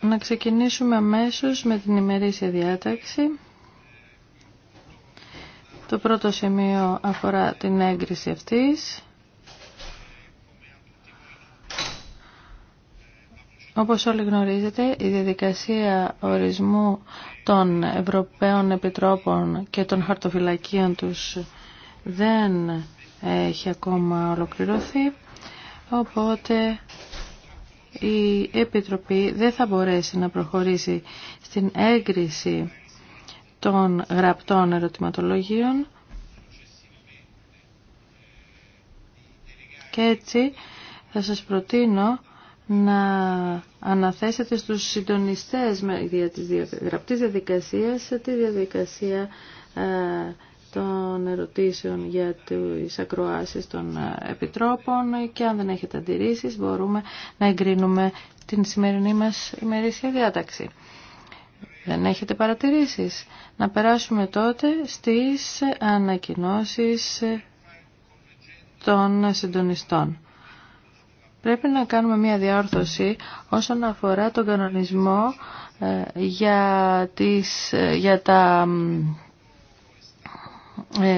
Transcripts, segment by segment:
να ξεκινήσουμε αμέσως με την ημερήσια διάταξη. Το πρώτο σημείο αφορά την έγκριση αυτής. Όπως όλοι γνωρίζετε, η διαδικασία ορισμού των Ευρωπαίων Επιτρόπων και των χαρτοφυλακίων τους δεν έχει ακόμα ολοκληρωθεί, οπότε η Επιτροπή δεν θα μπορέσει να προχωρήσει στην έγκριση των γραπτών ερωτηματολογίων και έτσι θα σας προτείνω να αναθέσετε στους συντονιστές δια γραπτή γραπτής διαδικασίας τη διαδικασία ε, των ερωτήσεων για τις ακροάσεις των επιτρόπων και αν δεν έχετε αντιρρήσεις μπορούμε να εγκρίνουμε την σημερινή μας ημερήσια διάταξη. Δεν έχετε παρατηρήσεις. Να περάσουμε τότε στις ανακοινώσεις των συντονιστών. Πρέπει να κάνουμε μια διόρθωση όσον αφορά τον κανονισμό ε, για, τις, ε, για τα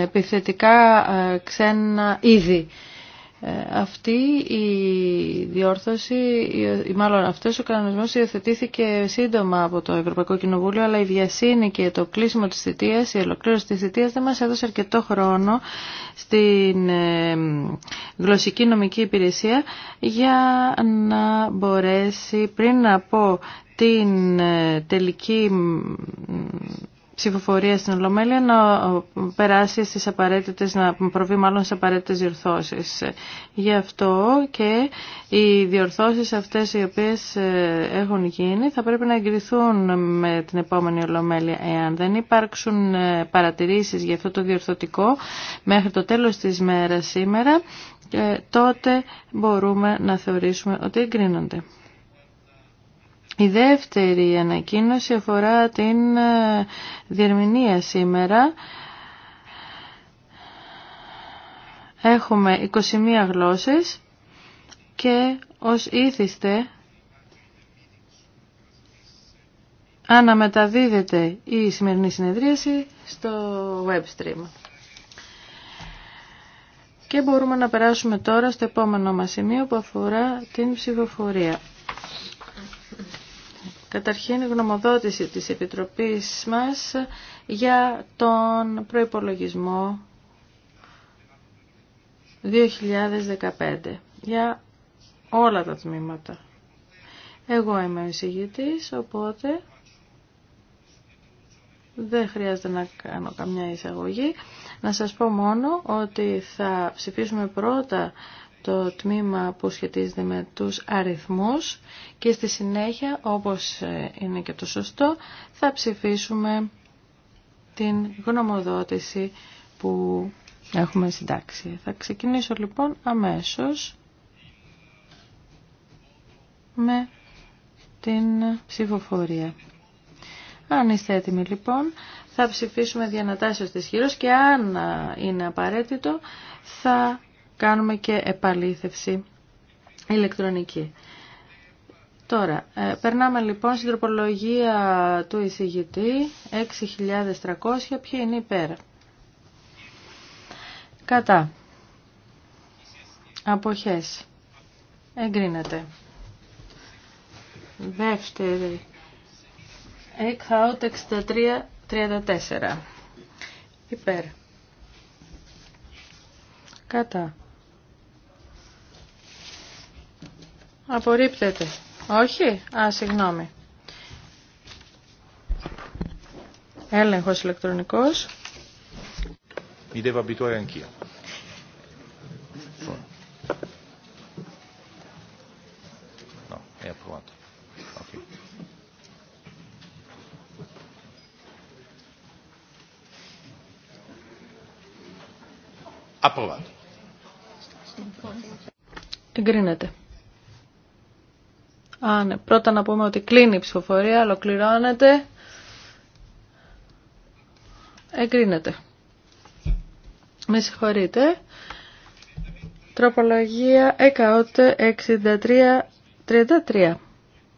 επιθετικά ε, ξένα είδη. Ε, αυτή η διόρθωση, ή μάλλον αυτός ο κανονισμός υιοθετήθηκε σύντομα από το Ευρωπαϊκό Κοινοβούλιο, αλλά η μαλλον αυτος ο κανονισμος υιοθετηθηκε συντομα απο το ευρωπαικο κοινοβουλιο αλλα η διασυνη και το κλείσιμο της θητείας, η ολοκλήρωση της θητείας δεν μας έδωσε αρκετό χρόνο στην ε, γλωσσική νομική υπηρεσία για να μπορέσει πριν από την τελική ψηφοφορία στην Ολομέλεια να περάσει στις απαραίτητες, να προβεί μάλλον στις απαραίτητες διορθώσεις. Γι' αυτό και οι διορθώσεις αυτές οι οποίες ε, έχουν γίνει θα πρέπει να εγκριθούν με την επόμενη Ολομέλεια. Εάν δεν υπάρξουν ε, παρατηρήσεις για αυτό το διορθωτικό μέχρι το τέλος της μέρας σήμερα, ε, τότε μπορούμε να θεωρήσουμε ότι εγκρίνονται. Η δεύτερη ανακοίνωση αφορά την ε, διερμηνία σήμερα. Έχουμε 21 γλώσσες και ως ήθιστε αναμεταδίδεται η σημερινή συνεδρίαση στο web stream. Και μπορούμε να περάσουμε τώρα στο επόμενο μας σημείο που αφορά την ψηφοφορία. Καταρχήν, γνωμοδότηση της Επιτροπής μας για τον προϋπολογισμό 2015 για όλα τα τμήματα. Εγώ είμαι ο εισηγητής, οπότε δεν χρειάζεται να κάνω καμιά εισαγωγή. Να σας πω μόνο ότι θα ψηφίσουμε πρώτα το τμήμα που σχετίζεται με τους αριθμούς και στη συνέχεια, όπως είναι και το σωστό, θα ψηφίσουμε την γνωμοδότηση που έχουμε συντάξει. Θα ξεκινήσω λοιπόν αμέσως με την ψηφοφορία. Αν είστε έτοιμοι λοιπόν, θα ψηφίσουμε διανατάσεις της χειρός και αν είναι απαραίτητο θα κάνουμε και επαλήθευση ηλεκτρονική. Τώρα, ε, περνάμε λοιπόν στην τροπολογία του εισηγητή, 6.300, ποιοι είναι υπέρ. Κατά. Αποχές. Εγκρίνεται. Δεύτερη. Εκχαούτ 63-34. Υπέρ. Κατά. Απορρίπτεται. Όχι. Α, συγγνώμη. Έλεγχος ηλεκτρονικός. Ideva anch'io. No, è Εγκρίνεται. Α, Πρώτα να πούμε ότι κλείνει η ψηφοφορία, ολοκληρώνεται. Εγκρίνεται. Με συγχωρείτε. Τροπολογία 163-33.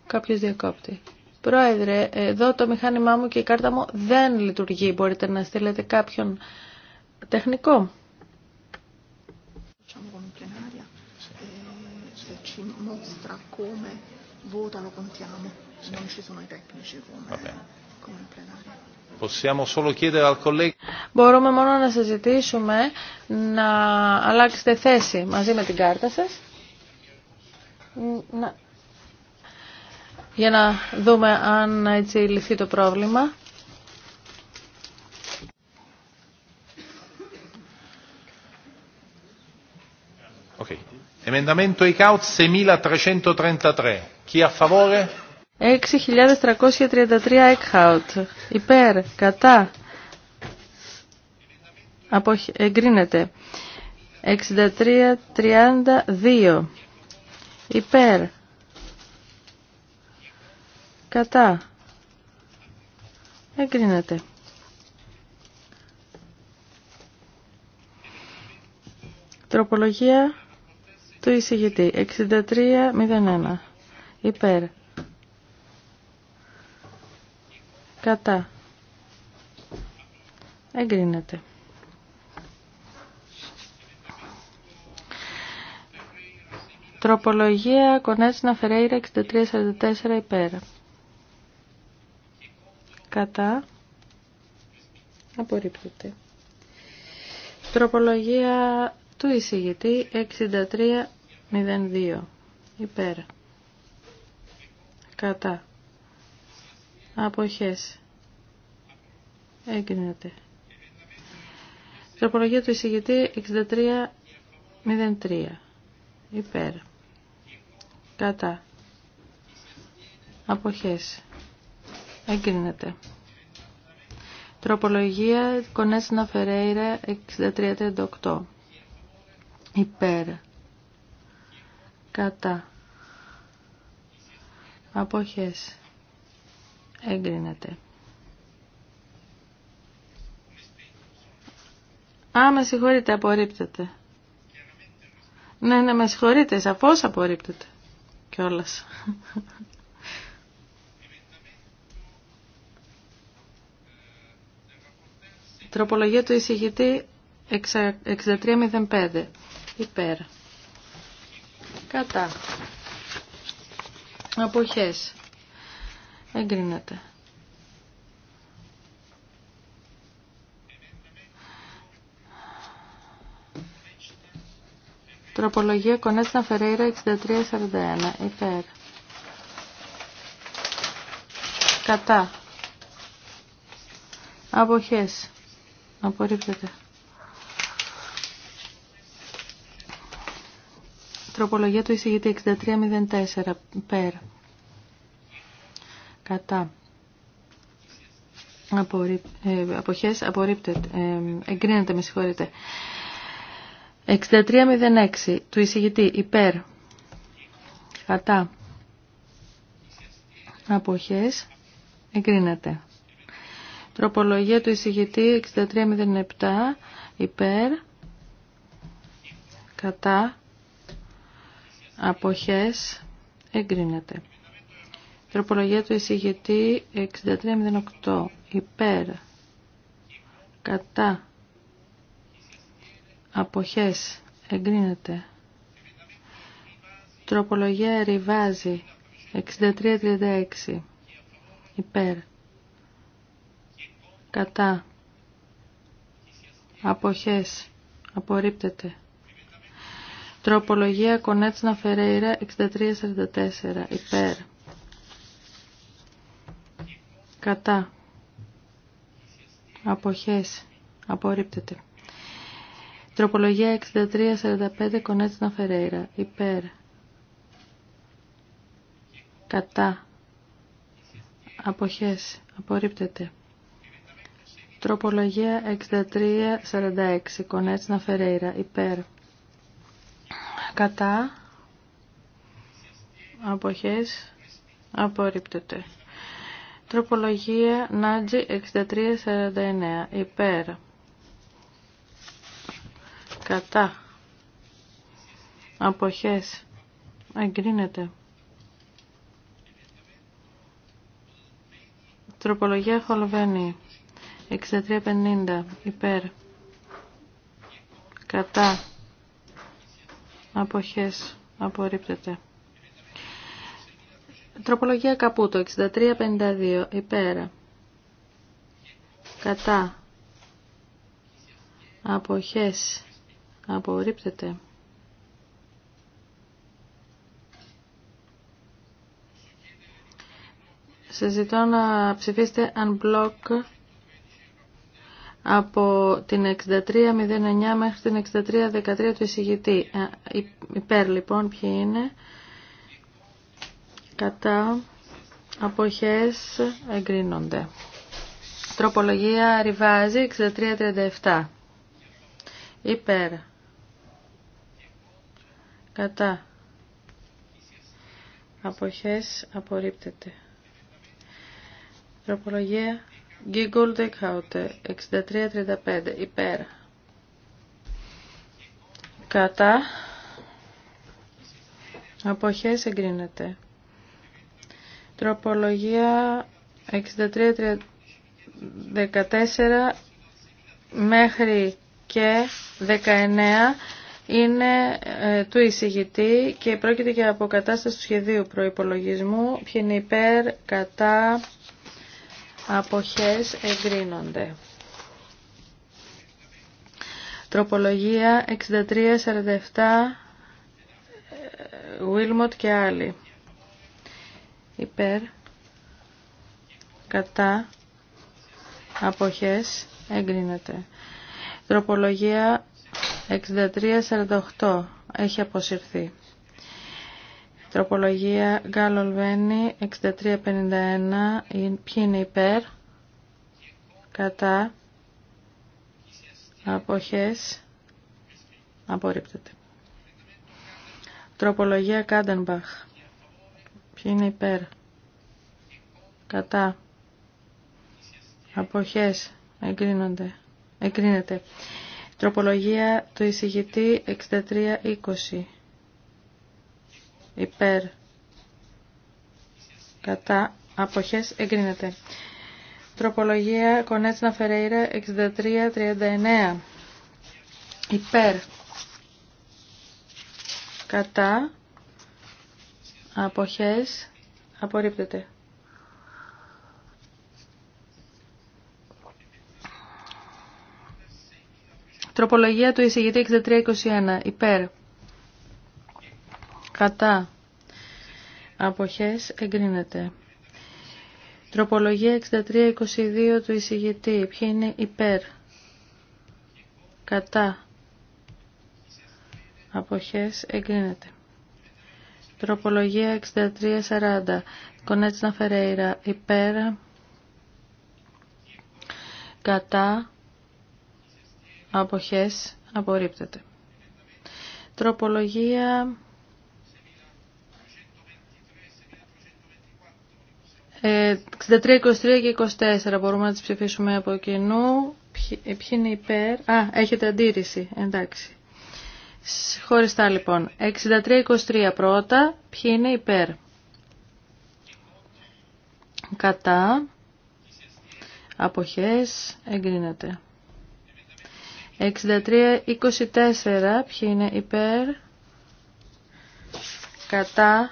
Κάποιος διακόπτη. Πρόεδρε, εδώ το μηχάνημά μου και η κάρτα μου δεν λειτουργεί. Μπορείτε να στείλετε κάποιον τεχνικό. Eh, come vota lo contiamo, sì. non ci sono i tecnici come, come in plenaria. Possiamo solo chiedere al collega. Μπορούμε μόνο να σας ζητήσουμε να αλλάξετε θέση μαζί με την κάρτα σας να... για να δούμε αν έτσι λυθεί το πρόβλημα. Okay. Εμενταμέντο ΕΚΑΟΤ 6333. 6.333 εκχάουτ. Υπέρ, κατά. Αποχ... Εγκρίνεται. 63.32. Υπέρ. Κατά. Εγκρίνεται. Τροπολογία του εισηγητή. 63.01 υπέρ κατά εγκρίνεται Τροπολογία Κονέτσινα Φερέιρα 6344 υπέρ. Κατά. Απορρίπτεται. Τροπολογία του εισηγητή 6302 υπέρ κατά αποχές έγκρινεται. Τροπολογία του εισηγητή 6303 υπέρ κατά αποχές έγκρινεται. Τροπολογία Κονέσνα Φερέιρα 6338 υπέρ κατά αποχές εγκρίνεται. Α, με συγχωρείτε, απορρίπτεται. Ναι, ναι, με συγχωρείτε, σαφώς απορρίπτεται. Κιόλας. Τροπολογία του εισηγητή 6305. Υπέρ. Κατά. Αποχές. Εγκρίνεται. Τροπολογία Κονέστα Φερέιρα 6341. Υπέρ. Κατά. Αποχές. Απορρίπτεται. Τροπολογία του εισηγητή 6304 περ. Κατά. απορρίπ, Ε, αποχές απορρίπτεται. Ε, εγκρίνεται, με συγχωρείτε. 6306 του εισηγητή υπέρ. Κατά. Αποχές εγκρίνεται. Τροπολογία του εισηγητή 6307 υπέρ. Κατά αποχές εγκρίνεται. Τροπολογία του εισηγητή 6308 υπέρ κατά αποχές εγκρίνεται. Τροπολογία ριβάζει 6336 υπέρ κατά αποχές απορρίπτεται. Τροπολογία Κονέτσνα Φερέιρα 6344 υπέρ. Κατά. Αποχές. Απορρίπτεται. Τροπολογία 6345 Κονέτσνα Φερέιρα υπέρ. Κατά. Αποχές. Απορρίπτεται. Τροπολογία 6346 Κονέτσνα Φερέιρα υπέρ κατά αποχές απορρίπτεται. Τροπολογία Νάντζι 6349 υπέρ κατά αποχές εγκρίνεται. Τροπολογία Χολβένη 6350 υπέρ κατά αποχές απορρίπτεται. Τροπολογία Καπούτο 6352 Υπέρα. κατά αποχές απορρίπτεται. Σας ζητώ να ψηφίσετε unblock από την 6309 μέχρι την 6313 του εισηγητή. Ε, υπέρ λοιπόν ποιοι είναι. Κατά αποχές εγκρίνονται. Τροπολογία ριβάζει 6337. Υπέρ. Κατά. Αποχές απορρίπτεται. Τροπολογία Γκίγκολ Δεκχάουτε, 63-35, υπέρ. Κατά. Αποχές εγκρίνεται. Τροπολογία 63-14 μέχρι και 19 είναι ε, του εισηγητή και πρόκειται για αποκατάσταση του σχεδίου προϋπολογισμού. Ποιοι είναι υπέρ, κατά, αποχές εγκρίνονται. Τροπολογία 6347 Wilmot ε, και άλλοι. Υπέρ, κατά, αποχές, εγκρίνεται. Τροπολογία 6348 έχει αποσυρθεί. Τροπολογία Γκάλολβένη 6351. Ποιοι είναι υπέρ. Κατά. Αποχές. Απορρίπτεται. Τροπολογία Κάντενμπαχ. Ποιοι είναι υπέρ. Κατά. Αποχές. Εγκρίνονται. Εγκρίνεται. Τροπολογία του εισηγητή 6320 υπέρ κατά αποχές εγκρίνεται. Τροπολογία Κονέτσνα Φερέιρα 6339 υπέρ κατά αποχές απορρίπτεται. Τροπολογία του εισηγητή 6321 υπέρ Κατά. Αποχές εγκρίνεται. 6322 του εισηγητή. Ποια είναι υπέρ. Κατά. Αποχές εγκρίνεται. Τροπολογία 63-40. Κονέτσνα Φερέιρα. Υπέρ. Κατά. Αποχές απορρίπτεται. Τροπολογία 63, ε, 23 και 24 μπορούμε να τις ψηφίσουμε από κοινού. Ποιοι ε, είναι υπέρ. Α, έχετε αντίρρηση. Εντάξει. Χωριστά λοιπόν. 63-23 πρώτα. Ποιοι είναι υπέρ. Κατά. Αποχές. Εγκρίνεται. 63-24. Ποιοι είναι υπέρ. Κατά.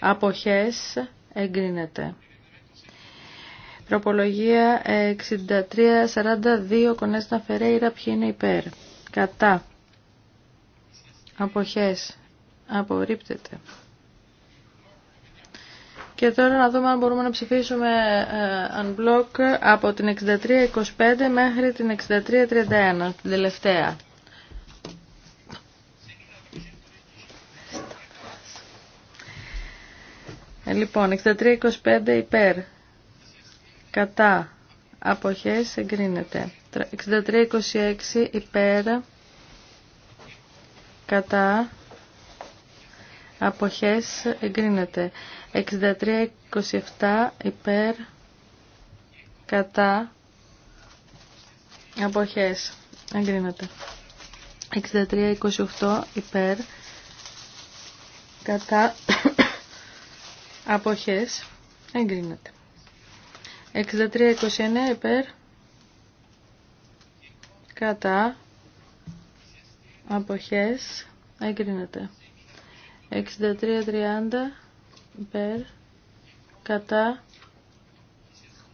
Αποχές εγκρίνεται. Τροπολογία 63-42 Κονέστα Φερέιρα ποιοι είναι υπέρ. Κατά. Αποχές. Απορρίπτεται. Και τώρα να δούμε αν μπορούμε να ψηφίσουμε ε, unblock από την 63-25 μέχρι την 6331. 31 την τελευταία. Ε, λοιπόν, 63-25 υπέρ. Κατά. Αποχές 6326 63-26 υπέρ. Κατά. Αποχές εγκρίνεται. 63-27 υπέρ. Κατά. Αποχές εγκρίνεται. 63-28 υπέρ. Κατά αποχές εγκρίνεται. 63-29 υπέρ κατά αποχές εγκρίνεται. 63-30 υπέρ κατά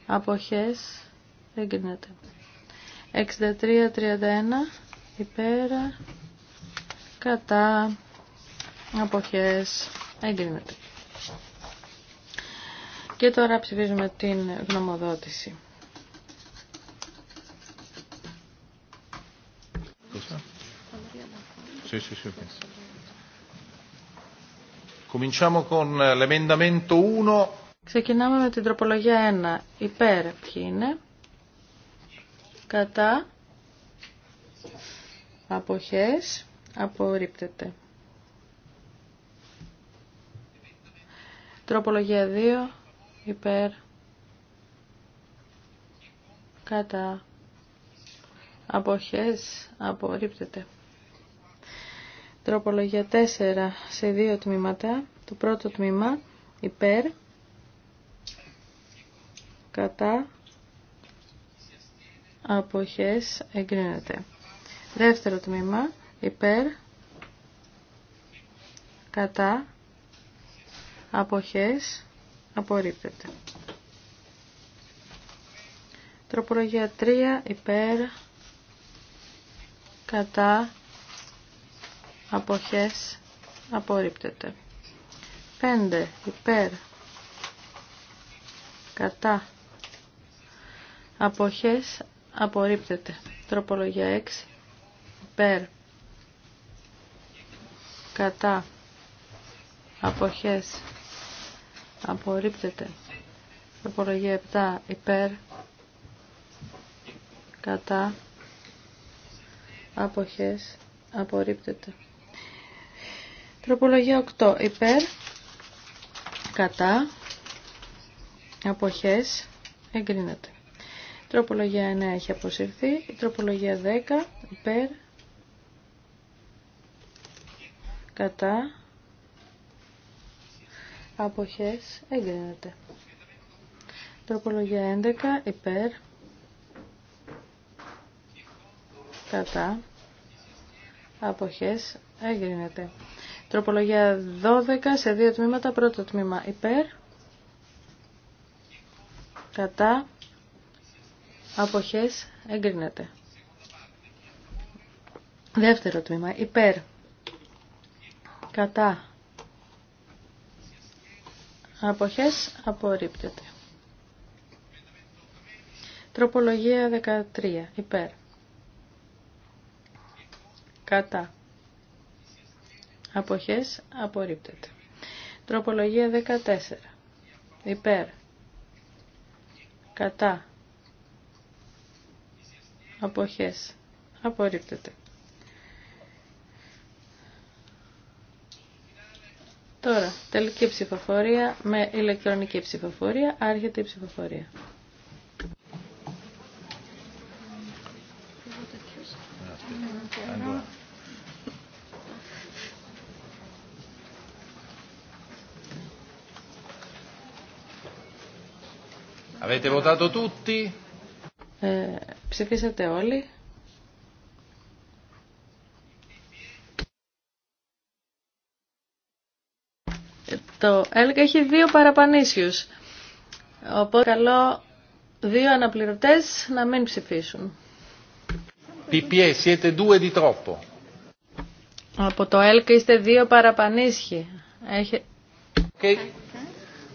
αποχές εγκρίνεται. 63-31 υπέρ κατά αποχές εγκρίνεται. Και τώρα ψηφίζουμε την γνωμοδότηση. Eh, Ξεκινάμε με την τροπολογία 1. Υπέρ ποιοι είναι. Κατά. Αποχές. Απορρίπτεται. Τροπολογία 2 υπέρ κατά αποχές απορρίπτεται. Τροπολογία 4 σε δύο τμήματα. Το πρώτο τμήμα υπέρ κατά αποχές εγκρίνεται. Δεύτερο τμήμα υπέρ κατά αποχές απορρίπτεται. Τροπολογία 3 υπέρ κατά αποχές απορρίπτεται. 5 υπέρ κατά αποχές απορρίπτεται. Τροπολογία 6 υπέρ κατά αποχές Απορρίπτεται. Τροπολογία 7 υπέρ. Κατά. Αποχές. Απορρίπτεται. Τροπολογία 8 υπέρ. Κατά. Αποχές. Εγκρίνεται. Τροπολογία 9 έχει αποσυρθεί. τροπολογία 10 υπέρ. Κατά αποχές εγκρίνεται. Τροπολογία 11 υπέρ κατά αποχές εγκρίνεται. Τροπολογία 12 σε δύο τμήματα. Πρώτο τμήμα υπέρ κατά αποχές εγκρίνεται. Δεύτερο τμήμα υπέρ κατά Αποχές απορρίπτεται. Τροπολογία 13. Υπέρ. Κατά. Αποχές απορρίπτεται. Τροπολογία 14. Υπέρ. Κατά. Αποχές απορρίπτεται. Τώρα, τελική ψηφοφορία με ηλεκτρονική ψηφοφορία. Άρχεται η ψηφοφορία. Avete votato tutti? Ε, ψηφίσατε όλοι. Το ΕΛΚ έχει δύο παραπανήσιους. Οπότε καλό δύο αναπληρωτές να μην ψηφίσουν. Πιπιέ, siete δύο di Από το ΕΛΚ είστε δύο παραπανήσιοι. Έχει... Okay.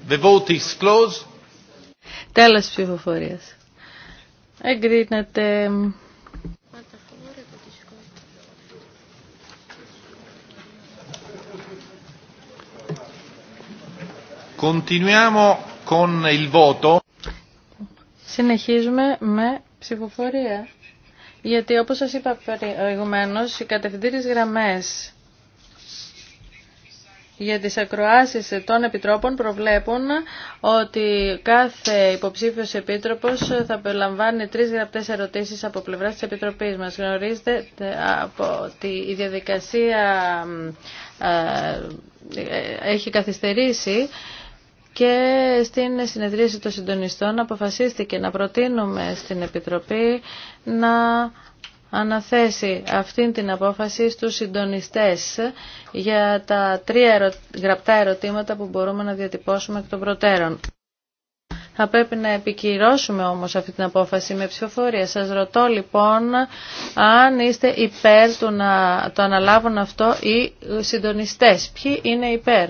The vote is closed. Τέλος ψηφοφορίας. Εγκρίνεται... Συνεχίζουμε με ψηφοφορία. Γιατί όπως σας είπα προηγουμένω, οι κατευθυντήριες γραμμές για τις ακροάσεις των επιτρόπων προβλέπουν ότι κάθε υποψήφιος επίτροπος θα περιλαμβάνει τρεις γραπτές ερωτήσεις από πλευράς της Επιτροπής μας. Γνωρίζετε ότι η διαδικασία ε, ε, έχει καθυστερήσει και στην συνεδρίαση των συντονιστών αποφασίστηκε να προτείνουμε στην Επιτροπή να αναθέσει αυτήν την απόφαση στους συντονιστές για τα τρία γραπτά ερωτήματα που μπορούμε να διατυπώσουμε εκ των προτέρων. Θα πρέπει να επικυρώσουμε όμως αυτή την απόφαση με ψηφοφορία. Σας ρωτώ λοιπόν αν είστε υπέρ του να το αναλάβουν αυτό οι συντονιστές. Ποιοι είναι υπέρ.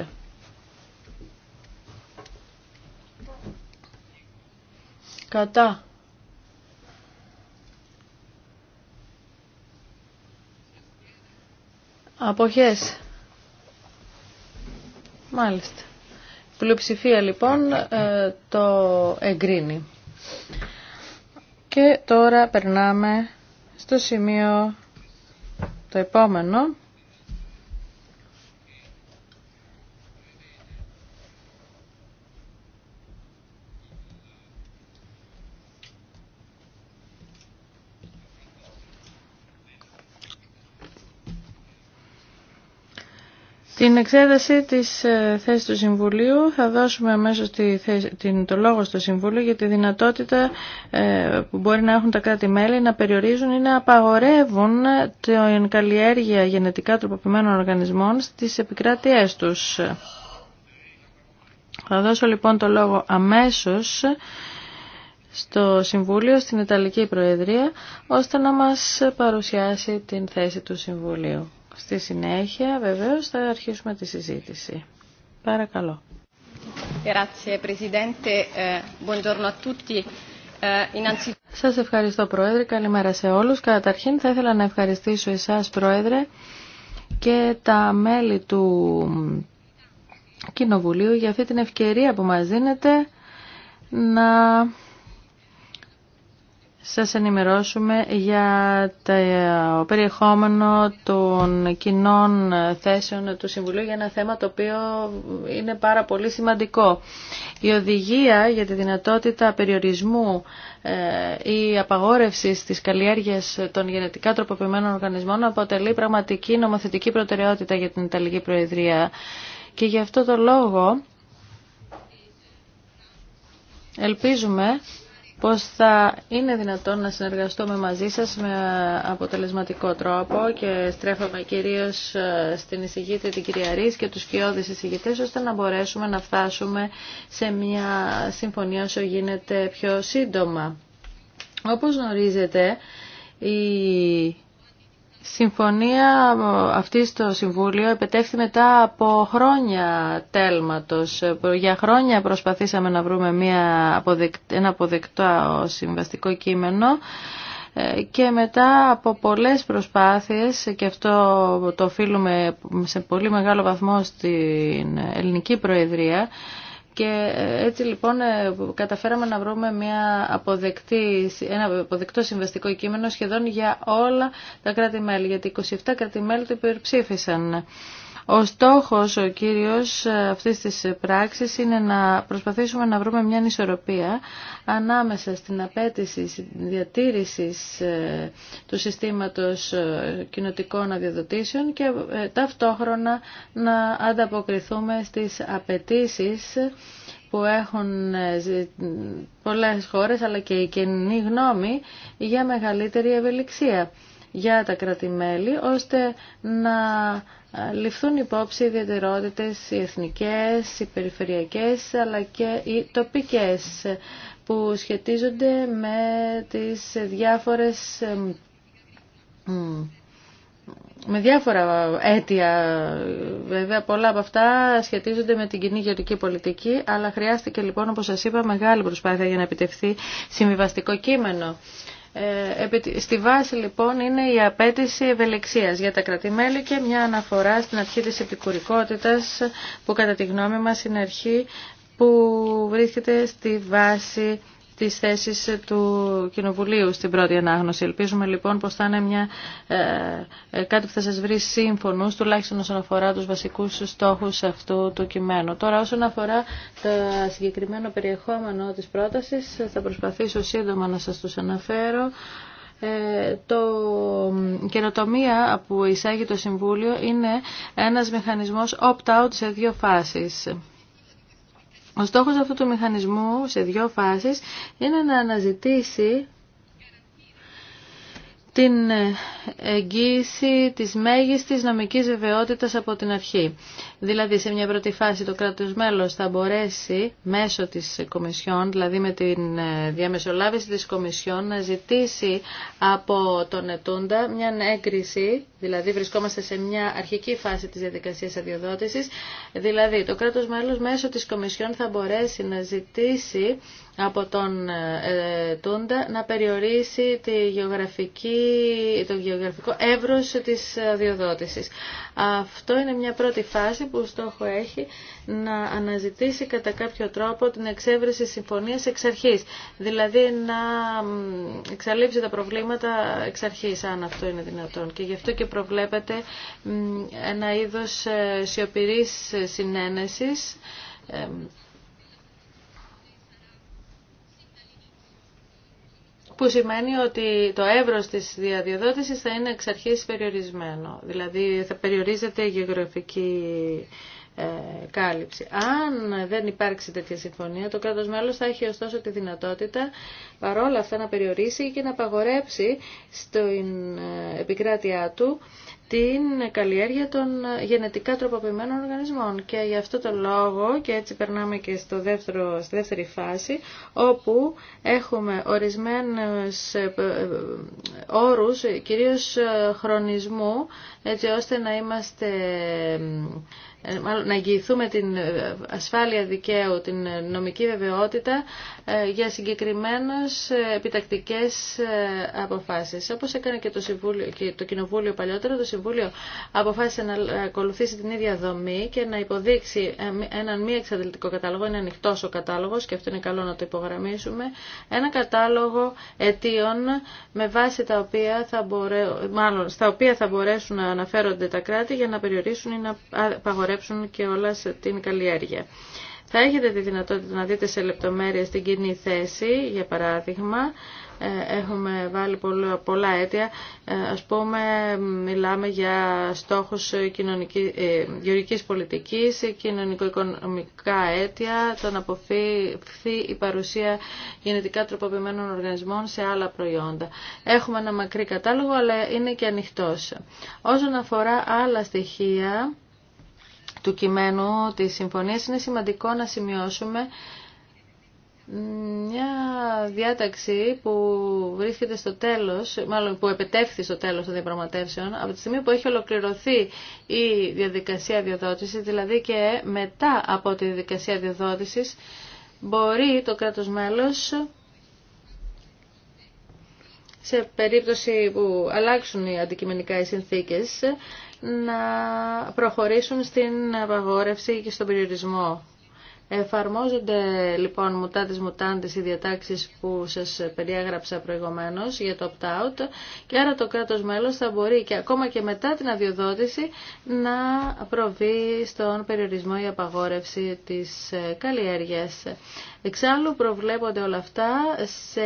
Κατά. Αποχές. Μάλιστα. Πλειοψηφία λοιπόν ε, το εγκρίνει. Και τώρα περνάμε στο σημείο το επόμενο. Στην εξέταση της ε, θέσης του Συμβουλίου θα δώσουμε αμέσως την, το λόγο στο Συμβούλιο για τη δυνατότητα ε, που μπορεί να έχουν τα κράτη-μέλη να περιορίζουν ή να απαγορεύουν ε, την καλλιέργεια γενετικά τροποποιημένων οργανισμών στις επικράτειές τους. Θα δώσω λοιπόν το λόγο αμέσως στο Συμβούλιο, στην Ιταλική Προεδρία, ώστε να μας παρουσιάσει την θέση του Συμβουλίου. Στη συνέχεια βεβαίως θα αρχίσουμε τη συζήτηση. Παρακαλώ. Ε, ε, Σας ευχαριστώ Πρόεδρε, καλημέρα σε όλους. Καταρχήν θα ήθελα να ευχαριστήσω εσάς Πρόεδρε και τα μέλη του Κοινοβουλίου για αυτή την ευκαιρία που μας δίνετε να σας ενημερώσουμε για το περιεχόμενο των κοινών θέσεων του Συμβουλίου για ένα θέμα το οποίο είναι πάρα πολύ σημαντικό. Η οδηγία για τη δυνατότητα περιορισμού ε, ή απαγόρευση της καλλιέργειας των γενετικά τροποποιημένων οργανισμών αποτελεί πραγματική νομοθετική προτεραιότητα για την Ιταλική Προεδρία και γι' αυτό το λόγο ελπίζουμε πως θα είναι δυνατόν να συνεργαστούμε μαζί σας με αποτελεσματικό τρόπο και στρέφαμε κυρίως ε, στην εισηγήτρια την κυρία και τους κοιόδης εισηγητές ώστε να μπορέσουμε να φτάσουμε σε μια συμφωνία όσο γίνεται πιο σύντομα. Όπως γνωρίζετε, η συμφωνία ε, αυτή στο Συμβούλιο επετέχθη μετά από χρόνια τέλματος. Για χρόνια προσπαθήσαμε να βρούμε μια αποδεκ... ένα αποδεκτό συμβαστικό κείμενο ε, και μετά από πολλές προσπάθειες και αυτό το οφείλουμε σε πολύ μεγάλο βαθμό στην ελληνική προεδρία και ε, έτσι λοιπόν ε, καταφέραμε να βρούμε μια αποδεκτή, ένα αποδεκτό συμβαστικό κείμενο σχεδόν για όλα τα κράτη-μέλη, γιατί 27 κράτη-μέλη το υπερψήφισαν. Ο στόχος ο κύριος ε, αυτής της πράξης είναι να προσπαθήσουμε να βρούμε μια ισορροπία ανάμεσα στην απέτηση διατήρησης ε, του συστήματος ε, κοινοτικών αδειοδοτήσεων και ταυτόχρονα να ανταποκριθούμε στις απαιτήσει που έχουν πολλές χώρες αλλά και η κοινή γνώμη για μεγαλύτερη ευελιξία για τα κράτη-μέλη, ώστε να ληφθούν υπόψη οι ιδιαιτερότητες οι εθνικές, οι περιφερειακές αλλά και οι τοπικές που σχετίζονται με τις διάφορες με διάφορα αίτια, βέβαια πολλά από αυτά σχετίζονται με την κοινή γεωρική πολιτική, αλλά χρειάστηκε λοιπόν, όπως σας είπα, μεγάλη προσπάθεια για να επιτευχθεί συμβιβαστικό κείμενο. Ε, στη βάση λοιπόν είναι η απέτηση ευελιξίας για τα κρατημέλη και μια αναφορά στην αρχή της επικουρικότητας που κατά τη γνώμη μας είναι αρχή που βρίσκεται στη βάση τις θέσεις του Κοινοβουλίου στην πρώτη ανάγνωση. Ελπίζουμε λοιπόν πως θα είναι μια, ε, ε, κάτι που θα σας βρει σύμφωνος, τουλάχιστον όσον αφορά τους βασικούς στόχους αυτού του κειμένου. Τώρα όσον αφορά το συγκεκριμένο περιεχόμενο της πρότασης, θα προσπαθήσω σύντομα να σας τους αναφέρω. Ε, το καινοτομία που εισάγει το Συμβούλιο είναι ένας μηχανισμός opt-out σε δύο φάσεις. Ο στόχος αυτού του μηχανισμού σε δύο φάσεις είναι να αναζητήσει την εγγύηση της μέγιστης νομικής βεβαιότητας από την αρχή. Δηλαδή σε μια πρώτη φάση το κράτος μέλος θα μπορέσει μέσω της Κομισιόν, δηλαδή με τη ε, διαμεσολάβηση της Κομισιόν, να ζητήσει από τον ετούντα μια έγκριση, δηλαδή βρισκόμαστε σε μια αρχική φάση της διαδικασίας αδειοδότησης, δηλαδή το κράτος μέλος μέσω της Κομισιόν θα μπορέσει να ζητήσει από τον ε, Τούντα να περιορίσει τη το γεωγραφικό εύρος της αδειοδότησης. Αυτό είναι μια πρώτη φάση που στόχο έχει να αναζητήσει κατά κάποιο τρόπο την εξέβρεση συμφωνίας εξ αρχής. Δηλαδή να εξαλείψει τα προβλήματα εξ αρχής, αν αυτό είναι δυνατόν. Και γι' αυτό και προβλέπεται ένα είδος ε, σιωπηρής ε, συνένεσης ε, που σημαίνει ότι το εύρος της διαδιοδότησης θα είναι εξ αρχής περιορισμένο. Δηλαδή θα περιορίζεται η γεωγραφική ε, κάλυψη. Αν δεν υπάρξει τέτοια συμφωνία, το κράτος μέλος θα έχει ωστόσο τη δυνατότητα παρόλα αυτά να περιορίσει και να απαγορέψει στην ε, επικράτειά του την καλλιέργεια των ε, γενετικά τροποποιημένων οργανισμών. Και γι' αυτό το λόγο, και έτσι περνάμε και στο δεύτερο, στη δεύτερη φάση, όπου έχουμε ορισμένους όρους, κυρίως χρονισμού, έτσι ώστε να είμαστε ε, μάλλον να εγγυηθούμε την ε, ασφάλεια δικαίου, την ε, νομική βεβαιότητα για συγκεκριμένες επιτακτικές αποφάσεις. Όπως έκανε και το, Συμβούλιο, και το Κοινοβούλιο παλιότερα, το Συμβούλιο αποφάσισε να ακολουθήσει την ίδια δομή και να υποδείξει έναν μη εξαντλητικό κατάλογο, είναι ανοιχτό ο κατάλογος και αυτό είναι καλό να το υπογραμμίσουμε, ένα κατάλογο αιτίων με βάση τα οποία θα μπορέ... μάλλον, στα οποία θα μπορέσουν να αναφέρονται τα κράτη για να περιορίσουν ή να απαγορεύσουν χορέψουν και όλα την καλλιέργεια. Θα έχετε τη δυνατότητα να δείτε σε λεπτομέρειες την κοινή θέση, για παράδειγμα, ε, έχουμε βάλει πολλά, πολλά αίτια, ε, ας πούμε μιλάμε για στόχους κοινωνική, ε, γεωργικής πολιτικής, κοινωνικο-οικονομικά αίτια, το να αποφύγει η παρουσία γενετικά τροποποιημένων οργανισμών σε άλλα προϊόντα. Έχουμε ένα μακρύ κατάλογο, αλλά είναι και ανοιχτός. Όσον αφορά άλλα στοιχεία, του κειμένου τη συμφωνίας είναι σημαντικό να σημειώσουμε μια διάταξη που βρίσκεται στο τέλος, μάλλον που επετεύχθη στο τέλος των διαπραγματεύσεων, από τη στιγμή που έχει ολοκληρωθεί η διαδικασία διοδότησης, δηλαδή και μετά από τη διαδικασία διοδότησης, μπορεί το κράτος μέλος σε περίπτωση που αλλάξουν οι αντικειμενικά οι συνθήκες να προχωρήσουν στην απαγόρευση και στον περιορισμό Εφαρμόζονται λοιπόν μουτάτες μουτάντες οι διατάξεις που σας περιέγραψα προηγουμένως για το opt-out και άρα το κράτος μέλος θα μπορεί και ακόμα και μετά την αδειοδότηση να προβεί στον περιορισμό ή απαγόρευση της ε, καλλιέργειας. Εξάλλου προβλέπονται όλα αυτά σε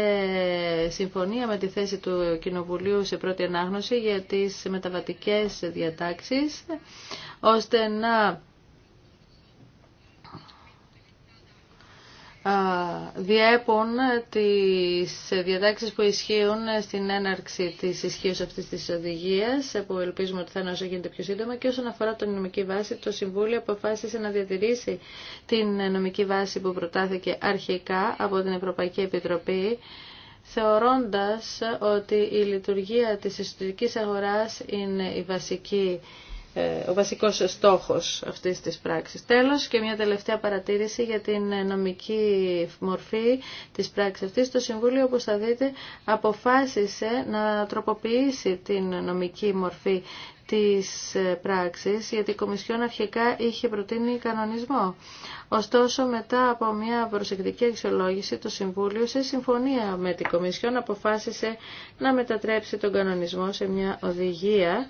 συμφωνία με τη θέση του Κοινοβουλίου σε πρώτη ανάγνωση για τις μεταβατικές διατάξεις ώστε να διέπουν τις διατάξεις που ισχύουν στην έναρξη της ισχύως αυτής της οδηγίας που ελπίζουμε ότι θα είναι όσο γίνεται πιο σύντομα και όσον αφορά την νομική βάση το Συμβούλιο αποφάσισε να διατηρήσει την νομική βάση που προτάθηκε αρχικά από την Ευρωπαϊκή Επιτροπή θεωρώντας ότι η λειτουργία της εσωτερικής αγοράς είναι η βασική ε, ο βασικός στόχος αυτής της πράξης. Τέλος και μια τελευταία παρατήρηση για την νομική μορφή της πράξης αυτής. Το Συμβούλιο, όπως θα δείτε, αποφάσισε να τροποποιήσει την νομική μορφή της πράξης, γιατί η Κομισιόν αρχικά είχε προτείνει κανονισμό. Ωστόσο, μετά από μια προσεκτική αξιολόγηση, το Συμβούλιο, σε συμφωνία με την Κομισιόν, αποφάσισε να μετατρέψει τον κανονισμό σε μια οδηγία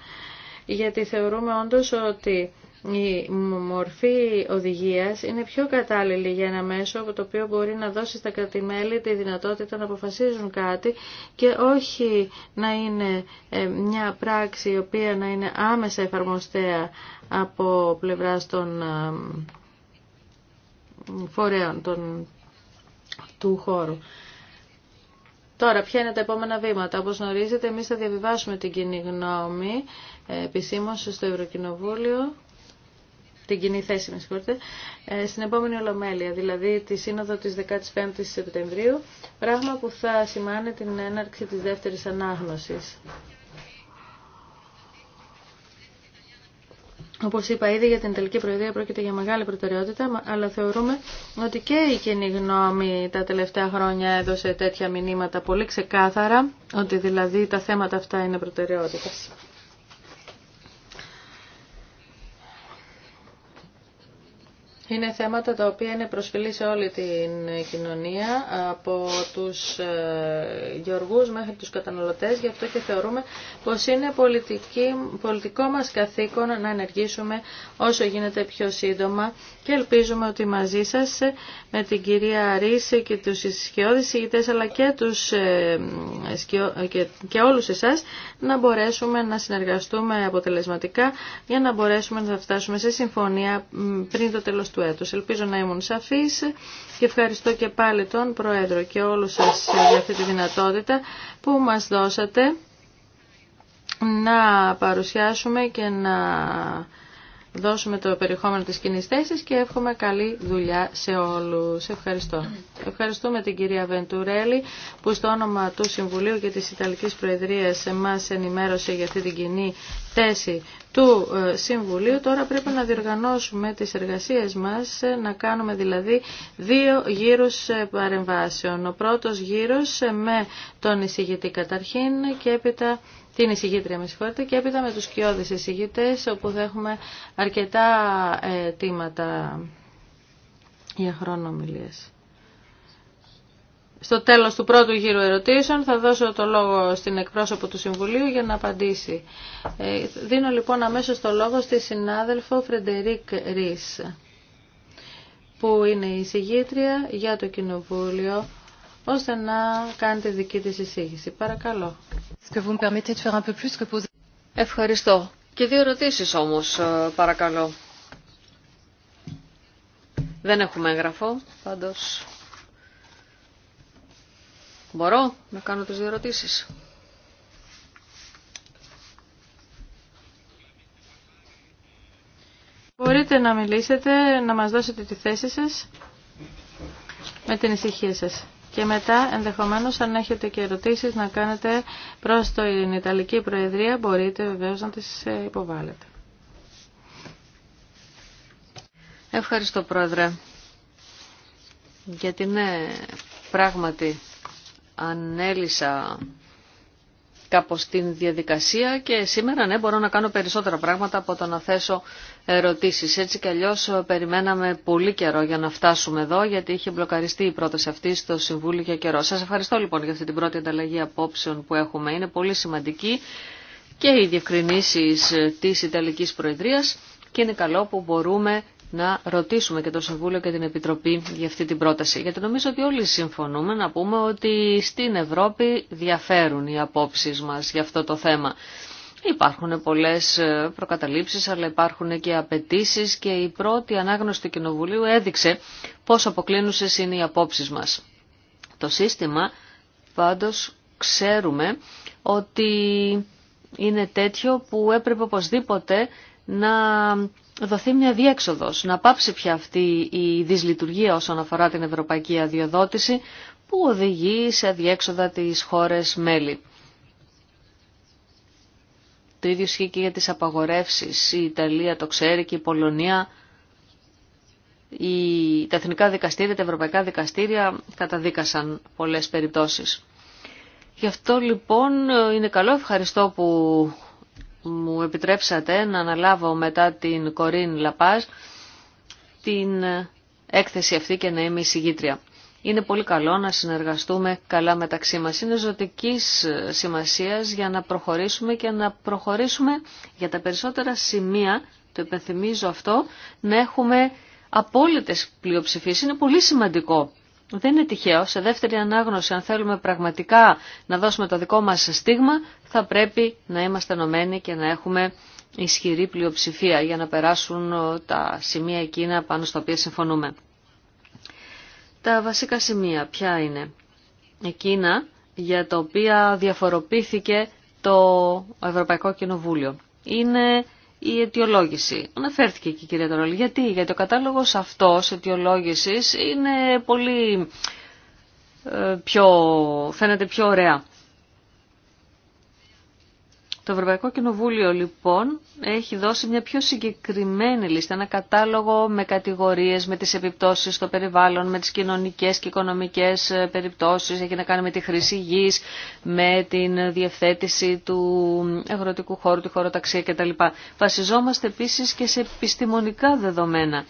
γιατί θεωρούμε όντως ότι η μορφή οδηγίας είναι πιο κατάλληλη για ένα μέσο από το οποίο μπορεί να δώσει στα κρατημέλη τη δυνατότητα να αποφασίζουν κάτι και όχι να είναι ε, μια πράξη η οποία να είναι άμεσα εφαρμοστέα από πλευράς των ε, φορέων των, του χώρου. Τώρα, ποια είναι τα επόμενα βήματα. Όπως γνωρίζετε, εμείς θα διαβιβάσουμε την κοινή γνώμη ε, επισήμως στο Ευρωκοινοβούλιο την κοινή θέση, με συγχωρείτε, ε, στην επόμενη Ολομέλεια, δηλαδή τη Σύνοδο της 15ης Σεπτεμβρίου, πράγμα που θα σημάνει την έναρξη της δεύτερης ανάγνωσης. Όπω είπα ήδη για την τελική Προεδρία πρόκειται για μεγάλη προτεραιότητα, αλλά θεωρούμε ότι και η κοινή γνώμη τα τελευταία χρόνια έδωσε τέτοια μηνύματα πολύ ξεκάθαρα, ότι δηλαδή τα θέματα αυτά είναι προτεραιότητα. Είναι θέματα τα οποία είναι προσφυλή σε όλη την κοινωνία, από τους ε, γεωργούς μέχρι τους καταναλωτές, γι' αυτό και θεωρούμε πως είναι πολιτική, πολιτικό μας καθήκον να ενεργήσουμε όσο γίνεται πιο σύντομα και ελπίζουμε ότι μαζί σας ε, με την κυρία Ρίση και τους ισχυώδεις ηγητές αλλά και, τους, ε, και, και όλους εσάς να μπορέσουμε να συνεργαστούμε αποτελεσματικά για να μπορέσουμε να φτάσουμε σε συμφωνία πριν το τέλος του Ελπίζω να ήμουν σαφής και ευχαριστώ και πάλι τον Πρόεδρο και όλους σας για αυτή τη δυνατότητα που μας δώσατε να παρουσιάσουμε και να δώσουμε το περιεχόμενο της κοινή θέση και εύχομαι καλή δουλειά σε όλους. Ευχαριστώ. Ευχαριστούμε την κυρία Βεντουρέλη που στο όνομα του Συμβουλίου και της Ιταλικής Προεδρίας μας ενημέρωσε για αυτή την κοινή θέση του ε, Συμβουλίου. Τώρα πρέπει να διοργανώσουμε τις εργασίες μας, ε, να κάνουμε δηλαδή δύο γύρους ε, παρεμβάσεων. Ο πρώτος γύρος με τον εισηγητή καταρχήν και έπειτα την εισηγήτρια με συγχωρείτε και έπειτα με τους κοιόδης εισηγητές όπου θα έχουμε αρκετά ε, τίματα για χρόνο Στο τέλος του πρώτου γύρου ερωτήσεων θα δώσω το λόγο στην εκπρόσωπο του Συμβουλίου για να απαντήσει. Ε, δίνω λοιπόν αμέσως το λόγο στη συνάδελφο Φρεντερίκ Ρίς που είναι η εισηγήτρια για το Κοινοβούλιο ώστε να κάνετε δική της εισήγηση. Παρακαλώ. Ευχαριστώ. Και δύο ερωτήσεις όμως, ε, παρακαλώ. Δεν έχουμε έγγραφο, πάντως... Μπορώ να κάνω τις δύο ερωτήσεις. Μπορείτε να μιλήσετε, να μας δώσετε τη θέση σας με την ησυχία σας και μετά ενδεχομένως αν έχετε και ερωτήσεις να κάνετε προς την Ιταλική Προεδρία μπορείτε βεβαίως να τις ε, υποβάλλετε. Ευχαριστώ Πρόεδρε. Γιατί ναι, πράγματι ανέλησα κάπως την διαδικασία και σήμερα ναι μπορώ να κάνω περισσότερα πράγματα από το να θέσω ερωτήσεις. Έτσι κι αλλιώς ε, περιμέναμε πολύ καιρό για να φτάσουμε εδώ γιατί είχε μπλοκαριστεί η πρόταση αυτή στο Συμβούλιο για καιρό. Σας ευχαριστώ λοιπόν για αυτή την πρώτη ανταλλαγή απόψεων που έχουμε. Είναι πολύ σημαντική και οι διευκρινήσεις ε, της Ιταλικής Προεδρίας και είναι καλό που μπορούμε να ρωτήσουμε και το Συμβούλιο και την Επιτροπή για αυτή την πρόταση. Γιατί νομίζω ότι όλοι συμφωνούμε να πούμε ότι στην Ευρώπη διαφέρουν οι απόψεις μας για αυτό το θέμα. Υπάρχουν πολλές ε, προκαταλήψεις, αλλά υπάρχουν και απαιτήσει και η πρώτη ανάγνωση του Κοινοβουλίου έδειξε πόσο αποκλίνουσες είναι οι απόψεις μας. Το σύστημα πάντως ξέρουμε ότι είναι τέτοιο που έπρεπε οπωσδήποτε να δοθεί μια διέξοδος, να πάψει πια αυτή η δυσλειτουργία όσον αφορά την ευρωπαϊκή αδειοδότηση που οδηγεί σε αδιέξοδα τις χώρες μέλη. Το ίδιο ισχύει και για τις απαγορεύσεις. Η Ιταλία το ξέρει και η Πολωνία. Η... Τα εθνικά δικαστήρια, τα ευρωπαϊκά δικαστήρια καταδίκασαν πολλές περιπτώσεις. Γι' αυτό λοιπόν είναι καλό, ευχαριστώ που μου επιτρέψατε να αναλάβω μετά την Κορίν Λαπάς την έκθεση αυτή και να είμαι συγγήτρια. Είναι πολύ καλό να συνεργαστούμε καλά μεταξύ μας. Είναι ζωτική σημασίας για να προχωρήσουμε και να προχωρήσουμε για τα περισσότερα σημεία, το υπενθυμίζω αυτό, να έχουμε απόλυτες πλειοψηφίες. Είναι πολύ σημαντικό δεν είναι τυχαίο. Σε δεύτερη ανάγνωση, αν θέλουμε πραγματικά να δώσουμε το δικό μας στίγμα, θα πρέπει να είμαστε ενωμένοι και να έχουμε ισχυρή πλειοψηφία για να περάσουν ε, τα σημεία εκείνα πάνω στα οποία συμφωνούμε. Τα βασικά σημεία ποια είναι. Εκείνα για τα οποία διαφοροποιήθηκε το Ευρωπαϊκό Κοινοβούλιο. Είναι η αιτιολόγηση. Αναφέρθηκε και η κυρία Ταρόλη. Γιατί, γιατί ο κατάλογος αυτός αιτιολόγησης είναι πολύ ε, πιο, φαίνεται πιο ωραία. Το Ευρωπαϊκό Κοινοβούλιο λοιπόν έχει δώσει μια πιο συγκεκριμένη λίστα, ένα κατάλογο με κατηγορίες, με τις επιπτώσεις στο περιβάλλον, με τις κοινωνικές και οικονομικές ε, περιπτώσεις, έχει να κάνει με τη χρήση γης, με την διευθέτηση του αγροτικού χώρου, τη χωροταξία κτλ. Βασιζόμαστε επίσης και σε επιστημονικά δεδομένα.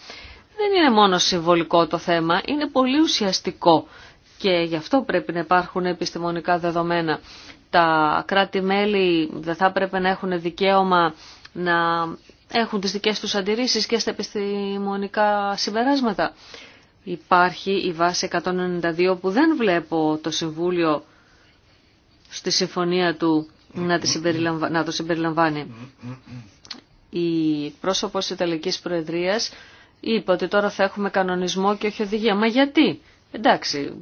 Δεν είναι μόνο συμβολικό το θέμα, είναι πολύ ουσιαστικό και γι' αυτό πρέπει να υπάρχουν επιστημονικά δεδομένα τα κράτη-μέλη δεν θα έπρεπε να έχουν δικαίωμα να έχουν τις δικές τους αντιρρήσεις και στα επιστημονικά συμπεράσματα. Υπάρχει η βάση 192 που δεν βλέπω το Συμβούλιο στη συμφωνία του να, το συμπεριλαμβάνει. Η πρόσωπος Ιταλικής Προεδρίας είπε ότι τώρα θα έχουμε κανονισμό και όχι οδηγία. Μα γιατί. Εντάξει,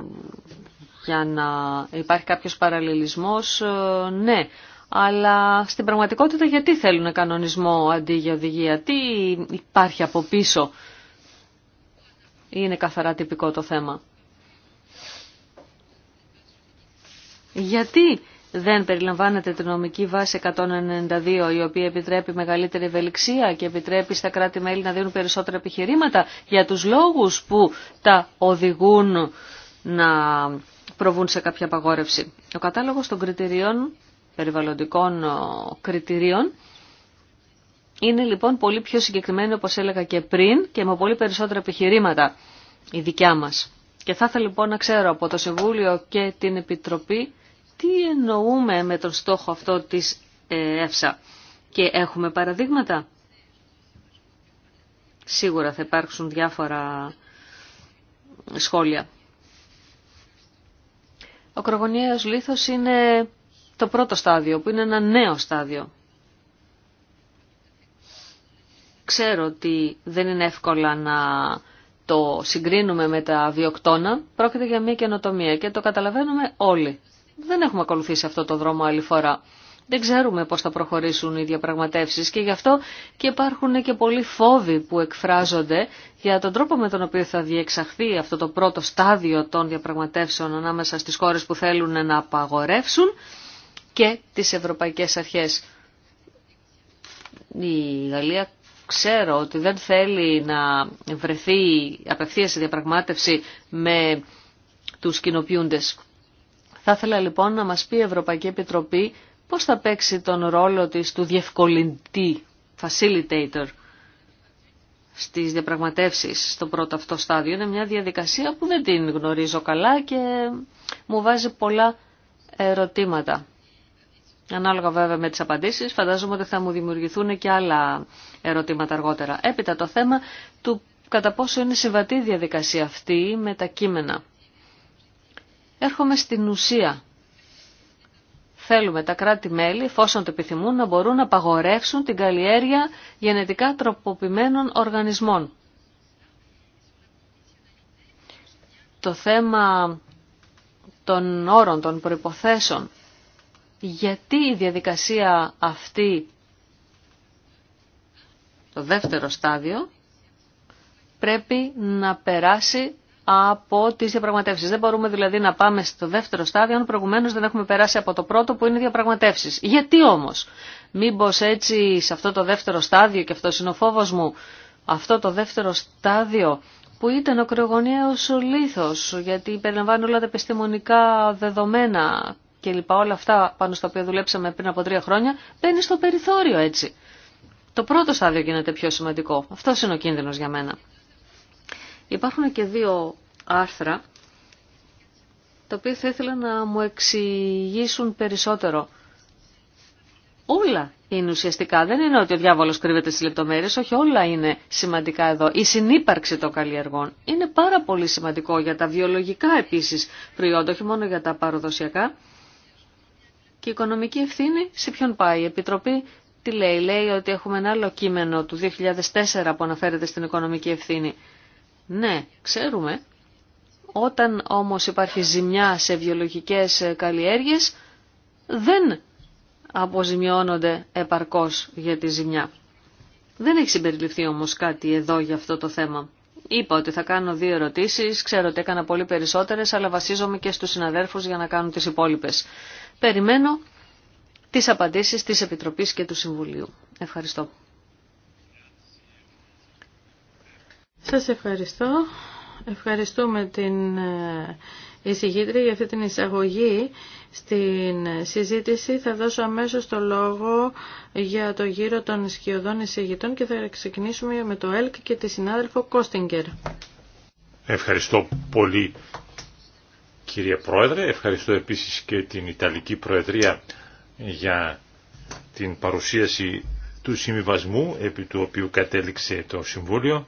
για να υπάρχει κάποιος παραλληλισμός, ε, ναι. Αλλά στην πραγματικότητα γιατί θέλουν κανονισμό αντί για οδηγία, τι υπάρχει από πίσω. Είναι καθαρά τυπικό το θέμα. Γιατί δεν περιλαμβάνεται την νομική βάση 192 η οποία επιτρέπει μεγαλύτερη ευελιξία και επιτρέπει στα κράτη-μέλη να δίνουν περισσότερα επιχειρήματα για τους λόγους που τα οδηγούν να προβούν σε κάποια απαγόρευση. Ο κατάλογος των κριτηρίων, περιβαλλοντικών ε, κριτηρίων, είναι λοιπόν πολύ πιο συγκεκριμένο όπως έλεγα και πριν και με πολύ περισσότερα επιχειρήματα η δικιά μας. Και θα ήθελα λοιπόν να ξέρω από το Συμβούλιο και την Επιτροπή τι εννοούμε με τον στόχο αυτό της ε, ΕΦΣΑ. Και έχουμε παραδείγματα. Σίγουρα θα υπάρξουν διάφορα σχόλια. Ο κρογωνιαίος λίθος είναι το πρώτο στάδιο, που είναι ένα νέο στάδιο. Ξέρω ότι δεν είναι εύκολα να το συγκρίνουμε με τα βιοκτόνα, Πρόκειται για μια καινοτομία και το καταλαβαίνουμε όλοι. Δεν έχουμε ακολουθήσει αυτό το δρόμο άλλη φορά. Δεν ξέρουμε πώς θα προχωρήσουν οι διαπραγματεύσεις και γι' αυτό και υπάρχουν και πολλοί φόβοι που εκφράζονται για τον τρόπο με τον οποίο θα διεξαχθεί αυτό το πρώτο στάδιο των διαπραγματεύσεων ανάμεσα στις χώρες που θέλουν να απαγορεύσουν και τις ευρωπαϊκές αρχές. Η Γαλλία ξέρω ότι δεν θέλει να βρεθεί απευθείας σε διαπραγμάτευση με τους κοινοποιούντες. Θα ήθελα λοιπόν να μας πει η Ευρωπαϊκή Επιτροπή πώς θα παίξει τον ρόλο της του διευκολυντή, facilitator, στις διαπραγματεύσεις στο πρώτο αυτό στάδιο. Είναι μια διαδικασία που δεν την γνωρίζω καλά και μου βάζει πολλά ερωτήματα. Ανάλογα βέβαια με τις απαντήσεις, φαντάζομαι ότι θα μου δημιουργηθούν και άλλα ερωτήματα αργότερα. Έπειτα το θέμα του κατά πόσο είναι συμβατή η διαδικασία αυτή με τα κείμενα. Έρχομαι στην ουσία θέλουμε τα κράτη-μέλη, εφόσον το επιθυμούν, να μπορούν να απαγορεύσουν την καλλιέργεια γενετικά τροποποιημένων οργανισμών. Το θέμα των όρων, των προϋποθέσεων, γιατί η διαδικασία αυτή, το δεύτερο στάδιο, πρέπει να περάσει από τι διαπραγματεύσει. Δεν μπορούμε δηλαδή να πάμε στο δεύτερο στάδιο αν προηγουμένω δεν έχουμε περάσει από το πρώτο που είναι οι διαπραγματεύσει. Γιατί όμω, Μήπω έτσι σε αυτό το δεύτερο στάδιο και αυτό είναι ο φόβο μου, αυτό το δεύτερο στάδιο που ήταν ο ο λίθος, γιατί περιλαμβάνει όλα τα επιστημονικά δεδομένα και λοιπά, όλα αυτά πάνω στα οποία δουλέψαμε πριν από τρία χρόνια, μπαίνει στο περιθώριο έτσι. Το πρώτο στάδιο γίνεται πιο σημαντικό. Αυτό είναι ο κίνδυνο για μένα. Υπάρχουν και δύο άρθρα τα οποία θα ήθελα να μου εξηγήσουν περισσότερο. Όλα είναι ουσιαστικά. Δεν είναι ότι ο διάβολος κρύβεται στις λεπτομέρειες, όχι όλα είναι σημαντικά εδώ. Η συνύπαρξη των καλλιεργών είναι πάρα πολύ σημαντικό για τα βιολογικά επίσης προϊόντα, όχι μόνο για τα παροδοσιακά. Και η οικονομική ευθύνη σε ποιον πάει. Η Επιτροπή τι λέει. Λέει ότι έχουμε ένα άλλο κείμενο του 2004 που αναφέρεται στην οικονομική ευθύνη. Ναι, ξέρουμε. Όταν όμως υπάρχει ζημιά σε βιολογικές καλλιέργειες, δεν αποζημιώνονται επαρκώς για τη ζημιά. Δεν έχει συμπεριληφθεί όμως κάτι εδώ για αυτό το θέμα. Είπα ότι θα κάνω δύο ερωτήσεις, ξέρω ότι έκανα πολύ περισσότερες, αλλά βασίζομαι και στους συναδέρφους για να κάνουν τις υπόλοιπες. Περιμένω τις απαντήσεις της Επιτροπής και του Συμβουλίου. Ευχαριστώ. Σας ευχαριστώ. Ευχαριστούμε την ε, εισηγήτρια για αυτή την εισαγωγή στην ε, συζήτηση. Θα δώσω αμέσως το λόγο για το γύρο των σκιωδών εισηγητών και θα ξεκινήσουμε με το ΕΛΚ και τη συνάδελφο Κόστιγκερ. Ευχαριστώ πολύ κύριε Πρόεδρε. Ευχαριστώ επίσης και την Ιταλική Προεδρία για την παρουσίαση του συμβιβασμού επί του οποίου κατέληξε το Συμβούλιο.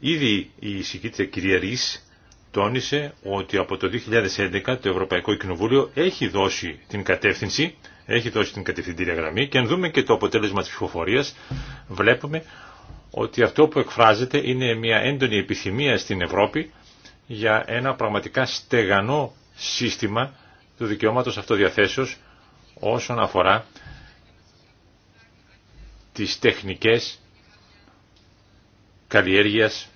Ήδη η συγκήτρια κυρία Ρης τόνισε ότι από το 2011 το Ευρωπαϊκό Κοινοβούλιο έχει δώσει την κατεύθυνση, έχει δώσει την κατευθυντήρια γραμμή και αν δούμε και το αποτέλεσμα της ψηφοφορίας βλέπουμε ότι αυτό που εκφράζεται είναι μια έντονη επιθυμία στην Ευρώπη για ένα πραγματικά στεγανό σύστημα του δικαιώματος αυτοδιαθέσεως όσον αφορά τις τεχνικές καλλιέργειας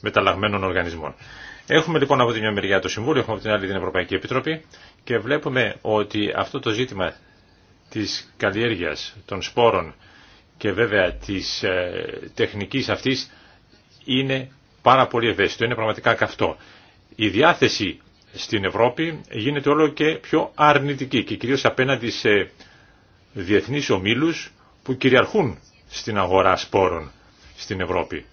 μεταλλαγμένων οργανισμών. Έχουμε λοιπόν από τη μια μεριά το Συμβούλιο, έχουμε από την άλλη την Ευρωπαϊκή Επιτροπή και βλέπουμε ότι αυτό το ζήτημα της καλλιέργειας των σπόρων και βέβαια της ε, τεχνικής αυτής είναι πάρα πολύ ευαίσθητο, είναι πραγματικά καυτό. Η διάθεση στην Ευρώπη γίνεται όλο και πιο αρνητική και κυρίως απέναντι σε διεθνείς ομίλους που κυριαρχούν στην αγορά σπόρων στην Ευρώπη.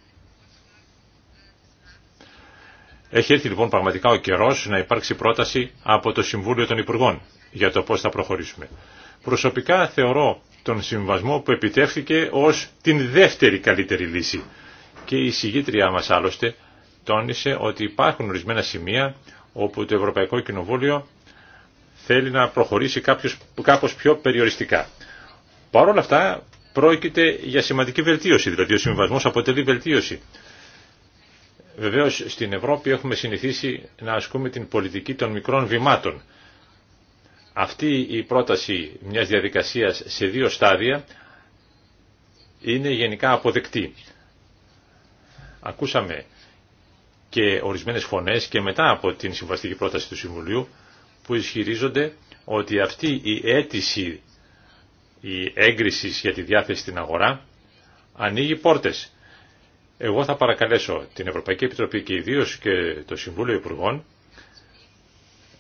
Έχει έρθει λοιπόν πραγματικά ο καιρός να υπάρξει πρόταση από το Συμβούλιο των Υπουργών για το πώς θα προχωρήσουμε. Προσωπικά θεωρώ τον συμβασμό που επιτεύχθηκε ως την δεύτερη καλύτερη λύση. Και η συγγήτριά μας άλλωστε τόνισε ότι υπάρχουν ορισμένα σημεία όπου το Ευρωπαϊκό Κοινοβούλιο θέλει να προχωρήσει κάποιος, κάπως πιο περιοριστικά. Παρ' όλα αυτά πρόκειται για σημαντική βελτίωση, δηλαδή ο συμβασμός αποτελεί βελτίωση. Βεβαίως στην Ευρώπη έχουμε συνηθίσει να ασκούμε την πολιτική των μικρών βημάτων. Αυτή η πρόταση μιας διαδικασίας σε δύο στάδια είναι γενικά αποδεκτή. Ακούσαμε και ορισμένες φωνές και μετά από την συμβαστική πρόταση του Συμβουλίου που ισχυρίζονται ότι αυτή η αίτηση η έγκριση για τη διάθεση στην αγορά ανοίγει πόρτες. Εγώ θα παρακαλέσω την Ευρωπαϊκή Επιτροπή και ιδίω και το Συμβούλιο Υπουργών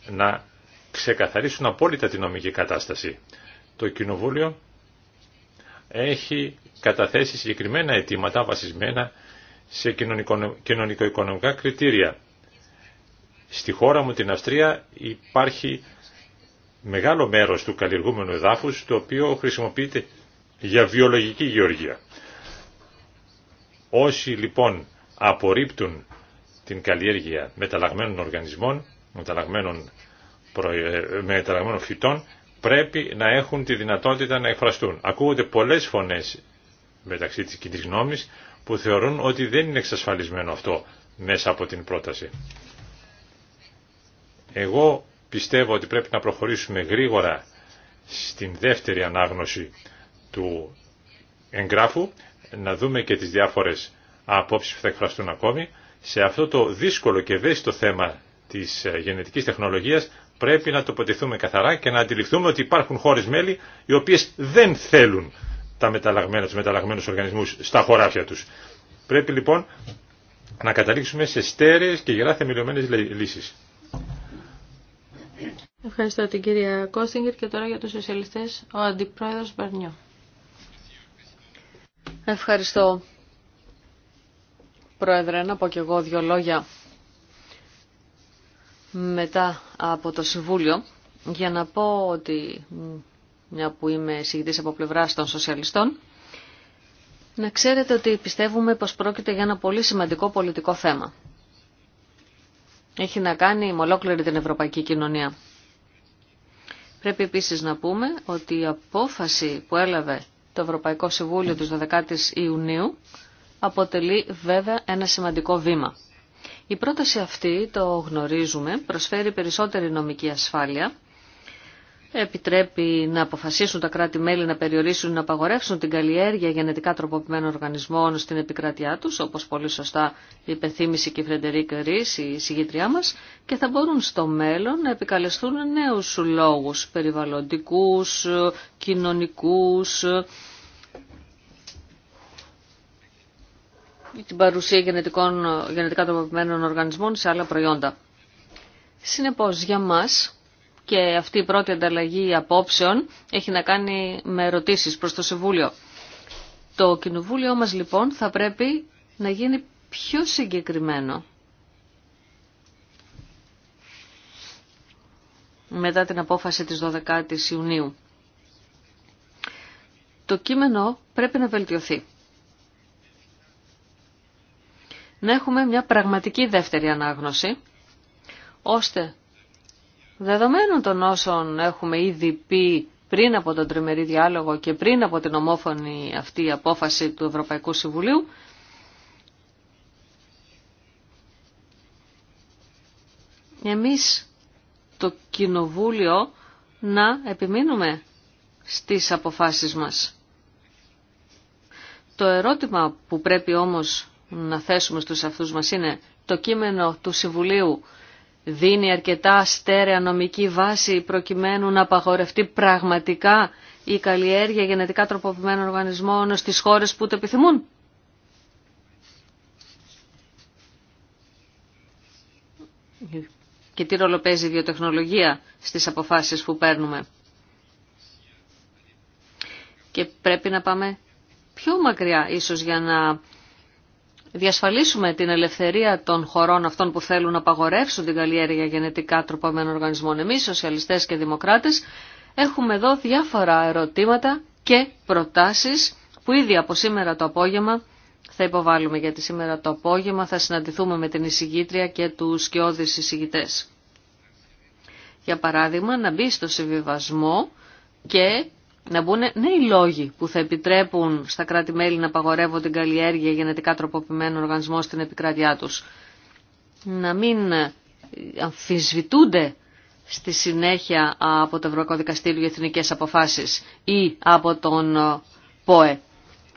να ξεκαθαρίσουν απόλυτα την νομική κατάσταση. Το Κοινοβούλιο έχει καταθέσει συγκεκριμένα αιτήματα βασισμένα σε κοινωνικο-οικονομικά κριτήρια. Στη χώρα μου την Αυστρία υπάρχει μεγάλο μέρος του καλλιεργούμενου εδάφους το οποίο χρησιμοποιείται για βιολογική γεωργία. Όσοι λοιπόν απορρίπτουν την καλλιέργεια μεταλλαγμένων οργανισμών, μεταλλαγμένων, ε, μεταλλαγμένων φυτών, πρέπει να έχουν τη δυνατότητα να εκφραστούν. Ακούγονται πολλές φωνές μεταξύ της κοινής γνώμης που θεωρούν ότι δεν είναι εξασφαλισμένο αυτό μέσα από την πρόταση. Εγώ πιστεύω ότι πρέπει να προχωρήσουμε γρήγορα στην δεύτερη ανάγνωση του εγγράφου, να δούμε και τις διάφορες απόψεις που θα εκφραστούν ακόμη. Σε αυτό το δύσκολο και ευαίσθητο θέμα της ε, γενετικής τεχνολογίας πρέπει να τοποθετηθούμε καθαρά και να αντιληφθούμε ότι υπάρχουν χώρες μέλη οι οποίες δεν θέλουν τα μεταλλαγμένα, τους μεταλλαγμένους οργανισμούς στα χωράφια τους. Πρέπει λοιπόν να καταλήξουμε σε στέρεες και γερά θεμελιωμένες λύσεις. Ευχαριστώ την κυρία Κόστιγκερ και τώρα για τους σοσιαλιστές ο Αντιπρόεδρος Μπαρνιό. Ευχαριστώ. Πρόεδρε, να πω και εγώ δύο λόγια μετά από το Συμβούλιο για να πω ότι μια που είμαι συγητής από πλευρά των σοσιαλιστών να ξέρετε ότι πιστεύουμε πως πρόκειται για ένα πολύ σημαντικό πολιτικό θέμα έχει να κάνει με ολόκληρη την ευρωπαϊκή κοινωνία. Πρέπει επίσης να πούμε ότι η απόφαση που έλαβε το Ευρωπαϊκό Συμβούλιο της 12ης Ιουνίου αποτελεί βέβαια ένα σημαντικό βήμα. Η πρόταση αυτή, το γνωρίζουμε, προσφέρει περισσότερη νομική ασφάλεια επιτρέπει να αποφασίσουν τα κράτη-μέλη να περιορίσουν να απαγορεύσουν την καλλιέργεια γενετικά τροποποιημένων οργανισμών στην επικράτειά τους, όπως πολύ σωστά υπεθύμησε και η Φρεντερίκα Ρή, η συγγήτριά μα, και θα μπορούν στο μέλλον να επικαλεστούν νέους λόγους περιβαλλοντικούς, κοινωνικούς, την παρουσία γενετικών, γενετικά τροποποιημένων οργανισμών σε άλλα προϊόντα. Συνεπώς, για μας, και αυτή η πρώτη ανταλλαγή απόψεων έχει να κάνει με ερωτήσεις προς το Συμβούλιο. Το Κοινοβούλιο μας λοιπόν θα πρέπει να γίνει πιο συγκεκριμένο. μετά την απόφαση της 12ης Ιουνίου. Το κείμενο πρέπει να βελτιωθεί. Να έχουμε μια πραγματική δεύτερη ανάγνωση, ώστε Δεδομένων των όσων έχουμε ήδη πει πριν από τον τριμερή διάλογο και πριν από την ομόφωνη αυτή απόφαση του Ευρωπαϊκού Συμβουλίου, εμείς το Κοινοβούλιο να επιμείνουμε στις αποφάσεις μας. Το ερώτημα που πρέπει όμως να θέσουμε στους αυτούς μας είναι το κείμενο του Συμβουλίου δίνει αρκετά στέρεα νομική βάση προκειμένου να απαγορευτεί πραγματικά η καλλιέργεια γενετικά τροποποιημένων οργανισμών στις χώρες που το επιθυμούν. Και τι ρόλο παίζει η βιοτεχνολογία στις αποφάσεις που παίρνουμε. Και πρέπει να πάμε πιο μακριά ίσως για να διασφαλίσουμε την ελευθερία των χωρών αυτών που θέλουν να απαγορεύσουν την καλλιέργεια γενετικά τροπομένων οργανισμών. Εμείς, σοσιαλιστές και δημοκράτες, έχουμε εδώ διάφορα ερωτήματα και προτάσεις που ήδη από σήμερα το απόγευμα θα υποβάλουμε γιατί σήμερα το απόγευμα θα συναντηθούμε με την εισηγήτρια και τους σκιώδεις εισηγητές. Για παράδειγμα, να μπει στο συμβιβασμό και να μπουν νέοι ναι, λόγοι που θα επιτρέπουν στα κράτη-μέλη να απαγορεύουν την καλλιέργεια γενετικά τροποποιημένων οργανισμών στην επικράτειά τους. Να μην αμφισβητούνται στη συνέχεια από το Ευρωπαϊκό Δικαστήριο για Εθνικές Αποφάσεις ή από τον ε, ΠΟΕ,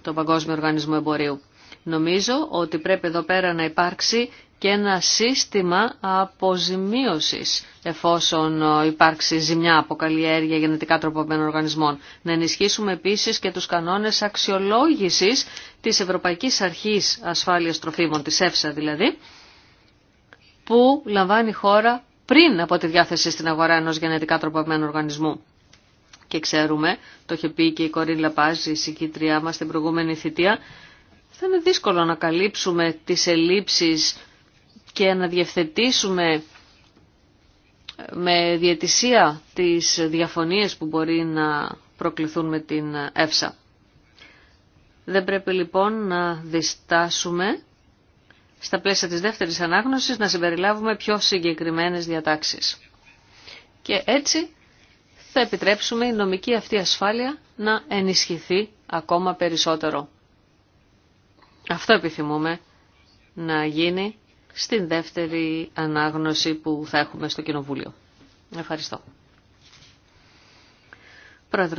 τον Παγκόσμιο Οργανισμό Εμπορίου. Νομίζω ότι πρέπει εδώ πέρα να υπάρξει και ένα σύστημα αποζημίωσης εφόσον ε, υπάρξει ζημιά από καλλιέργεια γενετικά τροποποιημένων οργανισμών. Να ενισχύσουμε επίσης και τους κανόνες αξιολόγησης της Ευρωπαϊκής Αρχής Ασφάλειας Τροφίμων, της ΕΦΣΑ δηλαδή, που λαμβάνει η χώρα πριν από τη διάθεση στην αγορά ενός γενετικά τροποποιημένου οργανισμού. Και ξέρουμε, το είχε πει και η Κορίν Λαπάζ, η συγκήτριά μας την προηγούμενη θητεία, θα είναι δύσκολο να καλύψουμε τις ελλείψεις και να διευθετήσουμε με διαιτησία τις διαφωνίες που μπορεί να προκληθούν με την ΕΦΣΑ. Δεν πρέπει λοιπόν να διστάσουμε στα πλαίσια της δεύτερης ανάγνωσης να συμπεριλάβουμε πιο συγκεκριμένες διατάξεις. Και έτσι θα επιτρέψουμε η νομική αυτή ασφάλεια να ενισχυθεί ακόμα περισσότερο. Αυτό επιθυμούμε να γίνει στην δεύτερη ανάγνωση που θα έχουμε στο Κοινοβούλιο. Ευχαριστώ.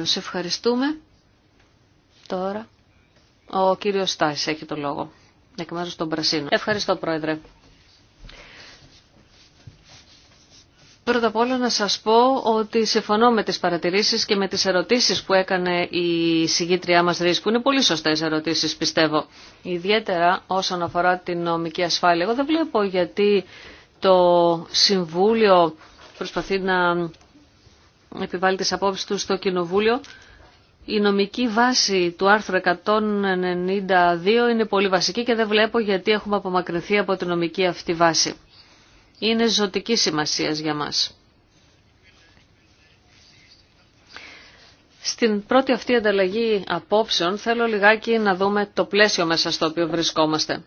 σε ευχαριστούμε. Τώρα ο κύριος Στάσης έχει το λόγο. να μέρους των Πρασίνο. Ευχαριστώ, Πρόεδρε. Πρώτα απ' όλα να σας πω ότι συμφωνώ με τις παρατηρήσεις και με τις ερωτήσεις που έκανε η συγγήτριά μας που Είναι πολύ σωστές ερωτήσεις πιστεύω. Ιδιαίτερα όσον αφορά την νομική ασφάλεια. Εγώ δεν βλέπω γιατί το Συμβούλιο προσπαθεί να επιβάλλει τις απόψεις του στο Κοινοβούλιο. Η νομική βάση του άρθρου 192 είναι πολύ βασική και δεν βλέπω γιατί έχουμε απομακρυνθεί από την νομική αυτή βάση είναι ζωτική σημασία για μας. Στην πρώτη αυτή ανταλλαγή απόψεων θέλω λιγάκι να δούμε το πλαίσιο μέσα στο οποίο βρισκόμαστε.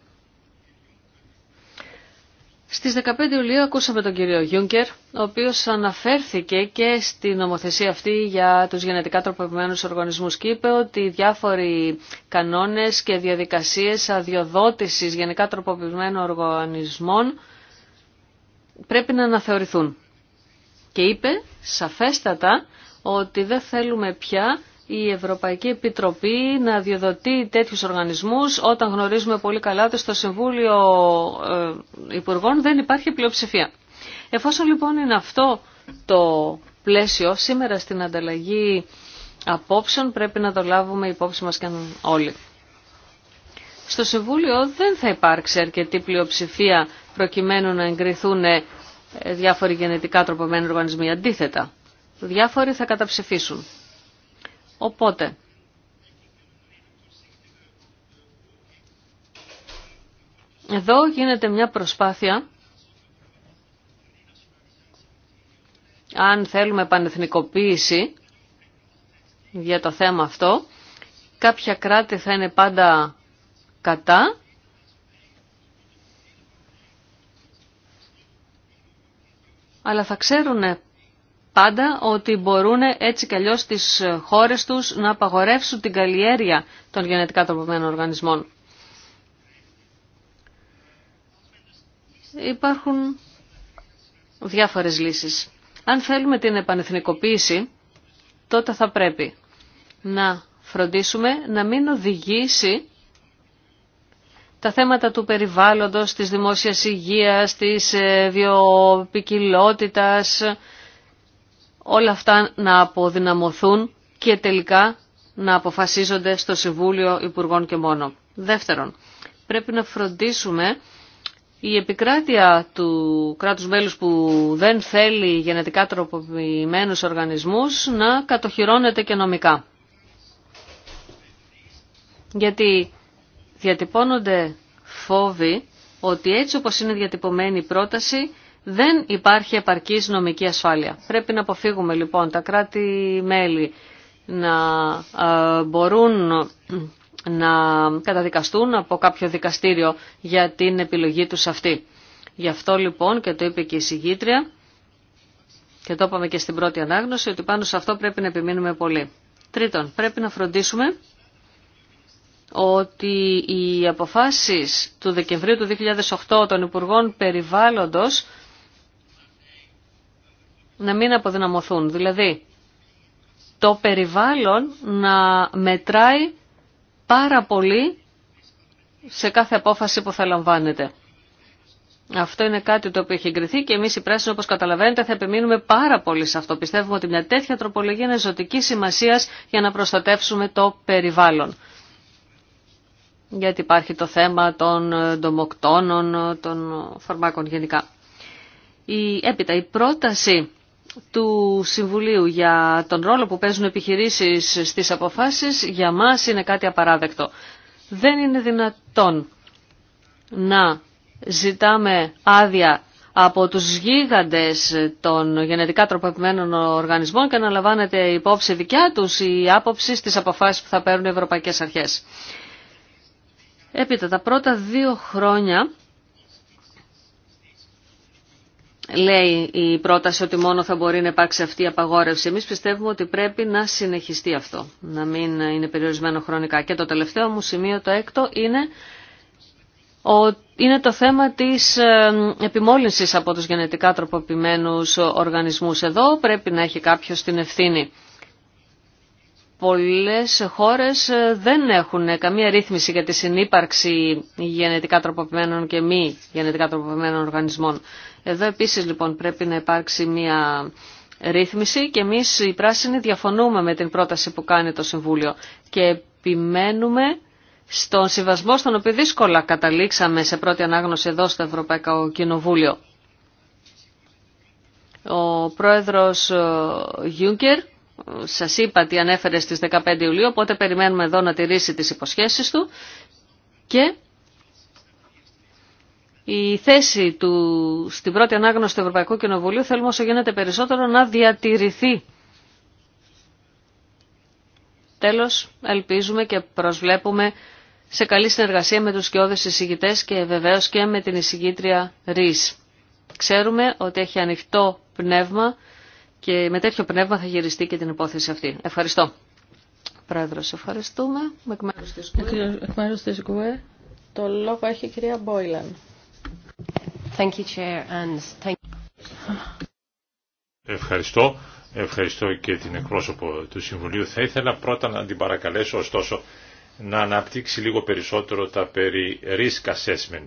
Στις 15 Ιουλίου ακούσαμε τον κύριο Γιούγκερ, ο οποίος αναφέρθηκε και στην νομοθεσία αυτή για τους γενετικά τροποποιημένους οργανισμούς και είπε ότι οι διάφοροι κανόνες και διαδικασίες αδειοδότησης γενικά τροποποιημένων οργανισμών πρέπει να αναθεωρηθούν. Και είπε σαφέστατα ότι δεν θέλουμε πια η Ευρωπαϊκή Επιτροπή να διοδοτεί τέτοιους οργανισμούς όταν γνωρίζουμε πολύ καλά ότι στο Συμβούλιο ε, Υπουργών δεν υπάρχει πλειοψηφία. Εφόσον λοιπόν είναι αυτό το πλαίσιο, σήμερα στην ανταλλαγή απόψεων πρέπει να το λάβουμε υπόψη μας και όλοι στο Συμβούλιο δεν θα υπάρξει αρκετή πλειοψηφία προκειμένου να εγκριθούν ε, διάφοροι γενετικά τροπομένοι οργανισμοί. Αντίθετα, διάφοροι θα καταψηφίσουν. Οπότε, εδώ γίνεται μια προσπάθεια αν θέλουμε πανεθνικοποίηση για το θέμα αυτό, κάποια κράτη θα είναι πάντα Κατά. Αλλά θα ξέρουν πάντα ότι μπορούν έτσι κι αλλιώς στις χώρες τους να απαγορεύσουν την καλλιέργεια των γενετικά τροπομένων οργανισμών. Υπάρχουν διάφορες λύσεις. Αν θέλουμε την επανεθνικοποίηση, τότε θα πρέπει να φροντίσουμε να μην οδηγήσει τα θέματα του περιβάλλοντος, της δημόσιας υγείας, της ε, βιοπικιλότητας, όλα αυτά να αποδυναμωθούν και τελικά να αποφασίζονται στο Συμβούλιο Υπουργών και μόνο. Δεύτερον, πρέπει να φροντίσουμε η επικράτεια του κράτους μέλους που δεν θέλει γενετικά τροποποιημένους οργανισμούς να κατοχυρώνεται και νομικά. Γιατί διατυπώνονται φόβοι ότι έτσι όπως είναι διατυπωμένη η πρόταση δεν υπάρχει επαρκής νομική ασφάλεια. Πρέπει να αποφύγουμε λοιπόν τα κράτη-μέλη να ε, μπορούν να καταδικαστούν από κάποιο δικαστήριο για την επιλογή τους αυτή. Γι' αυτό λοιπόν και το είπε και η συγγήτρια και το είπαμε και στην πρώτη ανάγνωση ότι πάνω σε αυτό πρέπει να επιμείνουμε πολύ. Τρίτον, πρέπει να φροντίσουμε ότι οι αποφάσεις του Δεκεμβρίου του 2008 των Υπουργών Περιβάλλοντος να μην αποδυναμωθούν. Δηλαδή, το περιβάλλον να μετράει πάρα πολύ σε κάθε απόφαση που θα λαμβάνεται. Αυτό είναι κάτι το οποίο έχει εγκριθεί και εμεί οι πράσινοι, όπως καταλαβαίνετε, θα επιμείνουμε πάρα πολύ σε αυτό. Πιστεύουμε ότι μια τέτοια τροπολογία είναι ζωτική σημασία για να προστατεύσουμε το περιβάλλον γιατί υπάρχει το θέμα των ντομοκτώνων, των φαρμάκων γενικά. Η, έπειτα, η πρόταση του Συμβουλίου για τον ρόλο που παίζουν επιχειρήσεις στις αποφάσεις για μας είναι κάτι απαράδεκτο. Δεν είναι δυνατόν να ζητάμε άδεια από τους γίγαντες των γενετικά τροποποιημένων οργανισμών και να λαμβάνεται υπόψη δικιά τους η άποψη στις αποφάσεις που θα παίρνουν οι ευρωπαϊκές αρχές. Έπειτα τα πρώτα δύο χρόνια λέει η πρόταση ότι μόνο θα μπορεί να υπάρξει αυτή η απαγόρευση. Εμείς πιστεύουμε ότι πρέπει να συνεχιστεί αυτό, να μην είναι περιορισμένο χρονικά. Και το τελευταίο μου σημείο, το έκτο, είναι, είναι το θέμα της ε, επιμόλυνσης από τους γενετικά τροποποιημένους οργανισμούς. Εδώ πρέπει να έχει κάποιος την ευθύνη πολλές χώρες ε, δεν έχουν καμία ρύθμιση για τη συνύπαρξη γενετικά τροποποιημένων και μη γενετικά τροποποιημένων οργανισμών. Εδώ επίσης λοιπόν πρέπει να υπάρξει μια ρύθμιση και εμείς οι πράσινοι διαφωνούμε με την πρόταση που κάνει το Συμβούλιο και επιμένουμε στον συμβασμό στον οποίο δύσκολα καταλήξαμε σε πρώτη ανάγνωση εδώ στο Ευρωπαϊκό Κοινοβούλιο. Ο πρόεδρος ε, Γιούγκερ σας είπα τι ανέφερε στις 15 Ιουλίου, οπότε περιμένουμε εδώ να τηρήσει τις υποσχέσεις του και η θέση του στην πρώτη ανάγνωση του Ευρωπαϊκού Κοινοβουλίου θέλουμε όσο γίνεται περισσότερο να διατηρηθεί. Τέλος, ελπίζουμε και προσβλέπουμε σε καλή συνεργασία με τους σκιώδες εισηγητές και βεβαίως και με την εισηγήτρια ΡΙΣ. Ξέρουμε ότι έχει ανοιχτό πνεύμα και με τέτοιο πνεύμα θα γυριστεί και την υπόθεση αυτή. Ευχαριστώ. Πρόεδρο, ευχαριστούμε. Εκ μέρου τη ΚΟΕ, το λόγο έχει η κυρία Μπόιλαν. Ευχαριστώ. Ευχαριστώ και την εκπρόσωπο του Συμβουλίου. Θα ήθελα πρώτα να την παρακαλέσω ωστόσο να αναπτύξει λίγο περισσότερο τα περί risk assessment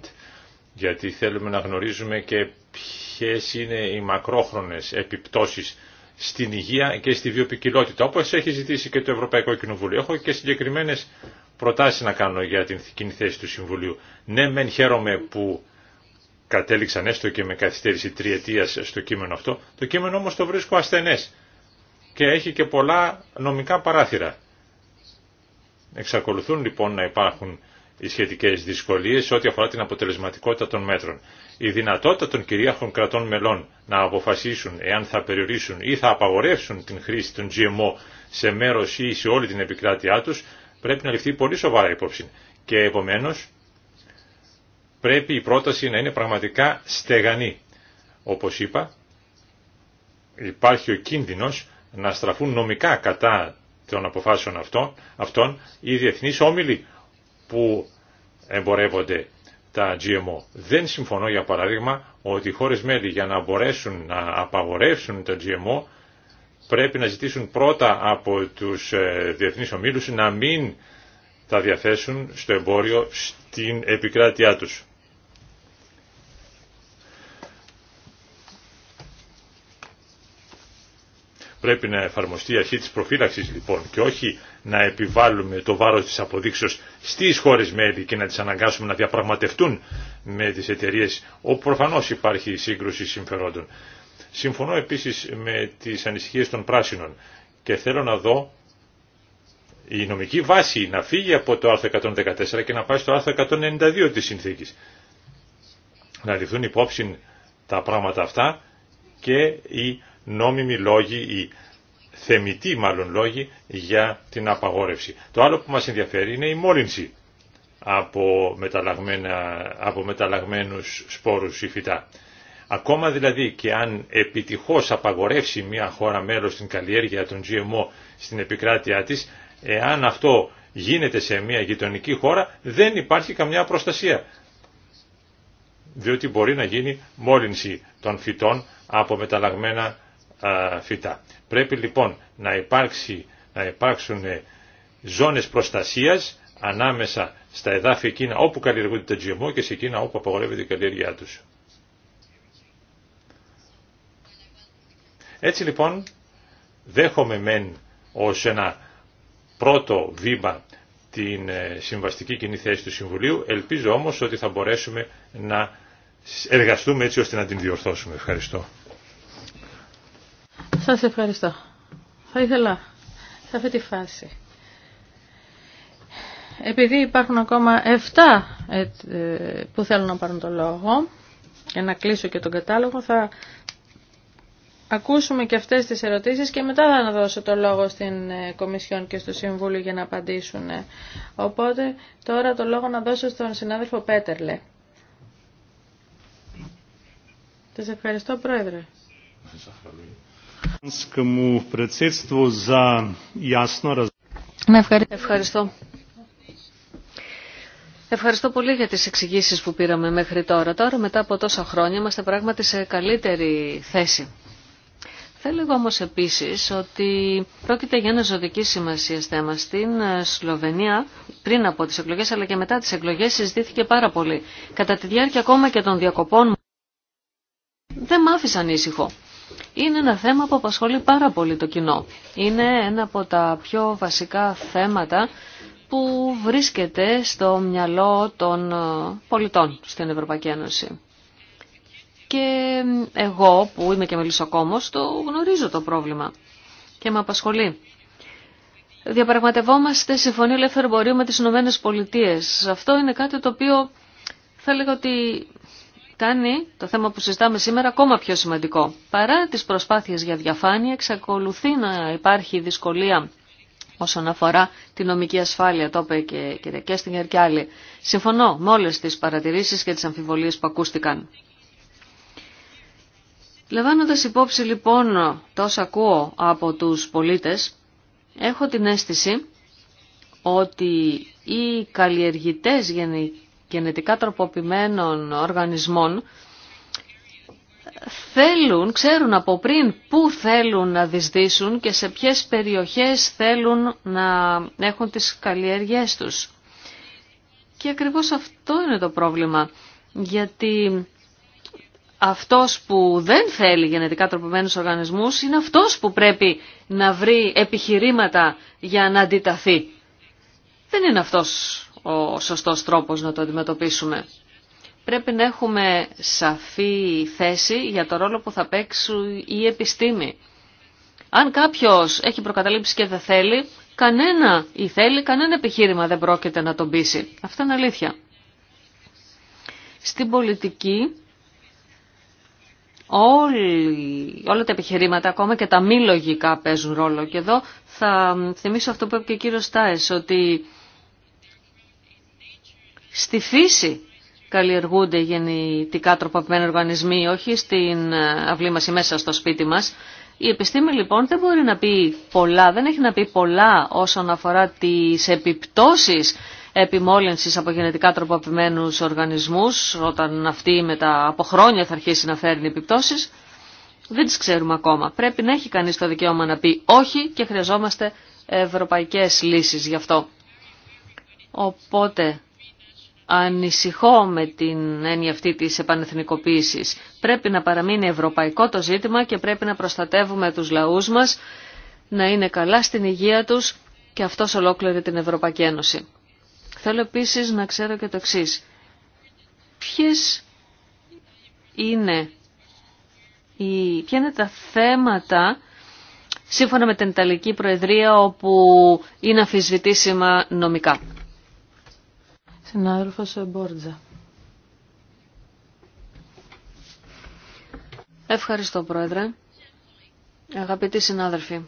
γιατί θέλουμε να γνωρίζουμε και ποιες είναι οι μακρόχρονες επιπτώσεις στην υγεία και στη βιοπικιλότητα, όπως έχει ζητήσει και το Ευρωπαϊκό Κοινοβούλιο. Έχω και συγκεκριμένες προτάσεις να κάνω για την κοινή θέση του Συμβουλίου. Ναι, μεν χαίρομαι που κατέληξαν έστω και με καθυστέρηση τριετίας στο κείμενο αυτό. Το κείμενο όμως το βρίσκω ασθενές και έχει και πολλά νομικά παράθυρα. Εξακολουθούν λοιπόν να υπάρχουν οι σχετικές δυσκολίες ό,τι αφορά την αποτελεσματικότητα των μέτρων. Η δυνατότητα των κυρίαρχων κρατών μελών να αποφασίσουν εάν θα περιορίσουν ή θα απαγορεύσουν την χρήση των GMO σε μέρος ή σε όλη την επικράτειά τους πρέπει να ληφθεί πολύ σοβαρά υπόψη. Και επομένως πρέπει η πρόταση να είναι πραγματικά στεγανή. Όπως είπα, υπάρχει ο κίνδυνος να στραφούν νομικά κατά των αποφάσεων αυτών, αυτών οι διεθνείς όμιλοι που εμπορεύονται τα GMO. Δεν συμφωνώ για παράδειγμα ότι οι χώρες μέλη για να μπορέσουν να απαγορεύσουν τα GMO πρέπει να ζητήσουν πρώτα από τους ε, διεθνείς ομίλους να μην τα διαθέσουν στο εμπόριο στην επικράτειά τους. Πρέπει να εφαρμοστεί η αρχή της προφύλαξης λοιπόν και όχι να επιβάλλουμε το βάρος της αποδείξεως στις χώρες μέλη και να τις αναγκάσουμε να διαπραγματευτούν με τις εταιρείες όπου προφανώς υπάρχει σύγκρουση συμφερόντων. Συμφωνώ επίσης με τις ανησυχίες των πράσινων και θέλω να δω η νομική βάση να φύγει από το άρθρο 114 και να πάει στο άρθρο 192 της συνθήκης. Να ληφθούν υπόψη τα πράγματα αυτά και οι νόμιμοι λόγοι ή θεμητοί μάλλον λόγοι για την απαγόρευση. Το άλλο που μας ενδιαφέρει είναι η μόλυνση από, μεταλλαγμένα, από μεταλλαγμένους σπόρους ή φυτά. Ακόμα δηλαδή και αν επιτυχώς απαγορεύσει μια χώρα μέλος στην καλλιέργεια των GMO στην επικράτειά της, εάν αυτό γίνεται σε μια γειτονική χώρα δεν υπάρχει καμιά προστασία. Διότι μπορεί να γίνει μόλυνση των φυτών από μεταλλαγμένα φυτά. Πρέπει λοιπόν να, υπάρξει, να υπάρξουν ε, ζώνες προστασίας ανάμεσα στα εδάφη εκείνα όπου καλλιεργούνται τα GMO και σε εκείνα όπου απαγορεύεται η καλλιέργειά τους. Έτσι λοιπόν δέχομαι μεν ως ένα πρώτο βήμα την ε, συμβαστική κοινή θέση του Συμβουλίου. Ελπίζω όμως ότι θα μπορέσουμε να εργαστούμε έτσι ώστε να την διορθώσουμε. Ευχαριστώ. Σα ευχαριστώ. Θα ήθελα σε αυτή τη φάση. Επειδή υπάρχουν ακόμα 7 ε, που θέλουν να πάρουν το λόγο, για να κλείσω και τον κατάλογο, θα ακούσουμε και αυτές τις ερωτήσεις και μετά θα δώσω το λόγο στην ε, Κομισιόν και στο Συμβούλιο για να απαντήσουν. Οπότε τώρα το λόγο να δώσω στον συνάδελφο Πέτερλε. Σας ευχαριστώ Πρόεδρε. Ευχαριστώ. Ευχαριστώ πολύ για τις εξηγήσεις που πήραμε μέχρι τώρα. Τώρα μετά από τόσα χρόνια είμαστε πράγματι σε καλύτερη θέση. Θέλω έλεγα όμως επίσης ότι πρόκειται για ένα ζωτική σημασία θέμα στην ε, Σλοβενία πριν από τις εκλογές αλλά και μετά τις εκλογές συζητήθηκε πάρα πολύ. Κατά τη διάρκεια ακόμα και των διακοπών δεν μ' άφησαν ήσυχο είναι ένα θέμα που απασχολεί πάρα πολύ το κοινό. Είναι ένα από τα πιο βασικά θέματα που βρίσκεται στο μυαλό των ε, πολιτών στην Ευρωπαϊκή Ένωση. Και εγώ που είμαι και μελισσοκόμος το γνωρίζω το πρόβλημα και με απασχολεί. Διαπραγματευόμαστε συμφωνία ελεύθερου εμπορίου με τις Ηνωμένε Πολιτείες. Αυτό είναι κάτι το οποίο θα ότι κάνει το θέμα που συζητάμε σήμερα ακόμα πιο σημαντικό. Παρά τις προσπάθειες για διαφάνεια, εξακολουθεί να υπάρχει δυσκολία όσον αφορά τη νομική ασφάλεια, το είπε και η κυρία και άλλοι. Συμφωνώ με όλες τις παρατηρήσεις και τις αμφιβολίες που ακούστηκαν. Λαμβάνοντα υπόψη λοιπόν όσα ακούω από τους πολίτες, έχω την αίσθηση ότι οι καλλιεργητές γενικά γενετικά τροποποιημένων οργανισμών θέλουν, ξέρουν από πριν πού θέλουν να δυσδύσουν και σε ποιες περιοχές θέλουν να έχουν τις καλλιέργειές τους. Και ακριβώς αυτό είναι το πρόβλημα, γιατί αυτός που δεν θέλει γενετικά τροποποιημένους οργανισμούς είναι αυτός που πρέπει να βρει επιχειρήματα για να αντιταθεί. Δεν είναι αυτός ο σωστός τρόπος να το αντιμετωπίσουμε. Πρέπει να έχουμε σαφή θέση για το ρόλο που θα παίξουν οι επιστήμη. Αν κάποιος έχει προκαταλήψει και δεν θέλει, κανένα ή θέλει, κανένα επιχείρημα δεν πρόκειται να τον πείσει. Αυτό είναι αλήθεια. Στην πολιτική όλα τα επιχειρήματα, ακόμα και τα μη λογικά παίζουν ρόλο. Και εδώ θα θυμίσω αυτό που είπε και ο κύριος Στάες, ότι στη φύση καλλιεργούνται γεννητικά τροποποιημένοι οργανισμοί, όχι στην ε, αυλή μας ή μέσα στο σπίτι μας. Η επιστήμη λοιπόν δεν μπορεί να πει πολλά, δεν έχει να πει πολλά όσον αφορά τις επιπτώσεις επιμόλυνσης από γενετικά τροποποιημένους οργανισμούς, όταν αυτή μετά από χρόνια θα αρχίσει να φέρνει επιπτώσεις. Δεν τις ξέρουμε ακόμα. Πρέπει να έχει κανείς το δικαίωμα να πει όχι και χρειαζόμαστε ευρωπαϊκές λύσεις γι' αυτό. Οπότε ανησυχώ με την έννοια αυτή της επανεθνικοποίησης. Πρέπει να παραμείνει ευρωπαϊκό το ζήτημα και πρέπει να προστατεύουμε τους λαούς μας, να είναι καλά στην υγεία τους και αυτός ολόκληρη την Ευρωπαϊκή Ένωση. Θέλω επίσης να ξέρω και το εξή. Ποιες είναι, ποια είναι τα θέματα σύμφωνα με την Ιταλική Προεδρία όπου είναι αφισβητήσιμα νομικά. Συνάδελφος Μπόρτζα. Ευχαριστώ, Πρόεδρε. Αγαπητοί συνάδελφοι,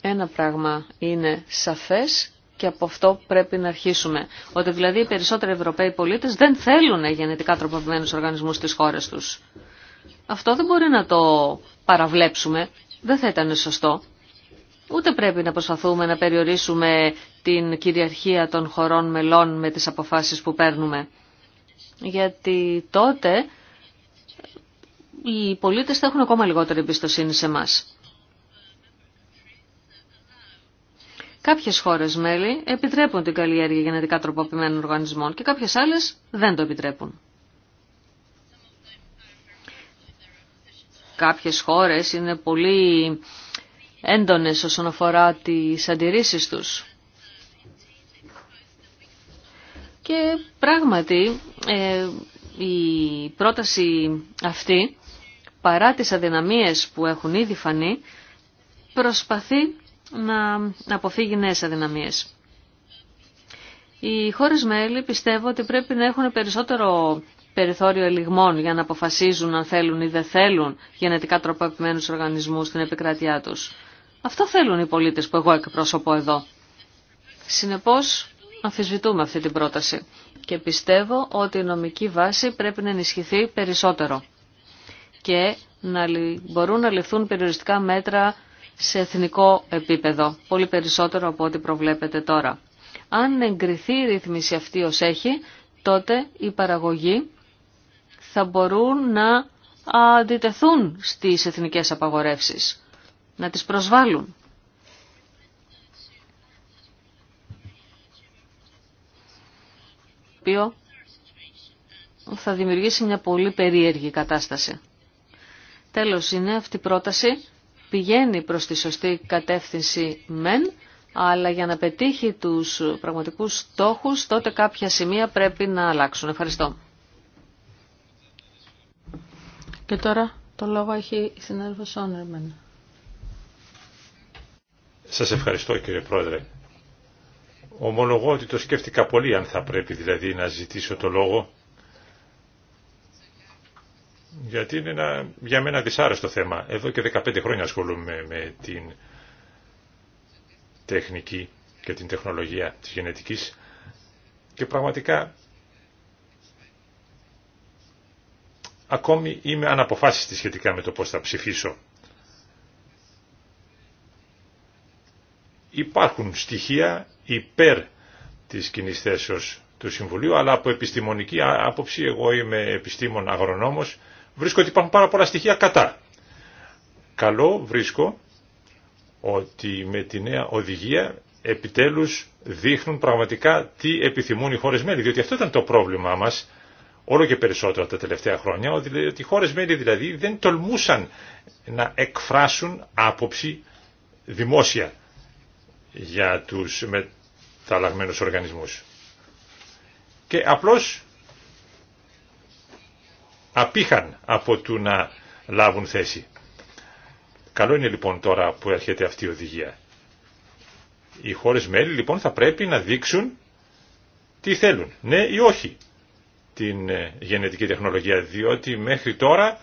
ένα πράγμα είναι σαφές και από αυτό πρέπει να αρχίσουμε. Ότι δηλαδή οι περισσότεροι Ευρωπαίοι πολίτες δεν θέλουν γενετικά τροποποιημένους οργανισμούς στις χώρες τους. Αυτό δεν μπορεί να το παραβλέψουμε. Δεν θα ήταν σωστό. Ούτε πρέπει να προσπαθούμε να περιορίσουμε την κυριαρχία των χωρών μελών με τις αποφάσεις που παίρνουμε. Γιατί τότε οι πολίτες θα έχουν ακόμα λιγότερη εμπιστοσύνη σε μας. Κάποιες χώρες μέλη επιτρέπουν την καλλιέργεια γενετικά τροποποιημένων οργανισμών και κάποιες άλλες δεν το επιτρέπουν. Κάποιες χώρες είναι πολύ έντονες όσον αφορά τις αντιρρήσεις τους. Και πράγματι ε, η πρόταση αυτή, παρά τις αδυναμίες που έχουν ήδη φανεί, προσπαθεί να αποφύγει νέες αδυναμίες. Οι χώρες μέλη πιστεύω ότι πρέπει να έχουν περισσότερο περιθώριο ελιγμών για να αποφασίζουν αν θέλουν ή δεν θέλουν γενετικά τροποποιημένους οργανισμούς στην επικράτειά τους. Αυτό θέλουν οι πολίτες που εγώ εκπρόσωπω εδώ. Συνεπώς, αμφισβητούμε αυτή την πρόταση και πιστεύω ότι η νομική βάση πρέπει να ενισχυθεί περισσότερο και να μπορούν να ληφθούν περιοριστικά μέτρα σε εθνικό επίπεδο, πολύ περισσότερο από ό,τι προβλέπετε τώρα. Αν εγκριθεί η ρύθμιση αυτή ως έχει, τότε οι παραγωγοί θα μπορούν να αντιτεθούν στις εθνικές απαγορεύσεις να τις προσβάλλουν. οποίο θα δημιουργήσει μια πολύ περίεργη κατάσταση. Τέλος είναι αυτή η πρόταση πηγαίνει προς τη σωστή κατεύθυνση μεν, αλλά για να πετύχει τους πραγματικούς στόχους, τότε κάποια σημεία πρέπει να αλλάξουν. Ευχαριστώ. Και τώρα το λόγο έχει η συνάδελφος Όνερμεν. Σας ευχαριστώ κύριε Πρόεδρε. Ομολογώ ότι το σκέφτηκα πολύ αν θα πρέπει δηλαδή να ζητήσω το λόγο γιατί είναι ένα, για μένα δυσάρεστο θέμα. Εδώ και 15 χρόνια ασχολούμαι με την τεχνική και την τεχνολογία της γενετικής και πραγματικά ακόμη είμαι αναποφάσιστη σχετικά με το πώς θα ψηφίσω. υπάρχουν στοιχεία υπέρ της κοινή θέσεως του Συμβουλίου, αλλά από επιστημονική άποψη, εγώ είμαι επιστήμων αγρονόμος, βρίσκω ότι υπάρχουν πάρα πολλά στοιχεία κατά. Καλό βρίσκω ότι με τη νέα οδηγία επιτέλους δείχνουν πραγματικά τι επιθυμούν οι χώρες μέλη, διότι αυτό ήταν το πρόβλημά μας όλο και περισσότερο τα τελευταία χρόνια, ότι οι χώρες μέλη δηλαδή δεν τολμούσαν να εκφράσουν άποψη δημόσια για τους μεταλλαγμένους οργανισμούς. Και απλώς απήχαν από του να λάβουν θέση. Καλό είναι λοιπόν τώρα που έρχεται αυτή η οδηγία. Οι χώρες μέλη λοιπόν θα πρέπει να δείξουν τι θέλουν, ναι ή όχι, την ε, γενετική τεχνολογία, διότι μέχρι τώρα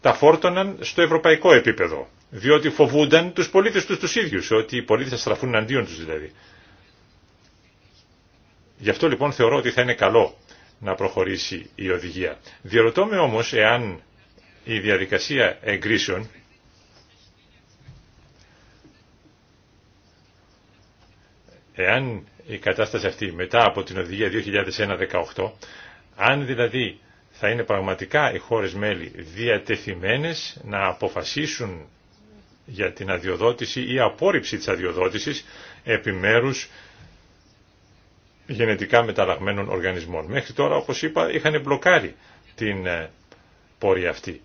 τα φόρτωναν στο ευρωπαϊκό επίπεδο διότι φοβούνταν τους πολίτες τους τους ίδιους, ότι οι πολίτες θα στραφούν αντίον τους δηλαδή. Γι' αυτό λοιπόν θεωρώ ότι θα είναι καλό να προχωρήσει η οδηγία. Διερωτώ με όμως εάν η διαδικασία εγκρίσεων εάν η κατάσταση αυτή μετά από την οδηγία 2001-18 αν δηλαδή θα είναι πραγματικά οι χώρες μέλη διατεθειμένες να αποφασίσουν για την αδειοδότηση ή απόρριψη της αδειοδότησης επιμέρους γενετικά μεταλλαγμένων οργανισμών. Μέχρι τώρα, όπως είπα, είχαν μπλοκάρει την ε, πορεία αυτή.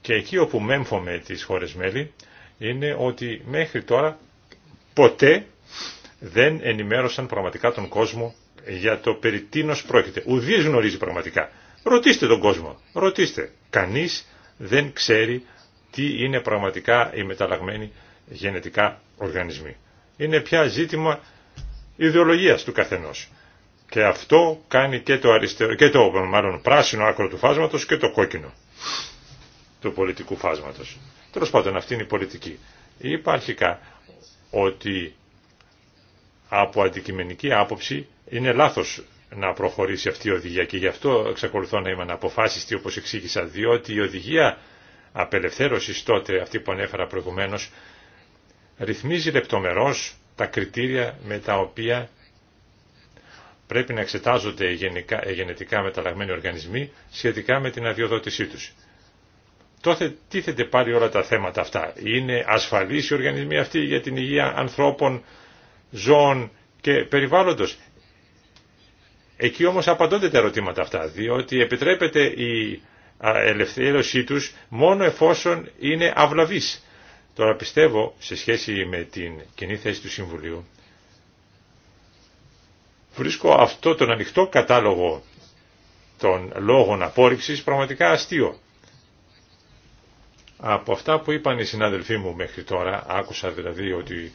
Και εκεί όπου μέμφωμε τις χώρες μέλη είναι ότι μέχρι τώρα ποτέ δεν ενημέρωσαν πραγματικά τον κόσμο για το περί τίνος πρόκειται. Ουδής γνωρίζει πραγματικά. Ρωτήστε τον κόσμο, ρωτήστε. Κανείς δεν ξέρει τι είναι πραγματικά οι μεταλλαγμένοι γενετικά οργανισμοί. Είναι πια ζήτημα ιδεολογίας του καθενός. Και αυτό κάνει και το, αριστερο, και το μάλλον, πράσινο άκρο του φάσματος και το κόκκινο του πολιτικού φάσματος. Τέλος πάντων αυτή είναι η πολιτική. Είπα αρχικά ότι από αντικειμενική άποψη είναι λάθος να προχωρήσει αυτή η οδηγία και γι' αυτό εξακολουθώ να είμαι αναποφάσιστη όπως εξήγησα διότι η οδηγία απελευθέρωσης τότε, αυτή που ανέφερα προηγουμένως, ρυθμίζει λεπτομερώς τα κριτήρια με τα οποία πρέπει να εξετάζονται οι γενετικά μεταλλαγμένοι οργανισμοί σχετικά με την αδειοδότησή τους. Τότε τίθεται πάλι όλα τα θέματα αυτά. Είναι ασφαλείς οι οργανισμοί αυτοί για την υγεία ανθρώπων, ζώων και περιβάλλοντος. Εκεί όμως απαντώνται τα ερωτήματα αυτά, διότι επιτρέπεται η ελευθέρωσή τους μόνο εφόσον είναι αυλαβής. Τώρα πιστεύω σε σχέση με την κοινή θέση του Συμβουλίου βρίσκω αυτό τον ανοιχτό κατάλογο των λόγων απόρριψης πραγματικά αστείο. Από αυτά που είπαν οι συνάδελφοί μου μέχρι τώρα, άκουσα δηλαδή ότι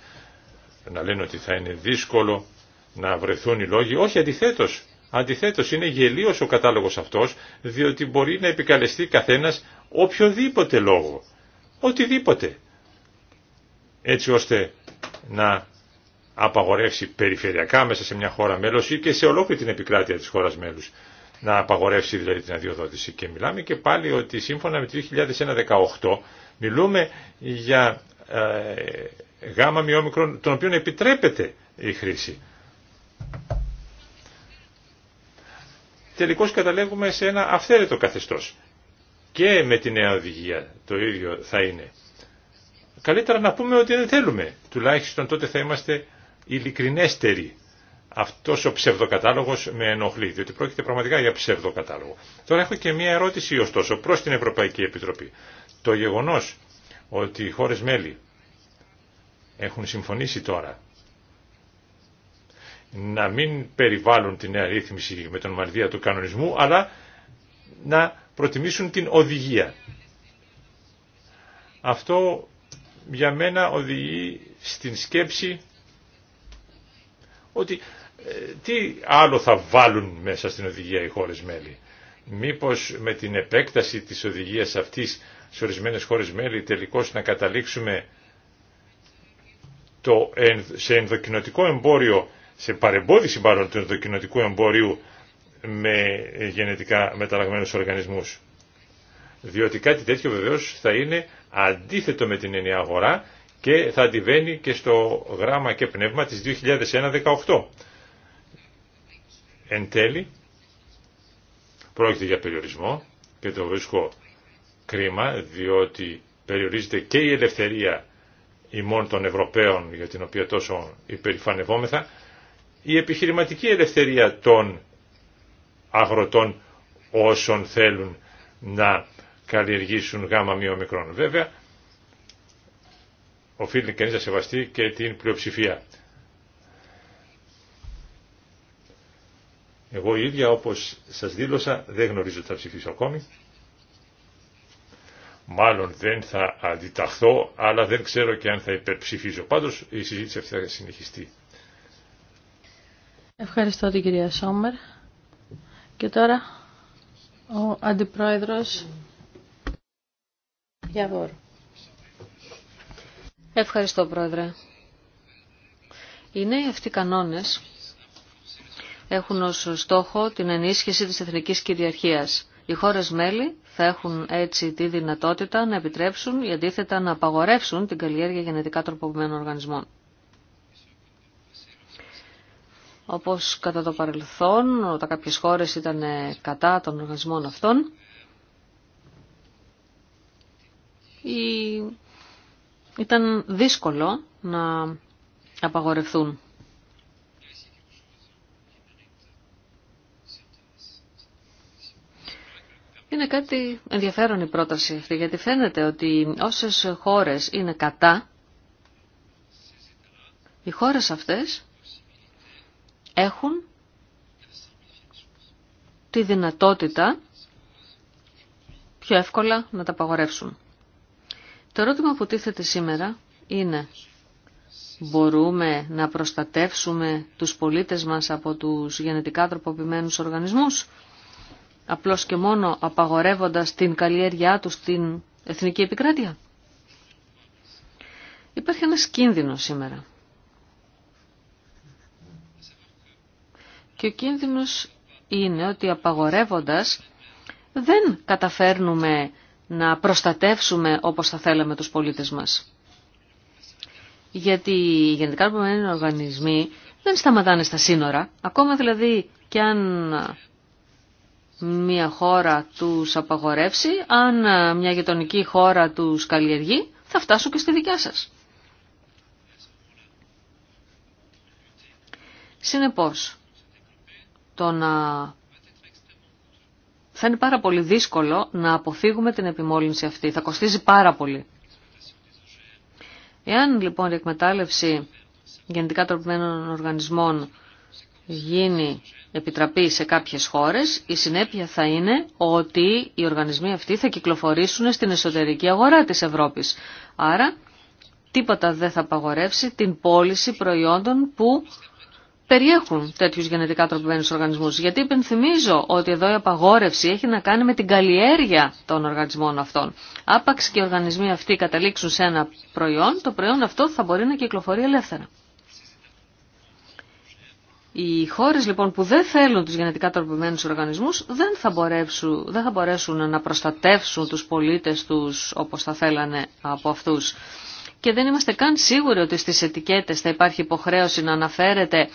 να λένε ότι θα είναι δύσκολο να βρεθούν οι λόγοι. Όχι, αντιθέτως, Αντιθέτως είναι γελίος ο κατάλογος αυτός διότι μπορεί να επικαλεστεί καθένας οποιοδήποτε λόγο, οτιδήποτε, έτσι ώστε να απαγορεύσει περιφερειακά μέσα σε μια χώρα μέλος ή και σε ολόκληρη την επικράτεια της χώρας μέλους να απαγορεύσει δηλαδή την αδειοδότηση. Και μιλάμε και πάλι ότι σύμφωνα με το 2018 μιλούμε για ε, γάμα μειόμικρον των οποίων επιτρέπεται η χρήση. τελικώς καταλέγουμε σε ένα αυθαίρετο καθεστώς. Και με τη νέα οδηγία το ίδιο θα είναι. Καλύτερα να πούμε ότι δεν θέλουμε. Τουλάχιστον τότε θα είμαστε ειλικρινέστεροι. αυτό ο ψευδοκατάλογος με ενοχλεί, διότι πρόκειται πραγματικά για ψευδοκατάλογο. Τώρα έχω και μία ερώτηση ωστόσο προ την Ευρωπαϊκή Επιτροπή. Το γεγονό ότι οι χώρε μέλη έχουν συμφωνήσει τώρα να μην περιβάλλουν την νέα με τον μαρδία του κανονισμού, αλλά να προτιμήσουν την οδηγία. Αυτό για μένα οδηγεί στην σκέψη ότι ε, τι άλλο θα βάλουν μέσα στην οδηγία οι χώρες μέλη. Μήπως με την επέκταση της οδηγίας αυτής σε ορισμένες χώρες μέλη τελικώς να καταλήξουμε το, σε ενδοκινοτικό εμπόριο σε παρεμπόδιση μάλλον του ενδοκινοτικού εμπορίου με γενετικά μεταλλαγμένους οργανισμούς. Διότι κάτι τέτοιο βεβαίως θα είναι αντίθετο με την ενιαία αγορά και θα αντιβαίνει και στο γράμμα και πνεύμα της 2001-18. Εν τέλει, πρόκειται για περιορισμό και το βρίσκω κρίμα διότι περιορίζεται και η ελευθερία ημών των Ευρωπαίων για την οποία τόσο υπερηφανευόμεθα η επιχειρηματική ελευθερία των αγροτών όσων θέλουν να καλλιεργήσουν γάμα μειομικρών. Βέβαια, οφείλει κανείς να σεβαστεί και την πλειοψηφία. Εγώ ίδια όπως σας δήλωσα δεν γνωρίζω τα θα ψηφίσω ακόμη. Μάλλον δεν θα αντιταχθώ, αλλά δεν ξέρω και αν θα υπερψηφίζω. Πάντως η συζήτηση αυτή θα συνεχιστεί. Ευχαριστώ την κυρία Σόμερ. Και τώρα ο Αντιπρόεδρος Γιαβόρ. Ευχαριστώ Πρόεδρε. Οι νέοι αυτοί κανόνες έχουν ως στόχο την ενίσχυση της εθνικής κυριαρχίας. Οι χώρες μέλη θα έχουν έτσι τη δυνατότητα να επιτρέψουν ή αντίθετα να απαγορεύσουν την καλλιέργεια γενετικά τροποποιημένων οργανισμών. Όπως κατά το παρελθόν, όταν κάποιες χώρες ήταν ε, κατά των οργανισμών αυτών, ήταν δύσκολο να απαγορευτούν. Είναι κάτι ενδιαφέρον η πρόταση αυτή, γιατί φαίνεται ότι όσες χώρες είναι κατά, οι χώρες αυτές έχουν τη δυνατότητα πιο εύκολα να τα απαγορεύσουν. Το ερώτημα που τίθεται σήμερα είναι μπορούμε να προστατεύσουμε τους πολίτες μας από τους γενετικά τροποποιημένους οργανισμούς απλώς και μόνο απαγορεύοντας την καλλιέργειά τους στην εθνική επικράτεια. Υπάρχει ένας κίνδυνος σήμερα. Και ο κίνδυνος είναι ότι απαγορεύοντας δεν καταφέρνουμε να προστατεύσουμε όπως θα θέλαμε τους πολίτες μας. Γιατί οι γενικά επομένοι οργανισμοί δεν σταματάνε στα σύνορα, ακόμα δηλαδή και αν μια χώρα τους απαγορεύσει, αν μια γειτονική χώρα τους καλλιεργεί, θα φτάσουν και στη δικιά σας. Συνεπώς, το να... Θα είναι πάρα πολύ δύσκολο να αποφύγουμε την επιμόλυνση αυτή. Θα κοστίζει πάρα πολύ. Εάν λοιπόν η εκμετάλλευση γενετικά τροπημένων οργανισμών γίνει επιτραπή σε κάποιες χώρες, η συνέπεια θα είναι ότι οι οργανισμοί αυτοί θα κυκλοφορήσουν στην εσωτερική αγορά της Ευρώπης. Άρα τίποτα δεν θα απαγορεύσει την πώληση προϊόντων που περιέχουν τέτοιου γενετικά τροπημένους οργανισμού. Γιατί υπενθυμίζω ότι εδώ η απαγόρευση έχει να κάνει με την καλλιέργεια των οργανισμών αυτών. Άπαξ και οι οργανισμοί αυτοί καταλήξουν σε ένα προϊόν, το προϊόν αυτό θα μπορεί να κυκλοφορεί ελεύθερα. Οι χώρες λοιπόν που δεν θέλουν τους γενετικά τροπημένους οργανισμούς δεν θα, μπορέσουν, δεν θα μπορέσουν να προστατεύσουν τους πολίτες τους όπως θα θέλανε από αυτούς. Και δεν είμαστε καν σίγουροι ότι στις ετικέτες θα υπάρχει υποχρέωση να αναφέρεται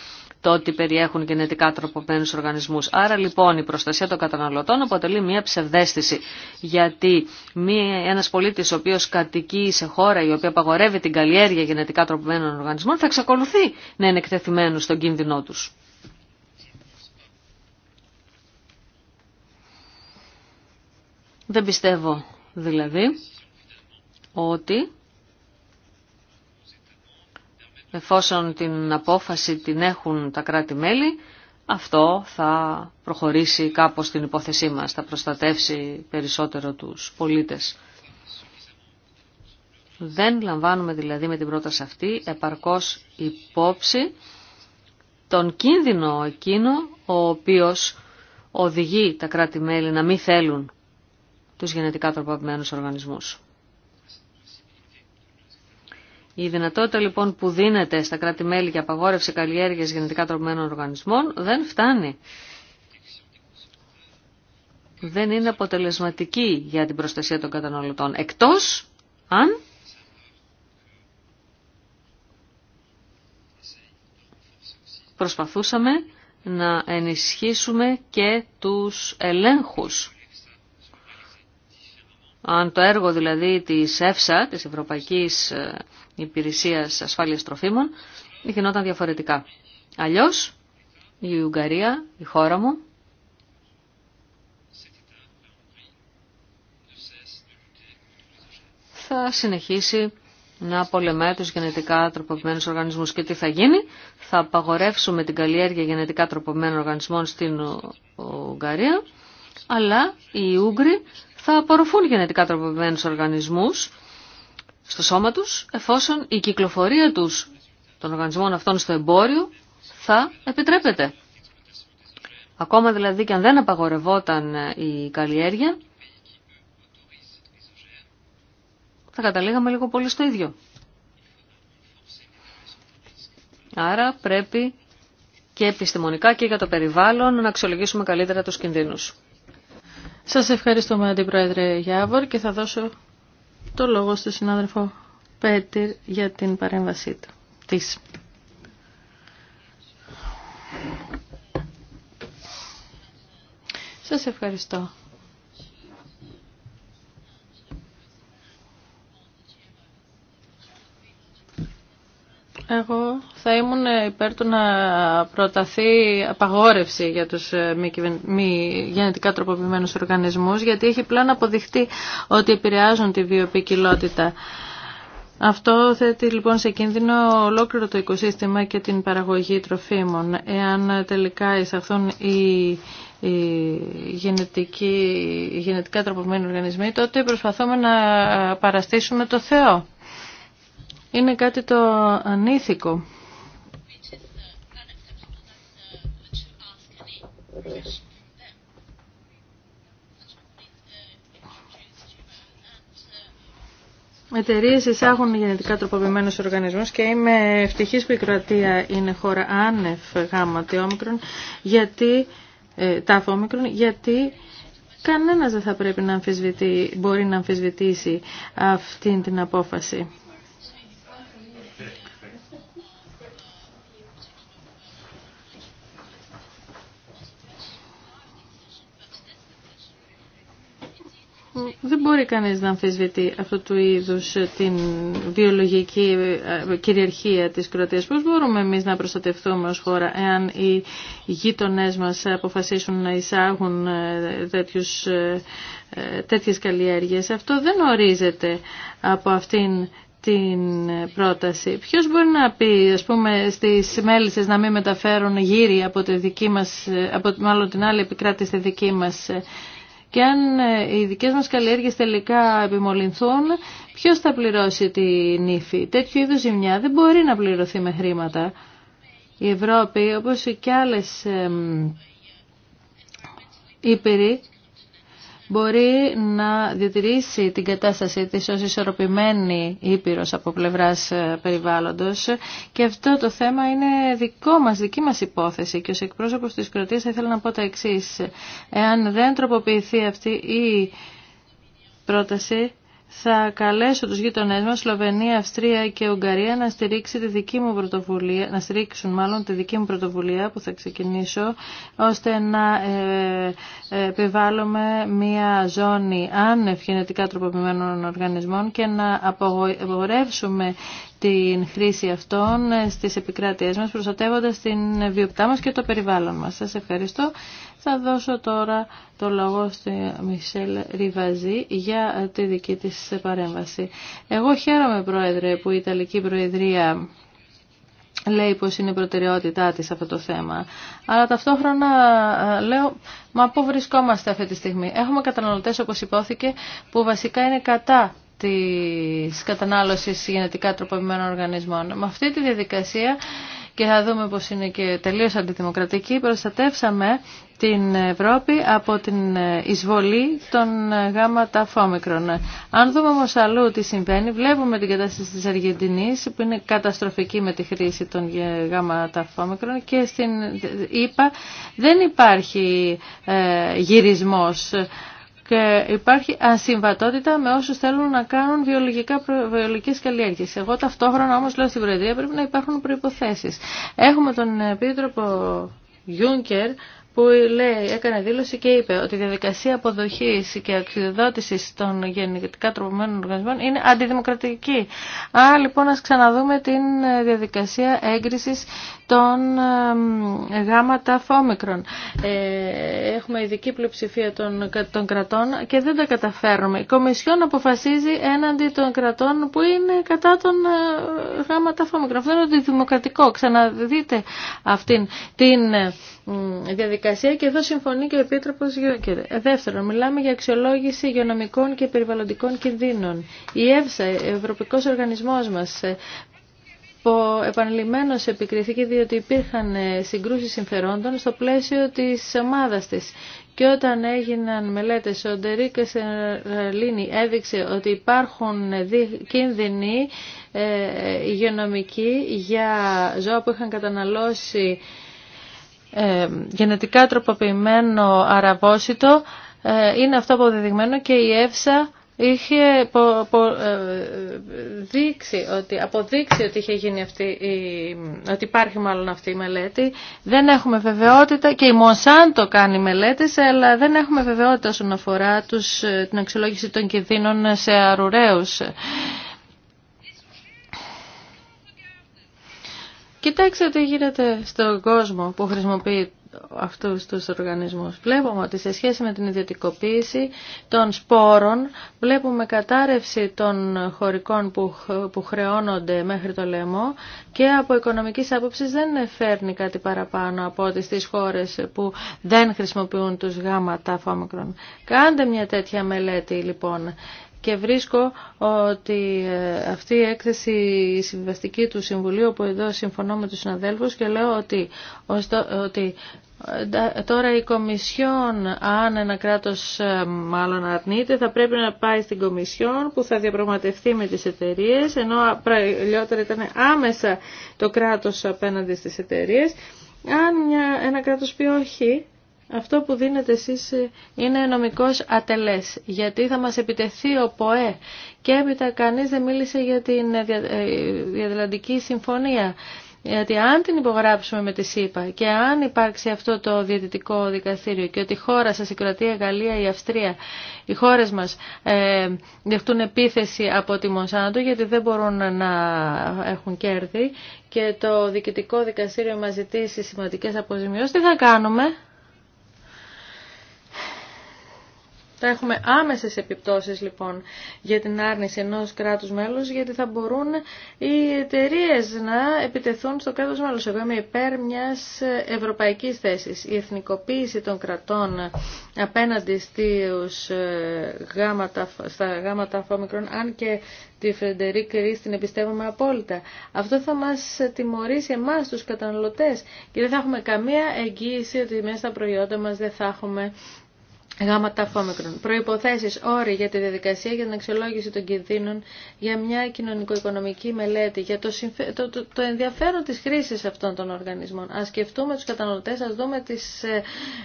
το ότι περιέχουν γενετικά τροποποιημένους οργανισμούς. Άρα λοιπόν η προστασία των καταναλωτών αποτελεί μια ψευδέστηση, γιατί μία, ένας πολίτης ο οποίος κατοικεί σε χώρα η οποία απαγορεύει την καλλιέργεια γενετικά τροποποιημένων οργανισμών θα εξακολουθεί να είναι εκτεθειμένος στον κίνδυνό τους. Δεν πιστεύω δηλαδή ότι εφόσον την απόφαση την έχουν τα κράτη-μέλη, αυτό θα προχωρήσει κάπως την υπόθεσή μας, θα προστατεύσει περισσότερο τους πολίτες. Δεν λαμβάνουμε δηλαδή με την πρόταση αυτή επαρκώς υπόψη τον κίνδυνο εκείνο ο οποίος οδηγεί τα κράτη-μέλη να μην θέλουν τους γενετικά τροποποιημένους οργανισμούς. Η δυνατότητα λοιπόν που δίνεται στα κράτη-μέλη για απαγόρευση καλλιέργειας γενετικά τροπημένων οργανισμών δεν φτάνει. Δεν είναι αποτελεσματική για την προστασία των καταναλωτών. Εκτός αν προσπαθούσαμε να ενισχύσουμε και τους ελέγχους αν το έργο δηλαδή της ΕΦΣΑ, της Ευρωπαϊκής ε, Υπηρεσίας Ασφάλειας Τροφίμων, γινόταν διαφορετικά. Αλλιώς η Ουγγαρία, η χώρα μου, θα συνεχίσει να πολεμάει τους γενετικά τροποποιημένους οργανισμούς. Και τι θα γίνει, θα απαγορεύσουμε την καλλιέργεια γενετικά τροποποιημένων οργανισμών στην Ουγγαρία, αλλά οι Ούγγροι θα απορροφούν γενετικά τροποποιημένους οργανισμούς στο σώμα τους, εφόσον η κυκλοφορία τους των οργανισμών αυτών στο εμπόριο θα επιτρέπεται. Ακόμα δηλαδή και αν δεν απαγορευόταν ε, η καλλιέργεια, θα καταλήγαμε λίγο πολύ στο ίδιο. Άρα πρέπει και επιστημονικά και για το περιβάλλον να αξιολογήσουμε καλύτερα τους κινδύνους. Σας ευχαριστούμε Αντιπρόεδρε Γιάβορ και θα δώσω το λόγο στον συνάδελφο Πέτυρ για την παρέμβασή του. Της. Σας ευχαριστώ. Εγώ θα ήμουν υπέρ του να προταθεί απαγόρευση για τους ε, μη, μη γενετικά τροποποιημένους οργανισμούς γιατί έχει πλέον αποδειχτεί ότι επηρεάζουν τη βιοποικιλότητα. Αυτό θέτει λοιπόν σε κίνδυνο ολόκληρο το οικοσύστημα και την παραγωγή τροφίμων. Εάν ε, τελικά εισαχθούν οι οι γενετικοί, οι γενετικά τροποποιημένοι οργανισμοί, τότε προσπαθούμε να παραστήσουμε το Θεό είναι κάτι το ανήθικο. Εταιρείε εισάγουν γενετικά τροποποιημένου οργανισμού και είμαι ευτυχή που η Κροατία είναι χώρα άνευ γάμα όμικρον, γιατί, ε, γιατί κανένας δεν θα πρέπει να μπορεί να αμφισβητήσει αυτή την απόφαση. δεν μπορεί κανείς να αμφισβητεί αυτού του είδους την βιολογική ε, κυριαρχία της Κροατίας. Πώς μπορούμε εμείς να προστατευτούμε ως χώρα εάν οι γείτονές μας αποφασίσουν να εισάγουν ε, τέτοιους, ε, τέτοιες καλλιέργειες. Αυτό δεν ορίζεται από αυτήν την πρόταση. Ποιος μπορεί να πει, ας πούμε, στις μέλισσες να μην μεταφέρουν γύρι από, δική μας, από μάλλον την άλλη επικράτηση δική μας και αν ε, οι δικές μας καλλιέργειες τελικά επιμολυνθούν, ποιος θα πληρώσει τη νύφη. Τέτοιου είδους ζημιά δεν μπορεί να πληρωθεί με χρήματα. Η Ευρώπη, όπως και άλλες ήπειροι, μπορεί να διατηρήσει την κατάστασή της ως ισορροπημένη ήπειρος από πλευράς ε, περιβάλλοντος και αυτό το θέμα είναι δικό μας, δική μας υπόθεση και ως εκπρόσωπος της Κροτίας θα ήθελα να πω τα εξής. Εάν δεν τροποποιηθεί αυτή η πρόταση θα καλέσω τους γείτονές μας, Σλοβενία, Αυστρία και Ουγγαρία, να, στηρίξει τη δική μου πρωτοβουλία, να στηρίξουν μάλλον τη δική μου πρωτοβουλία που θα ξεκινήσω, ώστε να ε, ε επιβάλλουμε μια ζώνη άνευ γενετικά τροποποιημένων οργανισμών και να απογορεύσουμε την χρήση αυτών ε, στις επικράτειές μας, προστατεύοντας την βιοπτά μας και το περιβάλλον μας. Σας ευχαριστώ. Θα δώσω τώρα το λόγο στη Μισελ Ριβαζή για τη δική της παρέμβαση. Εγώ χαίρομαι, Πρόεδρε, που η Ιταλική Προεδρία λέει πως είναι προτεραιότητά της αυτό το θέμα. Αλλά ταυτόχρονα ε, λέω, μα πού βρισκόμαστε αυτή τη στιγμή. Έχουμε καταναλωτές, όπως υπόθηκε, που βασικά είναι κατά της κατανάλωσης γενετικά τροποποιημένων οργανισμών. Με αυτή τη διαδικασία και θα δούμε πως είναι και τελείως αντιδημοκρατική, προστατεύσαμε την Ευρώπη από την εισβολή των γάμματα φόμικρον. Αν δούμε όμως αλλού τι συμβαίνει, βλέπουμε την κατάσταση της Αργεντινής που είναι καταστροφική με τη χρήση των τα φόμικρον και στην ΕΠΑ δεν υπάρχει ε, γυρισμός και υπάρχει ασυμβατότητα με όσους θέλουν να κάνουν βιολογικά, βιολογικές καλλιέργειες. Εγώ ταυτόχρονα όμως λέω στην Προεδρία πρέπει να υπάρχουν προϋποθέσεις. Έχουμε τον Επίτροπο Γιούνκερ που λέει, έκανε δήλωση και είπε ότι η διαδικασία αποδοχής και αξιοδότησης των γενετικά τροπομένων οργανισμών είναι αντιδημοκρατική. Άρα λοιπόν ας ξαναδούμε την διαδικασία έγκρισης των γάμματα Ε, Έχουμε ειδική πλειοψηφία των κρατών και δεν τα καταφέρουμε. Η Κομισιόν αποφασίζει έναντι των κρατών που είναι κατά των ε, γάμματα φόμικρον. Αυτό είναι δημοκρατικό. Ξαναδείτε αυτήν την ε, διαδικασία και εδώ συμφωνεί και ο Επίτροπος Γιώκερ. Δεύτερον, μιλάμε για αξιολόγηση υγειονομικών και περιβαλλοντικών κινδύνων. Η ΕΒΣΑ, ο Ευρωπαϊκός Οργανισμός μας, ε, που επανειλημμένως επικρίθηκε διότι υπήρχαν ε, συγκρούσεις συμφερόντων στο πλαίσιο της ομάδας της. Και όταν έγιναν μελέτες, ο Ντερίκ Σεραλίνη έδειξε ότι υπάρχουν ε, κίνδυνοι ε, υγειονομικοί για ζώα που είχαν καταναλώσει γενετικά τροποποιημένο αραβόσιτο. Είναι αυτό αποδεδειγμένο και η ΕΦΣΑ είχε ε, δείξει ότι, αποδείξει ότι, είχε γίνει αυτή η, ότι υπάρχει μάλλον αυτή η μελέτη. Δεν έχουμε βεβαιότητα και η Μοσάντο κάνει μελέτες, αλλά δεν έχουμε βεβαιότητα όσον αφορά τους, την αξιολόγηση των κινδύνων σε αρουραίους. Κοιτάξτε τι γίνεται στον κόσμο που χρησιμοποιεί αυτούς τους οργανισμούς. Βλέπουμε ότι σε σχέση με την ιδιωτικοποίηση των σπόρων βλέπουμε κατάρρευση των χωρικών που χρεώνονται μέχρι το λαιμό και από οικονομικής άποψης δεν φέρνει κάτι παραπάνω από ό,τι στις χώρες που δεν χρησιμοποιούν τους γάμματα φόμικρον. Κάντε μια τέτοια μελέτη λοιπόν και βρίσκω ότι ε, αυτή η έκθεση η του Συμβουλίου που εδώ συμφωνώ με τους συναδέλφους και λέω ότι, ότι Τώρα η Κομισιόν, αν ένα κράτος ε, μάλλον αρνείται, θα πρέπει να πάει στην Κομισιόν που θα διαπραγματευτεί με τις εταιρείες, ενώ παλιότερα ήταν άμεσα το κράτος απέναντι στις εταιρείες. Αν μια, ένα κράτος πει όχι, αυτό που δίνετε εσείς ε, είναι νομικός ατελές, γιατί θα μας επιτεθεί ο ΠΟΕ και έπειτα κανείς δεν μίλησε για την ε, Διατλαντική Συμφωνία γιατί αν την υπογράψουμε με τη ΣΥΠΑ και αν υπάρξει αυτό το διαιτητικό δικαστήριο και ότι η χώρα σας, η Κροατία, η Γαλλία, η Αυστρία, οι χώρες μας ε, δεχτούν επίθεση από τη Μονσάντο γιατί δεν μπορούν να έχουν κέρδη και το διοικητικό δικαστήριο μας ζητήσει σημαντικές αποζημιώσεις, τι θα κάνουμε. Θα έχουμε άμεσες επιπτώσεις λοιπόν για την άρνηση ενός κράτους μέλους γιατί θα μπορούν οι εταιρείε να επιτεθούν στο κράτος μέλος. Εγώ είμαι υπέρ μιας ευρωπαϊκής θέσης. Η εθνικοποίηση των κρατών απέναντι στους ε, γάματα, στα γάματα αφόμικρων αν και τη Φρεντερίκ Ρίς την εμπιστεύομαι απόλυτα. Αυτό θα μας τιμωρήσει εμάς τους καταναλωτές και δεν θα έχουμε καμία εγγύηση ότι μέσα στα προϊόντα μας δεν θα έχουμε Γάματα φόμικρον. Προποθέσει, όροι για τη διαδικασία για την αξιολόγηση των κινδύνων για μια κοινωνικο-οικονομική μελέτη, για το, συμφε... το, το, το ενδιαφέρον τη χρήση αυτών των οργανισμών. Α σκεφτούμε του καταναλωτέ, α δούμε τι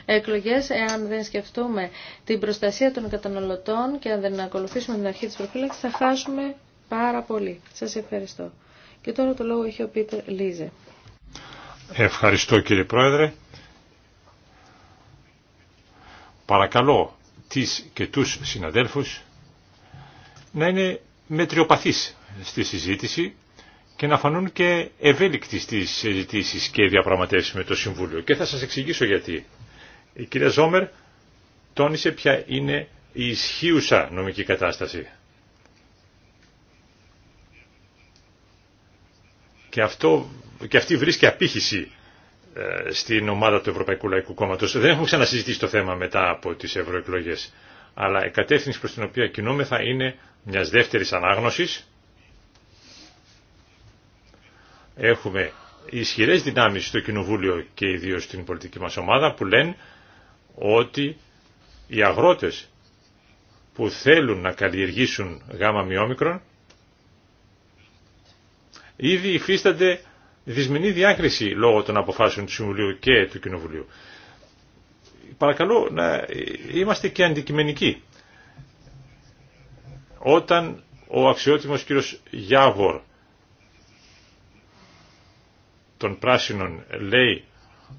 ε, εκλογέ, εάν δεν σκεφτούμε την προστασία των καταναλωτών και αν δεν ακολουθήσουμε την αρχή τη προφύλαξη, θα χάσουμε πάρα πολύ. Σα ευχαριστώ. Και τώρα το λόγο έχει ο Πίτερ Λίζε. Ευχαριστώ κύριε Πρόεδρε. Παρακαλώ τις και τους συναδέλφους να είναι μετριοπαθείς στη συζήτηση και να φανούν και ευέλικτοι στις συζητήσεις και διαπραγματεύσεις με το Συμβούλιο. Και θα σας εξηγήσω γιατί. Η κυρία Ζόμερ τόνισε ποια είναι η ισχύουσα νομική κατάσταση. Και, αυτό, και αυτή βρίσκει απήχηση ε, στην ομάδα του Ευρωπαϊκού Λαϊκού Κόμματο. Δεν έχουμε ξανασυζητήσει το θέμα μετά από τις ευρωεκλογέ. Αλλά η κατεύθυνση προς την οποία θα είναι μια δεύτερη ανάγνωση. Έχουμε ισχυρέ δυνάμεις στο Κοινοβούλιο και ιδίως στην πολιτική μας ομάδα που λένε ότι οι αγρότες που θέλουν να καλλιεργήσουν γάμα μειόμικρον ήδη υφίστανται δυσμενή διάκριση λόγω των αποφάσεων του Συμβουλίου και του Κοινοβουλίου. Παρακαλώ να είμαστε και αντικειμενικοί. Όταν ο αξιότιμος κύριος Γιάβορ των Πράσινων λέει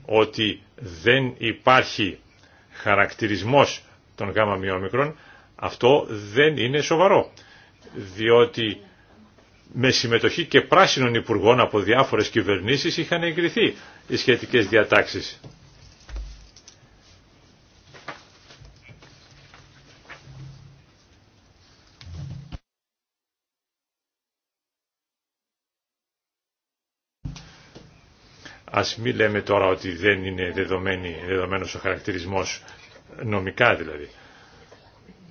ότι δεν υπάρχει χαρακτηρισμός των γάμα αυτό δεν είναι σοβαρό. Διότι με συμμετοχή και πράσινων υπουργών από διάφορες κυβερνήσεις είχαν εγκριθεί οι σχετικές διατάξεις. Ας μην λέμε τώρα ότι δεν είναι δεδομένη, δεδομένος ο χαρακτηρισμός νομικά δηλαδή.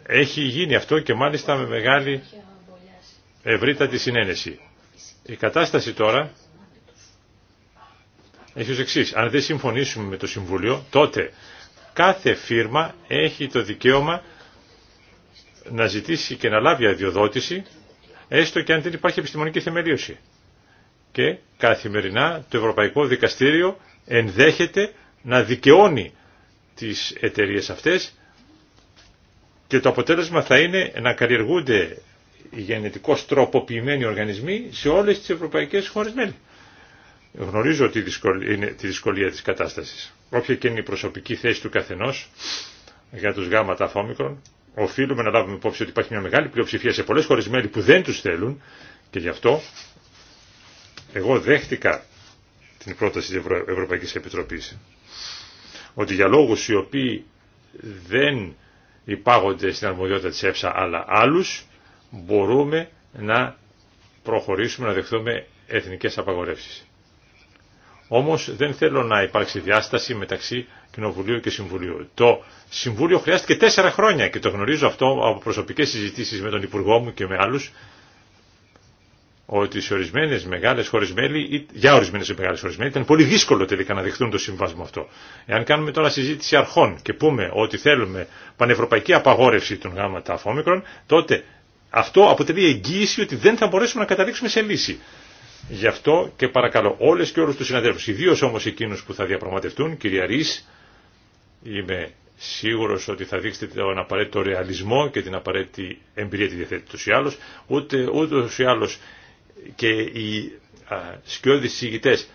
Έχει γίνει αυτό και μάλιστα με μεγάλη ευρύτατη συνένεση. Η κατάσταση τώρα έχει ως εξής. Αν δεν συμφωνήσουμε με το Συμβούλιο, τότε κάθε φύρμα έχει το δικαίωμα να ζητήσει και να λάβει αδειοδότηση, έστω και αν δεν υπάρχει επιστημονική θεμελίωση. Και καθημερινά το Ευρωπαϊκό Δικαστήριο ενδέχεται να δικαιώνει τις εταιρείες αυτές και το αποτέλεσμα θα είναι να καλλιεργούνται γενετικώ τροποποιημένοι οργανισμοί σε όλε τι ευρωπαϊκέ χώρε μέλη. Γνωρίζω ότι είναι, τη δυσκολία της κατάστασης. Όποια και είναι η προσωπική θέση του καθενός για τους γάμματα αφόμικρων, οφείλουμε να λάβουμε υπόψη ότι υπάρχει μια μεγάλη πλειοψηφία σε πολλές χώρες μέλη που δεν τους θέλουν και γι' αυτό εγώ δέχτηκα την πρόταση της Ευρωπαϊκής Επιτροπής ότι για λόγους οι οποίοι δεν υπάγονται στην αρμοδιότητα της ΕΦΣΑ αλλά άλλους μπορούμε να προχωρήσουμε να δεχθούμε εθνικές απαγορεύσεις. Όμως δεν θέλω να υπάρξει διάσταση μεταξύ Κοινοβουλίου και Συμβουλίου. Το Συμβούλιο χρειάστηκε τέσσερα χρόνια και το γνωρίζω αυτό από προσωπικές συζητήσεις με τον Υπουργό μου και με άλλους ότι σε ορισμένε μεγάλε χώρε μέλη, για ορισμένε μεγάλε χώρε μέλη, ήταν πολύ δύσκολο τελικά να δεχτούν το συμβασμό αυτό. Εάν κάνουμε τώρα συζήτηση αρχών και πούμε ότι θέλουμε πανευρωπαϊκή απαγόρευση των γάμματα αφόμικρων, τότε αυτό αποτελεί εγγύηση ότι δεν θα μπορέσουμε να καταλήξουμε σε λύση. Γι' αυτό και παρακαλώ όλε και όλου του συναδέλφου, ιδίω όμω εκείνου που θα διαπραγματευτούν, κυρία Ρή, είμαι σίγουρο ότι θα δείξετε τον απαραίτητο ρεαλισμό και την απαραίτητη εμπειρία τη διαθέτει τους ή άλλω, ούτε, ούτω ή άλλω και οι σκιώδη συγητές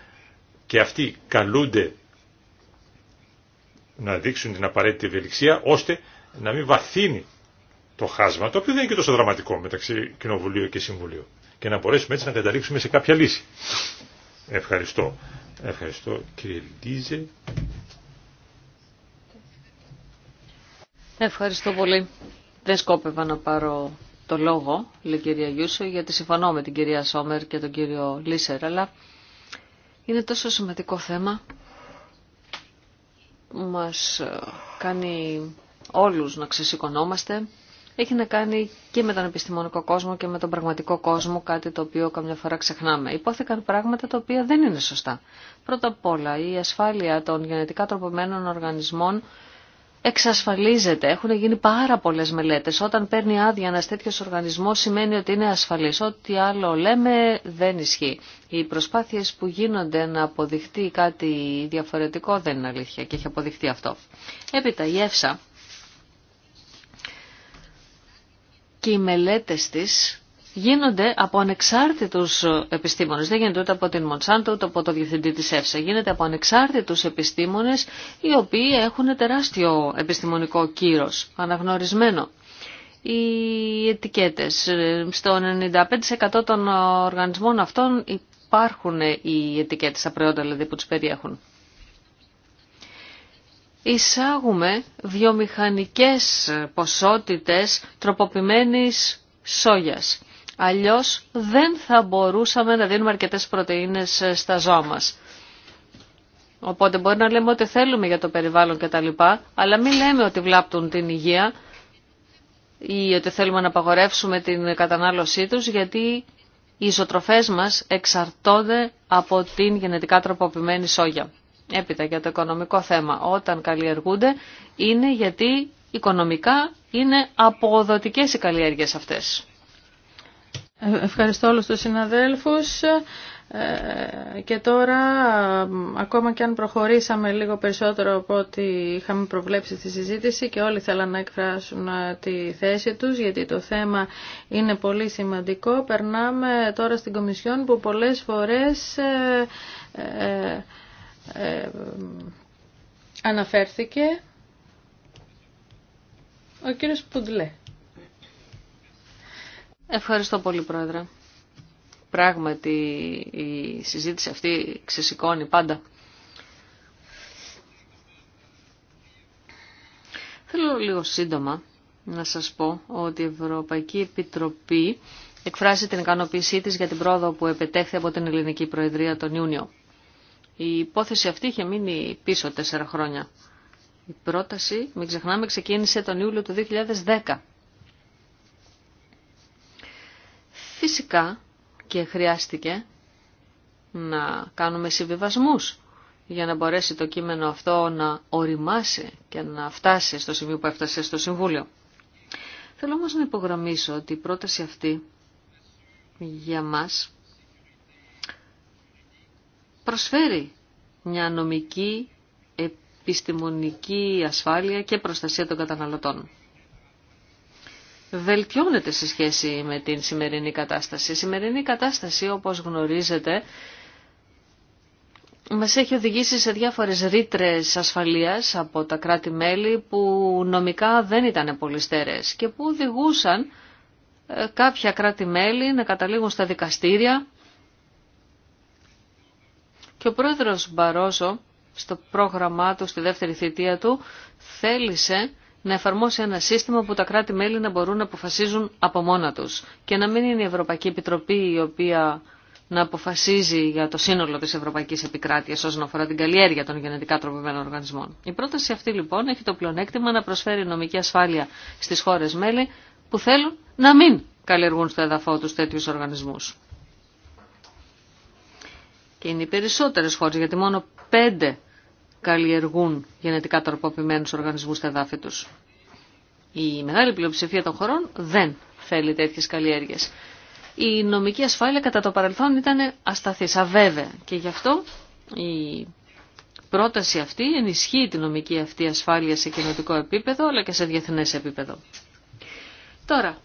και αυτοί καλούνται να δείξουν την απαραίτητη ευελιξία ώστε να μην βαθύνει το χάσμα, το οποίο δεν είναι και τόσο δραματικό μεταξύ Κοινοβουλίου και Συμβουλίου. Και να μπορέσουμε έτσι να καταλήξουμε σε κάποια λύση. Ευχαριστώ. Ευχαριστώ κύριε Λιντίζε. Ευχαριστώ πολύ. Δεν σκόπευα να πάρω το λόγο, λέει η κυρία Γιούσο, γιατί συμφωνώ με την κυρία Σόμερ και τον κύριο Λίσερ, αλλά είναι τόσο σημαντικό θέμα. Μας ε, κάνει όλους να ξεσηκωνόμαστε, έχει να κάνει και με τον επιστημονικό κόσμο και με τον πραγματικό κόσμο, κάτι το οποίο καμιά φορά ξεχνάμε. Υπόθηκαν πράγματα τα οποία δεν είναι σωστά. Πρώτα απ' όλα, η ασφάλεια των γενετικά τροπομένων οργανισμών εξασφαλίζεται. Έχουν γίνει πάρα πολλέ μελέτε. Όταν παίρνει άδεια ένα τέτοιο οργανισμό, σημαίνει ότι είναι ασφαλή. Ό,τι άλλο λέμε δεν ισχύει. Οι προσπάθειε που γίνονται να αποδειχτεί κάτι διαφορετικό δεν είναι αλήθεια και έχει αποδειχτεί αυτό. Έπειτα, η ΕΦΣΑ και οι μελέτες της γίνονται από ανεξάρτητους επιστήμονες. Δεν γίνεται ούτε από την μοντσάντο, ούτε από το διευθυντή της ΕΦΣΑ. Γίνεται από ανεξάρτητους επιστήμονες οι οποίοι έχουν τεράστιο επιστημονικό κύρος, αναγνωρισμένο. Οι ετικέτες. Στο 95% των οργανισμών αυτών υπάρχουν οι ετικέτες, τα προϊόντα δηλαδή που τους περιέχουν εισάγουμε βιομηχανικές ποσότητες τροποποιημένης σόγιας. Αλλιώς δεν θα μπορούσαμε να δίνουμε αρκετές πρωτεΐνες στα ζώα μας. Οπότε μπορεί να λέμε ότι θέλουμε για το περιβάλλον κτλ. Αλλά μην λέμε ότι βλάπτουν την υγεία ή ότι θέλουμε να απαγορεύσουμε την κατανάλωσή τους γιατί οι ισοτροφές μας εξαρτώνται από την γενετικά τροποποιημένη σόγια έπειτα για το οικονομικό θέμα όταν καλλιεργούνται είναι γιατί οικονομικά είναι αποδοτικές οι καλλιέργειες αυτές. Ε, ευχαριστώ όλους τους συναδέλφους ε, και τώρα ακόμα και αν προχωρήσαμε λίγο περισσότερο από ό,τι είχαμε προβλέψει στη συζήτηση και όλοι θέλαν να εκφράσουν ε, τη θέση τους γιατί το θέμα είναι πολύ σημαντικό περνάμε τώρα στην Κομισιόν που πολλές φορές ε, αναφέρθηκε ο κύριος Πουντλέ. Ευχαριστώ πολύ πρόεδρε. Πράγματι η συζήτηση αυτή ξεσηκώνει πάντα. Θέλω λίγο σύντομα να σας πω ότι η Ευρωπαϊκή Επιτροπή εκφράζει την ικανοποίησή της για την πρόοδο που επετέχθη από την Ελληνική Προεδρία τον Ιούνιο. Η υπόθεση αυτή είχε μείνει πίσω τέσσερα χρόνια. Η πρόταση, μην ξεχνάμε, ξεκίνησε τον Ιούλιο του 2010. Φυσικά και χρειάστηκε να κάνουμε συμβιβασμούς για να μπορέσει το κείμενο αυτό να οριμάσει και να φτάσει στο σημείο που έφτασε στο Συμβούλιο. Θέλω όμως να υπογραμμίσω ότι η πρόταση αυτή για μας προσφέρει μια νομική, επιστημονική ασφάλεια και προστασία των καταναλωτών. Βελτιώνεται σε σχέση με την σημερινή κατάσταση. Η σημερινή κατάσταση, όπως γνωρίζετε, μας έχει οδηγήσει σε διάφορες ρήτρε ασφαλείας από τα κράτη-μέλη που νομικά δεν ήταν πολύ και που οδηγούσαν ε, κάποια κράτη-μέλη να καταλήγουν στα δικαστήρια και ο πρόεδρος Μπαρόζο στο πρόγραμμά του, στη δεύτερη θητεία του, θέλησε να εφαρμόσει ένα σύστημα που τα κράτη-μέλη να μπορούν να αποφασίζουν από μόνα τους και να μην είναι η Ευρωπαϊκή Επιτροπή η οποία να αποφασίζει για το σύνολο της Ευρωπαϊκής Επικράτειας όσον αφορά την καλλιέργεια των γενετικά τροποποιημένων οργανισμών. Η πρόταση αυτή λοιπόν έχει το πλεονέκτημα να προσφέρει νομική ασφάλεια στις χώρες μέλη που θέλουν να μην καλλιεργούν στο εδαφό τους τέτοιους οργανισμούς και είναι οι περισσότερες χώρες, γιατί μόνο πέντε καλλιεργούν γενετικά τροποποιημένους οργανισμούς στα εδάφη τους. Η μεγάλη πλειοψηφία των χωρών δεν θέλει τέτοιες καλλιέργειες. Η νομική ασφάλεια κατά το παρελθόν ήταν ασταθής, αβέβαια και γι' αυτό η πρόταση αυτή ενισχύει την νομική αυτή ασφάλεια σε κοινωτικό επίπεδο αλλά και σε διεθνές επίπεδο. Τώρα,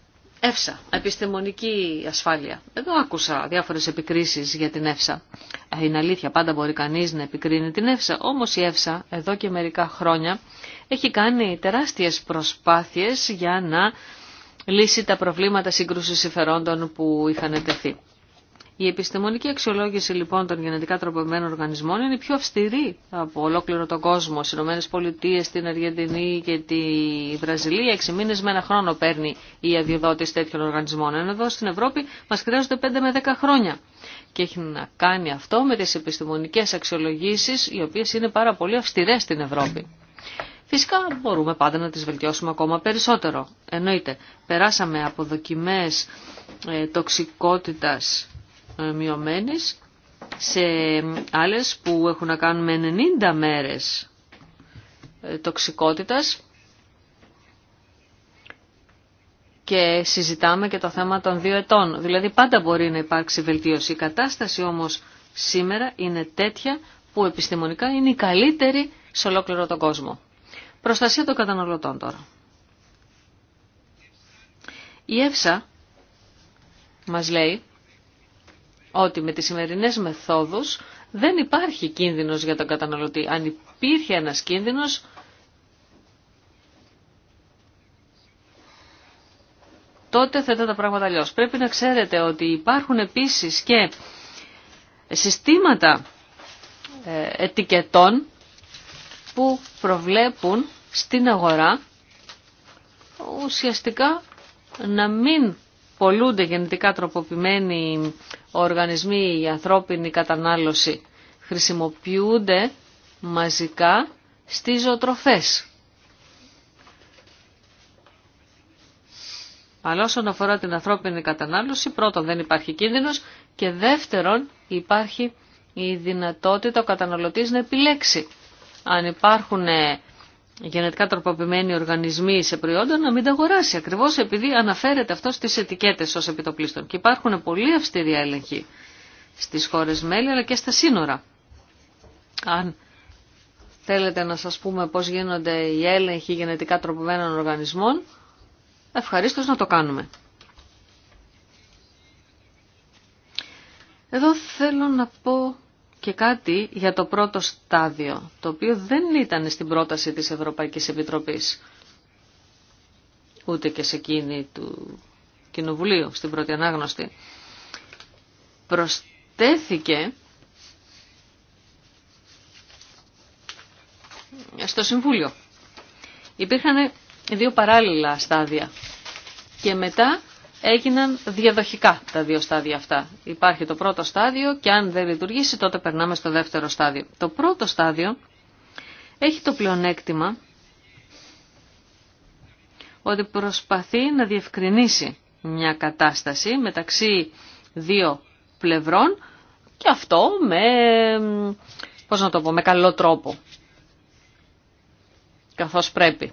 Εύσα, επιστημονική ασφάλεια. Εδώ άκουσα διάφορες επικρίσεις για την ΕΦΣΑ. Ε, είναι αλήθεια, πάντα μπορεί κανείς να επικρίνει την Εύσα. Όμως η ΕΦΣΑ εδώ και μερικά χρόνια έχει κάνει τεράστιες προσπάθειες για να λύσει τα προβλήματα σύγκρουσης συμφερόντων που είχαν τεθεί. Η επιστημονική αξιολόγηση λοιπόν των γενετικά τροποποιημένων οργανισμών είναι πιο αυστηρή από ολόκληρο τον κόσμο. Στι ΗΠΑ, στην Αργεντινή και τη Βραζιλία, έξι μήνε με ένα χρόνο παίρνει η αδειοδότηση τέτοιων οργανισμών. Ενώ εδώ στην Ευρώπη μα χρειάζονται 5 με 10 χρόνια. Και έχει να κάνει αυτό με τι επιστημονικέ αξιολογήσει, οι οποίε είναι πάρα πολύ αυστηρέ στην Ευρώπη. Φυσικά μπορούμε πάντα να τις βελτιώσουμε ακόμα περισσότερο. Εννοείται, περάσαμε από δοκιμές ε, τοξικότητας μειωμένης σε άλλες που έχουν να κάνουν με 90 μέρες ε, τοξικότητας και συζητάμε και το θέμα των δύο ετών. Δηλαδή πάντα μπορεί να υπάρξει βελτίωση. Η κατάσταση όμως σήμερα είναι τέτοια που επιστημονικά είναι η καλύτερη σε ολόκληρο τον κόσμο. Προστασία των καταναλωτών τώρα. Η ΕΦΣΑ μας λέει ότι με τις σημερινές μεθόδους δεν υπάρχει κίνδυνος για τον καταναλωτή. Αν υπήρχε ένας κίνδυνος, τότε θα ήταν τα πράγματα αλλιώς. Πρέπει να ξέρετε ότι υπάρχουν επίσης και συστήματα ε, ετικετών που προβλέπουν στην αγορά ουσιαστικά να μην απολούνται γενετικά τροποποιημένοι οργανισμοί, η ανθρώπινη κατανάλωση. Χρησιμοποιούνται μαζικά στις ζωοτροφές. Αλλά όσον αφορά την ανθρώπινη κατανάλωση, πρώτον δεν υπάρχει κίνδυνος και δεύτερον υπάρχει η δυνατότητα ο καταναλωτής να επιλέξει. Αν υπάρχουν ε, γενετικά τροποποιημένοι οργανισμοί σε προϊόντα να μην τα αγοράσει. Ακριβώς επειδή αναφέρεται αυτό στις ετικέτες ως επιτοπλίστων. Και υπάρχουν πολύ αυστηροί έλεγχοι στις χώρες μέλη αλλά και στα σύνορα. Αν θέλετε να σας πούμε πώς γίνονται οι έλεγχοι γενετικά τροποποιημένων οργανισμών, ευχαρίστως να το κάνουμε. Εδώ θέλω να πω και κάτι για το πρώτο στάδιο, το οποίο δεν ήταν στην πρόταση της Ευρωπαϊκής Επιτροπής, ούτε και σε εκείνη του Κοινοβουλίου, στην πρώτη ανάγνωστη. Προστέθηκε στο Συμβούλιο. Υπήρχαν δύο παράλληλα στάδια και μετά έγιναν διαδοχικά τα δύο στάδια αυτά. Υπάρχει το πρώτο στάδιο και αν δεν λειτουργήσει τότε περνάμε στο δεύτερο στάδιο. Το πρώτο στάδιο έχει το πλεονέκτημα ότι προσπαθεί να διευκρινίσει μια κατάσταση μεταξύ δύο πλευρών και αυτό με, πώς να το με καλό τρόπο, καθώς πρέπει.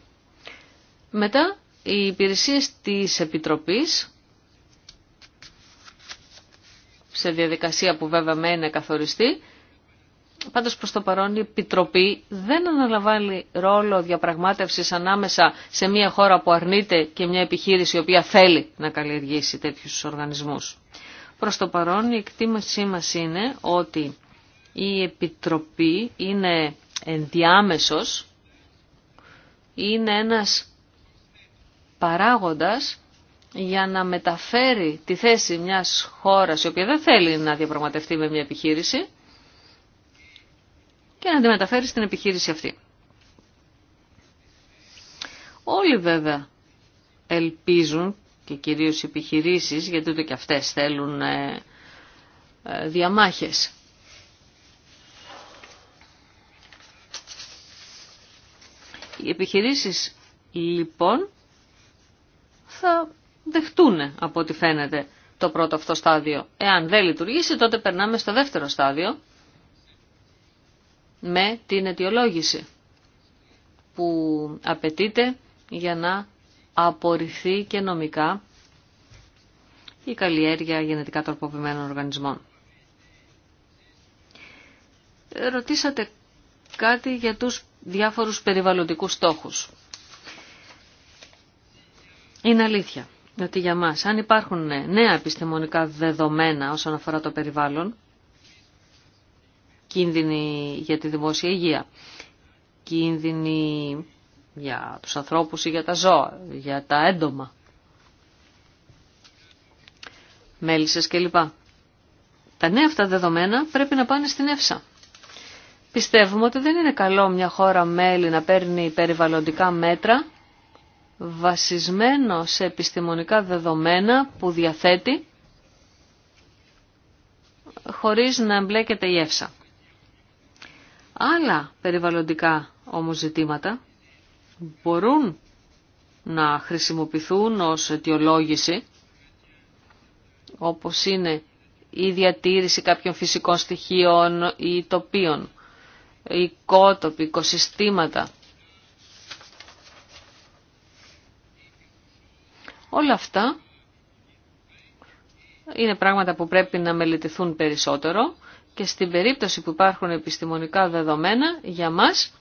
Μετά οι υπηρεσίες της Επιτροπής σε διαδικασία που βέβαια είναι καθοριστή, Πάντως προς το παρόν η Επιτροπή δεν αναλαμβάνει ρόλο διαπραγμάτευσης ανάμεσα σε μια χώρα που αρνείται και μια επιχείρηση η οποία θέλει να καλλιεργήσει τέτοιους οργανισμούς. Προς το παρόν η εκτίμησή μας είναι ότι η Επιτροπή είναι ενδιάμεσος, είναι ένας παράγοντας για να μεταφέρει τη θέση μιας χώρας η οποία δεν θέλει να διαπραγματευτεί με μια επιχείρηση και να τη μεταφέρει στην επιχείρηση αυτή. Όλοι βέβαια ελπίζουν και κυρίως οι επιχειρήσεις γιατί ούτε και αυτές θέλουν ε, ε, διαμάχες. Οι επιχειρήσεις λοιπόν θα δεχτούν από ό,τι φαίνεται το πρώτο αυτό στάδιο. Εάν δεν λειτουργήσει τότε περνάμε στο δεύτερο στάδιο με την αιτιολόγηση που απαιτείται για να απορριφθεί και νομικά η καλλιέργεια γενετικά τροποποιημένων οργανισμών. Ρωτήσατε κάτι για τους διάφορους περιβαλλοντικούς στόχους. Είναι αλήθεια ότι για μας, αν υπάρχουν ε, νέα επιστημονικά δεδομένα όσον αφορά το περιβάλλον, κίνδυνοι για τη δημόσια υγεία, κίνδυνοι για τους ανθρώπους ή για τα ζώα, για τα έντομα, μέλισσες κλπ. Τα νέα αυτά δεδομένα πρέπει να πάνε στην ΕΦΣΑ. Πιστεύουμε ότι δεν είναι καλό μια χώρα μέλη να παίρνει περιβαλλοντικά μέτρα βασισμένο σε επιστημονικά δεδομένα που διαθέτει χωρίς να εμπλέκεται η εύσα. Άλλα περιβαλλοντικά όμως ζητήματα μπορούν να χρησιμοποιηθούν ως αιτιολόγηση όπως είναι η διατήρηση κάποιων φυσικών στοιχείων ή τοπίων, οικότοποι, οικοσυστήματα Όλα αυτά είναι πράγματα που πρέπει να μελετηθούν περισσότερο και στην περίπτωση που υπάρχουν επιστημονικά δεδομένα για μας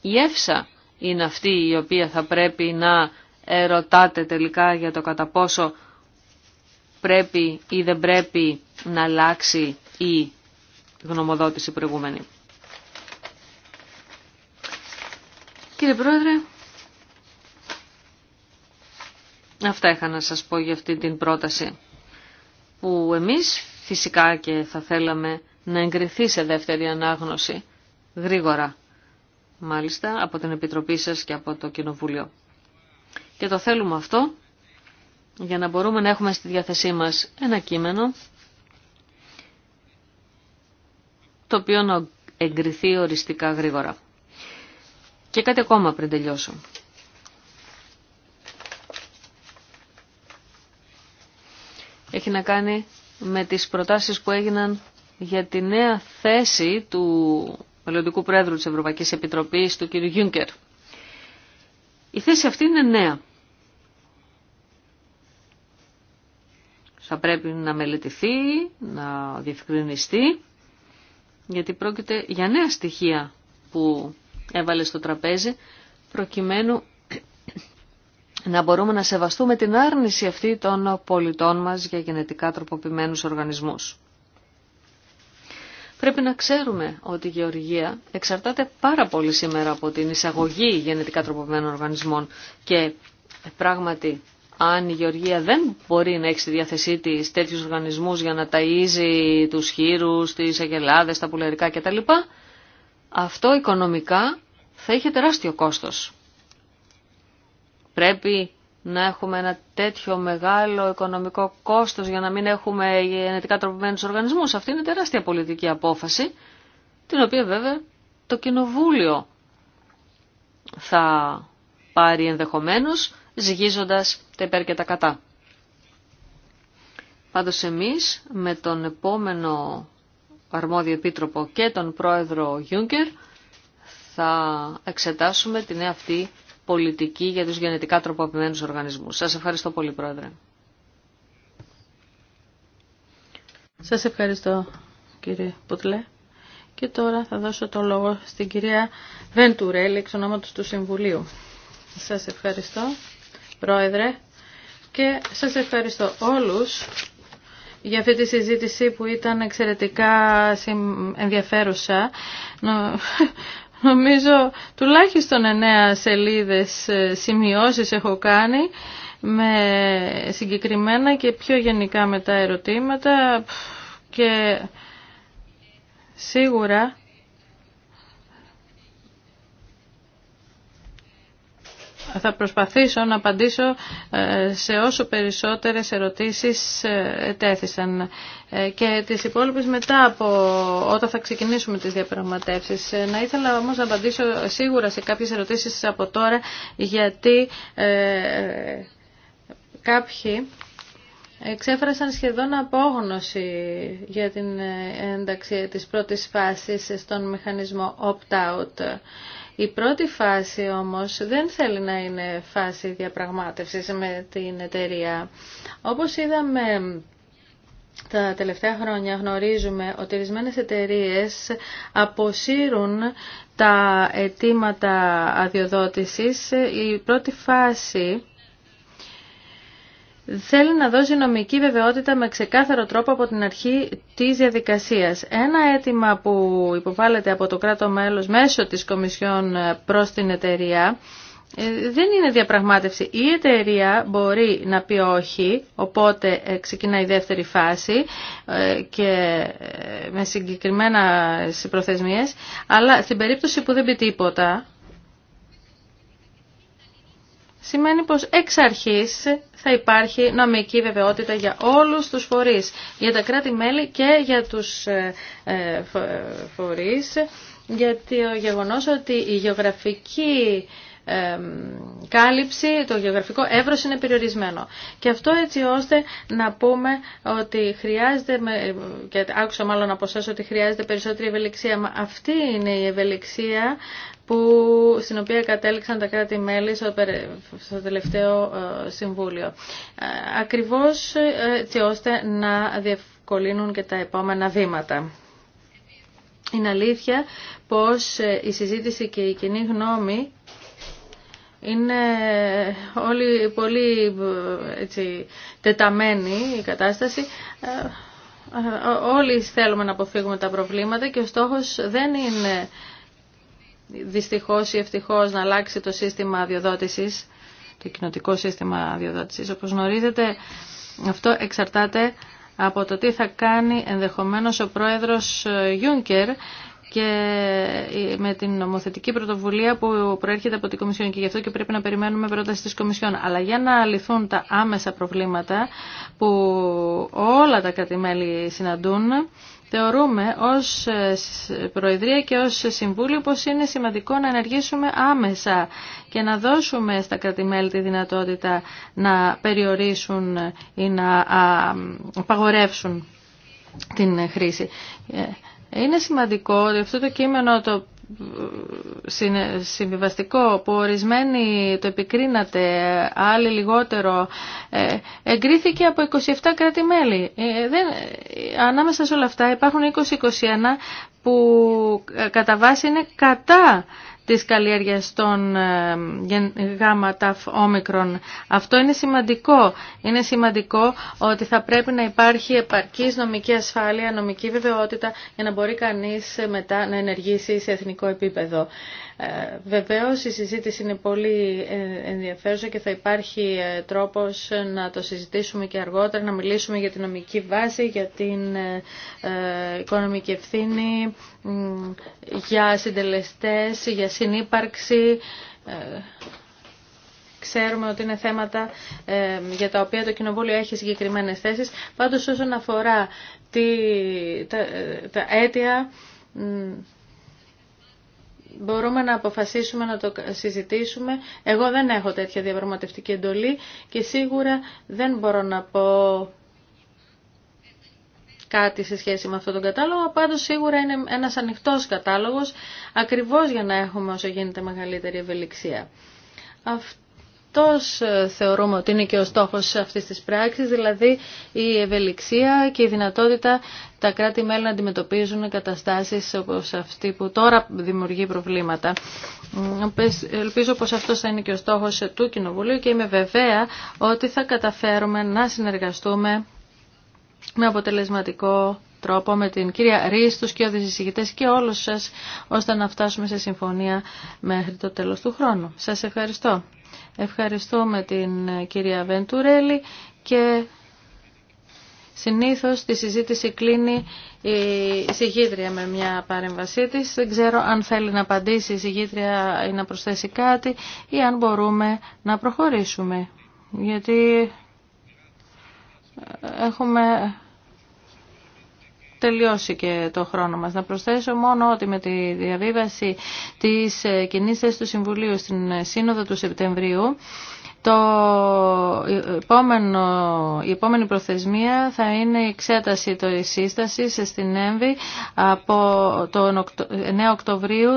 η ΕΦΣΑ είναι αυτή η οποία θα πρέπει να ερωτάτε τελικά για το κατά πόσο πρέπει ή δεν πρέπει να αλλάξει η γνωμοδότηση προηγούμενη. Κύριε Πρόεδρε, Αυτά είχα να σας πω για αυτή την πρόταση που εμείς φυσικά και θα θέλαμε να εγκριθεί σε δεύτερη ανάγνωση γρήγορα μάλιστα από την Επιτροπή σας και από το Κοινοβούλιο. Και το θέλουμε αυτό για να μπορούμε να έχουμε στη διάθεσή μας ένα κείμενο το οποίο να εγκριθεί οριστικά γρήγορα. Και κάτι ακόμα πριν τελειώσω. έχει να κάνει με τις προτάσεις που έγιναν για τη νέα θέση του μελλοντικού πρόεδρου της Ευρωπαϊκής Επιτροπής, του κ. Γιούνκερ. Η θέση αυτή είναι νέα. Θα πρέπει να μελετηθεί, να διευκρινιστεί, γιατί πρόκειται για νέα στοιχεία που έβαλε στο τραπέζι, προκειμένου να μπορούμε να σεβαστούμε την άρνηση αυτή των πολιτών μας για γενετικά τροποποιημένους οργανισμούς. Πρέπει να ξέρουμε ότι η γεωργία εξαρτάται πάρα πολύ σήμερα από την εισαγωγή γενετικά τροποποιημένων οργανισμών και ε, πράγματι αν η γεωργία δεν μπορεί να έχει στη διάθεσή τη τέτοιου οργανισμούς για να ταΐζει τους χείρους, τις αγελάδες, τα πουλερικά κτλ, αυτό οικονομικά θα είχε τεράστιο κόστος. Πρέπει να έχουμε ένα τέτοιο μεγάλο οικονομικό κόστος για να μην έχουμε γενετικά τροποποιημένους οργανισμούς. Αυτή είναι τεράστια πολιτική απόφαση, την οποία βέβαια το Κοινοβούλιο θα πάρει ενδεχομένως, ζυγίζοντας τα υπέρ και τα κατά. Πάντως εμείς με τον επόμενο αρμόδιο επίτροπο και τον πρόεδρο Γιούγκερ θα εξετάσουμε την αυτή πολιτική για τους γενετικά τροποποιημένους οργανισμούς. Σας ευχαριστώ πολύ, Πρόεδρε. Σας ευχαριστώ, κύριε Πουτλέ. Και τώρα θα δώσω το λόγο στην κυρία Βεντουρέλη, εξ ονόματος του Συμβουλίου. Σας ευχαριστώ, Πρόεδρε, και σας ευχαριστώ όλους για αυτή τη συζήτηση που ήταν εξαιρετικά ενδιαφέρουσα. Νομίζω τουλάχιστον εννέα σελίδες ε, σημειώσεις έχω κάνει με συγκεκριμένα και πιο γενικά με τα ερωτήματα και σίγουρα θα προσπαθήσω να απαντήσω ε, σε όσο περισσότερες ερωτήσεις ε, τέθησαν ε, και τις υπόλοιπες μετά από όταν θα ξεκινήσουμε τις διαπραγματεύσεις. Να ήθελα όμως να απαντήσω σίγουρα σε κάποιες ερωτήσεις από τώρα γιατί κάποιοι εξέφρασαν σχεδόν απόγνωση για την ένταξη της πρώτης φάσης στον μηχανισμό opt-out. Η πρώτη φάση όμως δεν θέλει να είναι φάση διαπραγμάτευσης με την εταιρεία. Όπως είδαμε τα τελευταία χρόνια γνωρίζουμε ότι ορισμένε εταιρείε αποσύρουν τα αιτήματα αδειοδότησης. Η πρώτη φάση θέλει να δώσει νομική βεβαιότητα με ξεκάθαρο τρόπο από την αρχή της διαδικασίας. Ένα αίτημα που υποβάλλεται από το κράτο μέλος μέσω της Κομισιόν προς την εταιρεία ε, δεν είναι διαπραγμάτευση. Η εταιρεία μπορεί να πει όχι, οπότε ε, ξεκινάει η δεύτερη φάση ε, και με συγκεκριμένα προθεσμίες, αλλά στην περίπτωση που δεν πει τίποτα, σημαίνει πως εξ αρχής θα υπάρχει νομική βεβαιότητα για όλους τους φορείς, για τα κράτη-μέλη και για τους ε, ε, ε, φορείς, γιατί ο γεγονός ότι η γεωγραφική κάλυψη, το γεωγραφικό εύρος είναι περιορισμένο. Και αυτό έτσι ώστε να πούμε ότι χρειάζεται, και άκουσα μάλλον από εσάς ότι χρειάζεται περισσότερη ευελιξία, μα αυτή είναι η ευελιξία που, στην οποία κατέληξαν τα κράτη-μέλη στο, τελευταίο ε, Συμβούλιο. Ε, ακριβώς ε, έτσι ώστε να διευκολύνουν και τα επόμενα βήματα. Είναι αλήθεια πως η συζήτηση και η κοινή γνώμη είναι όλοι πολύ έτσι, τεταμένη η κατάσταση. Όλοι θέλουμε να αποφύγουμε τα προβλήματα και ο στόχος δεν είναι δυστυχώς ή ευτυχώς να αλλάξει το σύστημα αδειοδότησης, το κοινοτικό σύστημα αδειοδότησης. Όπως γνωρίζετε, αυτό εξαρτάται από το τι θα κάνει ενδεχομένως ο πρόεδρος Γιούνκερ και ε, με την νομοθετική πρωτοβουλία που προέρχεται από την Κομισιόν και γι' αυτό και πρέπει να περιμένουμε πρόταση της Κομισιόν. Αλλά για να λυθούν τα άμεσα προβλήματα που όλα τα κρατημέλη συναντούν, Θεωρούμε ως ε, Προεδρία και ως Συμβούλιο πως είναι σημαντικό να ενεργήσουμε άμεσα και να δώσουμε στα κρατημέλη τη δυνατότητα να περιορίσουν ή να απαγορεύσουν την χρήση. Ε, είναι σημαντικό ότι αυτό το κείμενο το συμβιβαστικό που ορισμένοι το επικρίνατε, άλλοι λιγότερο, ε, εγκρίθηκε από 27 κράτη-μέλη. Ε, ανάμεσα σε όλα αυτά υπάρχουν 20-21 που ε, κατά βάση είναι κατά της καλλιέργειας των ε, γάμα ταφ όμικρον. Αυτό είναι σημαντικό. Είναι σημαντικό ότι θα πρέπει να υπάρχει επαρκής νομική ασφάλεια, νομική βεβαιότητα για να μπορεί κανείς μετά να ενεργήσει σε εθνικό επίπεδο. Ε, βεβαίως η συζήτηση είναι πολύ ε, ενδιαφέρουσα και θα υπάρχει ε, τρόπος να το συζητήσουμε και αργότερα, να μιλήσουμε για την νομική βάση, για την οικονομική ευθύνη, για συντελεστές, για συνύπαρξη. Ξέρουμε ότι είναι θέματα για τα οποία το Κοινοβούλιο έχει συγκεκριμένες θέσεις. Πάντως όσον αφορά τα, τα αίτια μπορούμε να αποφασίσουμε να το συζητήσουμε. Εγώ δεν έχω τέτοια διαπραγματευτική εντολή και σίγουρα δεν μπορώ να πω κάτι σε σχέση με αυτόν τον κατάλογο, πάντως σίγουρα είναι ένας ανοιχτός κατάλογος, ακριβώς για να έχουμε όσο γίνεται μεγαλύτερη ευελιξία αυτός ε, θεωρούμε ότι είναι και ο στόχος αυτής της πράξης, δηλαδή η ευελιξία και η δυνατότητα τα κράτη-μέλη να αντιμετωπίζουν καταστάσεις όπως αυτή που τώρα δημιουργεί προβλήματα. Ελπίζω πως αυτός θα είναι και ο στόχος του Κοινοβουλίου και είμαι βεβαία ότι θα καταφέρουμε να συνεργαστούμε με αποτελεσματικό τρόπο με την κυρία Ρή, και όλους οδησυσυγητές και όλους σας, ώστε να φτάσουμε σε συμφωνία μέχρι το τέλος του χρόνου. Σας ευχαριστώ. Ευχαριστούμε την ε, κυρία Βεντουρέλη και συνήθως τη συζήτηση κλείνει η συγγήτρια με μια παρέμβασή της. Δεν ξέρω αν θέλει να απαντήσει η συγγήτρια ή να προσθέσει κάτι ή αν μπορούμε να προχωρήσουμε. Γιατί ε, έχουμε τελειώσει και το χρόνο μας. Να προσθέσω μόνο ότι με τη διαβίβαση της ε, κοινής θέσης του Συμβουλίου στην ε, Σύνοδο του Σεπτεμβρίου το επόμενο, η επόμενη προθεσμία θα είναι η εξέταση τη σύσταση στην ΕΜΒΗ από τον 9 Οκτωβρίου,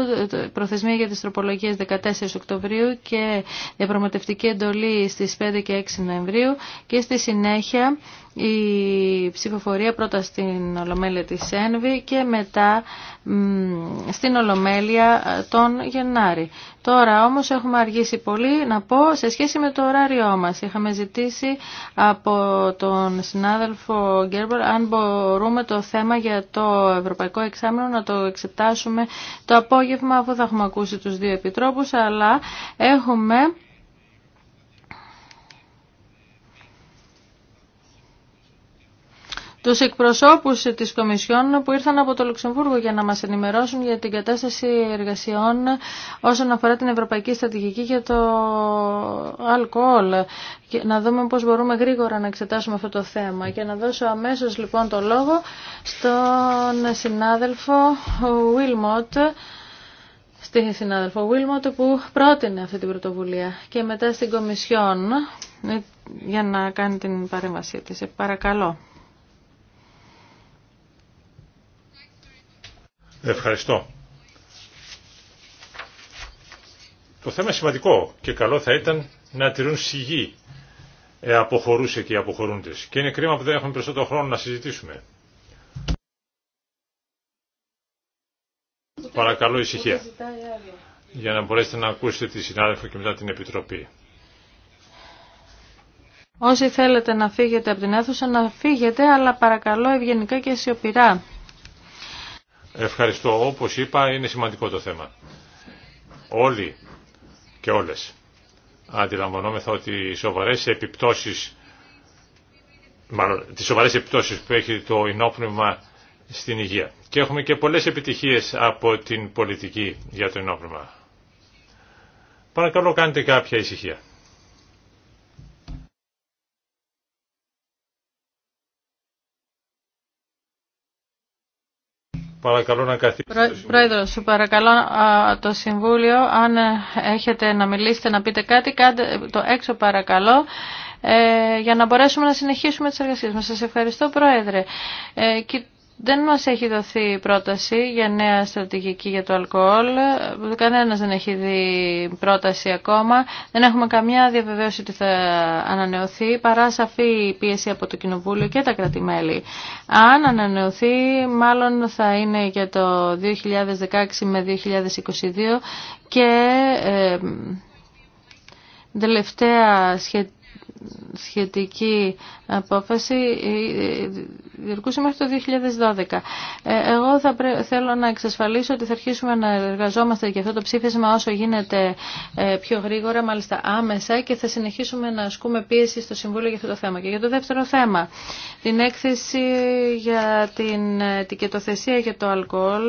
προθεσμία για τις τροπολογίες 14 Οκτωβρίου και διαπραγματευτική εντολή στις 5 και 6 Νοεμβρίου και στη συνέχεια η ψηφοφορία πρώτα στην Ολομέλεια της ΕΜΒΗ και μετά στην Ολομέλεια τον Γενάρη. Τώρα όμως έχουμε αργήσει πολύ να πω σε σχέση με το ωράριό μας. Είχαμε ζητήσει από τον συνάδελφο Γκέρμπερ αν μπορούμε το θέμα για το Ευρωπαϊκό Εξάμεινο να το εξετάσουμε το απόγευμα αφού θα έχουμε ακούσει τους δύο επιτρόπους αλλά έχουμε Του εκπροσώπου τη Κομισιόν που ήρθαν από το Λουξεμβούργο για να μα ενημερώσουν για την κατάσταση εργασιών όσον αφορά την Ευρωπαϊκή Στρατηγική για το αλκοόλ. Και να δούμε πώ μπορούμε γρήγορα να εξετάσουμε αυτό το θέμα. Και να δώσω αμέσω λοιπόν το λόγο στον συνάδελφο Βίλμοτ, στην συνάδελφο Βίλμοτ που πρότεινε αυτή την πρωτοβουλία και μετά στην Κομισιόν για να κάνει την παρέμβασή της. Παρακαλώ. Ευχαριστώ. Το θέμα σημαντικό και καλό θα ήταν να τηρούν σιγή ε, αποχωρούσε και οι αποχωρούντες. Και είναι κρίμα που δεν έχουμε περισσότερο χρόνο να συζητήσουμε. Παρακαλώ ησυχία. Για να μπορέσετε να ακούσετε τη συνάδελφο και μετά την Επιτροπή. Όσοι θέλετε να φύγετε από την αίθουσα να φύγετε, αλλά παρακαλώ ευγενικά και σιωπηρά. Ευχαριστώ. Όπως είπα είναι σημαντικό το θέμα. Όλοι και όλες αντιλαμβανόμεθα ότι οι σοβαρές επιπτώσεις μάλλον τις σοβαρές επιπτώσεις που έχει το ενόπνευμα στην υγεία. Και έχουμε και πολλές επιτυχίες από την πολιτική για το ενόπνευμα. Παρακαλώ κάντε κάποια ησυχία. Παρακαλώ να καθίσετε. Προέδρο, σου παρακαλώ το Συμβούλιο, αν ε, έχετε να μιλήσετε, να πείτε κάτι, κάντε το έξω παρακαλώ. Ε, για να μπορέσουμε να συνεχίσουμε τις εργασίες μας. Σας ευχαριστώ Πρόεδρε. Ε, δεν μας έχει δοθεί πρόταση για νέα στρατηγική για το αλκοόλ. Κανένας δεν έχει δει πρόταση ακόμα. Δεν έχουμε καμιά διαβεβαίωση ότι θα ανανεωθεί παρά σαφή πίεση από το Κοινοβούλιο και τα κρατημέλη. Αν ανανεωθεί μάλλον θα είναι για το 2016 με 2022 και... Ε, τελευταία σχετικά σχετική απόφαση ε, διερκούσε μέχρι το 2012. Ε, εγώ θα θέλω να εξασφαλίσω ότι θα αρχίσουμε να εργαζόμαστε για αυτό το ψήφισμα όσο γίνεται ε, πιο γρήγορα, μάλιστα άμεσα και θα συνεχίσουμε να ασκούμε πίεση στο Συμβούλιο για αυτό το θέμα. Και για το δεύτερο θέμα, την έκθεση για την τικετοθεσία για το αλκοόλ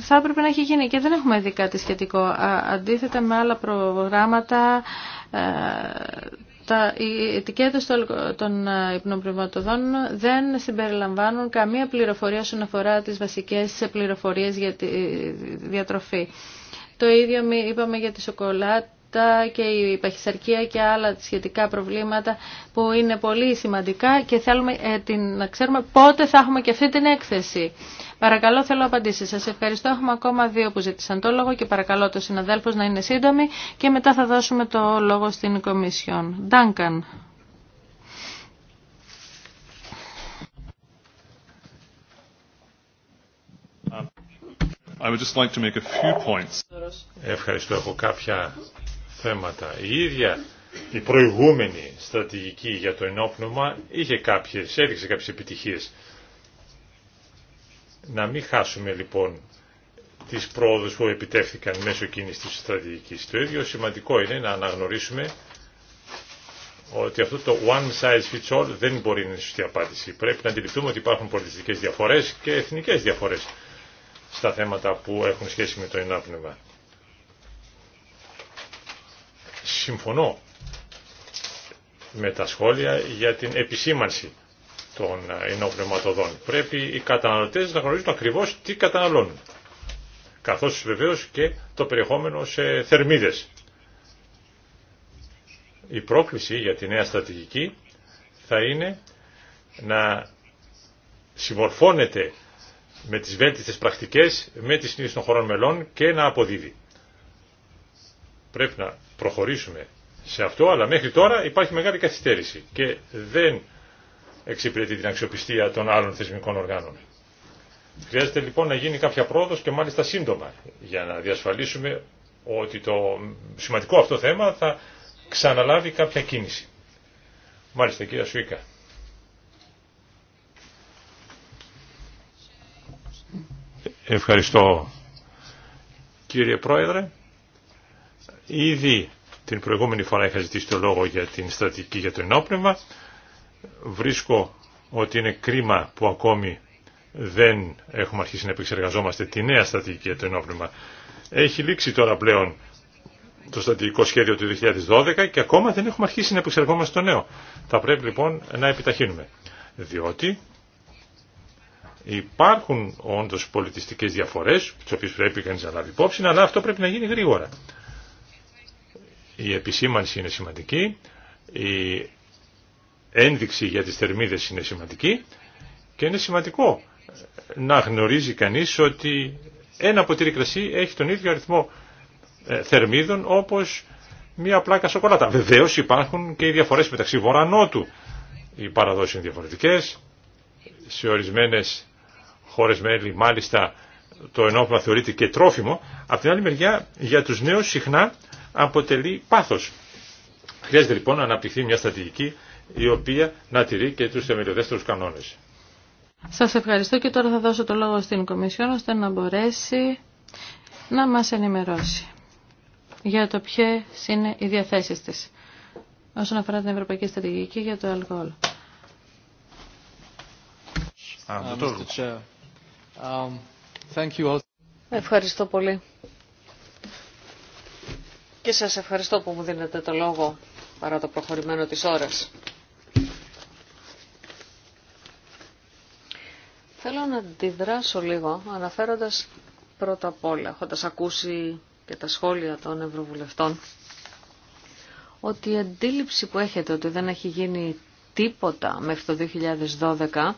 θα έπρεπε να έχει γίνει και δεν έχουμε δει κάτι σχετικό. Αντίθετα με άλλα προγράμματα τα, οι ετικέτες των ε, υπνοπνευματοδών δεν συμπεριλαμβάνουν καμία πληροφορία όσον αφορά τις βασικές πληροφορίες για τη διατροφή. Το ίδιο είπαμε για τη σοκολάτα και η παχυσαρκία και άλλα σχετικά προβλήματα που είναι πολύ σημαντικά και θέλουμε ε, να ξέρουμε πότε θα έχουμε και αυτή την έκθεση. Παρακαλώ, θέλω απαντήσει. Σα ευχαριστώ. Έχουμε ακόμα δύο που ζήτησαν το λόγο και παρακαλώ το συναδέλφου να είναι σύντομοι και μετά θα δώσουμε το λόγο στην Κομισιόν. Ντάνκαν. Ευχαριστώ. Έχω κάποια θέματα. Η ίδια η προηγούμενη στρατηγική για το ενόπνευμα είχε κάποιες, έδειξε κάποιες επιτυχίες. Να μην χάσουμε λοιπόν τις πρόοδους που επιτεύχθηκαν μέσω κίνηση της στρατηγικής. Το ίδιο σημαντικό είναι να αναγνωρίσουμε ότι αυτό το one size fits all δεν μπορεί να είναι σωστή απάντηση. Πρέπει να αντιληφθούμε ότι υπάρχουν πολιτιστικές διαφορές και εθνικές διαφορές στα θέματα που έχουν σχέση με το ενάπνευμα. Συμφωνώ με τα σχόλια για την επισήμανση των ε, ενόπνευματοδών. Πρέπει οι καταναλωτές να γνωρίζουν ακριβώς τι καταναλώνουν. Καθώς βεβαίως και το περιεχόμενο σε θερμίδες. Η πρόκληση για τη νέα στρατηγική θα είναι να συμμορφώνεται με τις βέλτιστες πρακτικές, με τις συνήθειες των χωρών μελών και να αποδίδει. Πρέπει να προχωρήσουμε σε αυτό, αλλά μέχρι τώρα υπάρχει μεγάλη καθυστέρηση και δεν εξυπηρετεί την αξιοπιστία των άλλων θεσμικών οργάνων. Χρειάζεται λοιπόν να γίνει κάποια πρόοδο και μάλιστα σύντομα για να διασφαλίσουμε ότι το σημαντικό αυτό θέμα θα ξαναλάβει κάποια κίνηση. Μάλιστα κύριε Σουίκα. Ευχαριστώ κύριε Πρόεδρε. Ήδη την προηγούμενη φορά είχα ζητήσει το λόγο για την στρατηγική για το ενόπνευμα βρίσκω ότι είναι κρίμα που ακόμη δεν έχουμε αρχίσει να επεξεργαζόμαστε τη νέα στρατηγική για το ενόπνευμα. Έχει λήξει τώρα πλέον το στρατηγικό σχέδιο του 2012 και ακόμα δεν έχουμε αρχίσει να επεξεργόμαστε το νέο. Θα πρέπει λοιπόν να επιταχύνουμε. Διότι υπάρχουν όντω πολιτιστικέ διαφορέ, τι οποίε πρέπει κανεί να λάβει υπόψη, αλλά αυτό πρέπει να γίνει γρήγορα. Η επισήμανση είναι σημαντική, η ένδειξη για τις θερμίδες είναι σημαντική και είναι σημαντικό να γνωρίζει κανείς ότι ένα ποτήρι κρασί έχει τον ίδιο αριθμό ε, θερμίδων όπως μια πλάκα σοκολάτα. Βεβαίως υπάρχουν και οι διαφορές μεταξύ βορρά-νότου. Οι παραδόσεις είναι διαφορετικές. Σε ορισμένες χώρες μέλη μάλιστα το ενόπλα θεωρείται και τρόφιμο. Απ' την άλλη μεριά για τους νέους συχνά αποτελεί πάθος. Χρειάζεται λοιπόν να αναπτυχθεί μια στρατηγική η οποία να τηρεί και τους θεμελιωδέστερους κανόνες. Σας ευχαριστώ και τώρα θα δώσω το λόγο στην Κομισιόν ώστε να μπορέσει να μας ενημερώσει για το ποιε είναι οι διαθέσεις της όσον αφορά την Ευρωπαϊκή Στρατηγική για το αλκοόλ. Um, ευχαριστώ πολύ. Και σας ευχαριστώ που μου δίνετε το λόγο παρά το προχωρημένο της ώρας. Θέλω να αντιδράσω λίγο αναφέροντας πρώτα απ' όλα, έχοντα ακούσει και τα σχόλια των Ευρωβουλευτών, ότι η αντίληψη που έχετε ότι δεν έχει γίνει τίποτα μέχρι το 2012,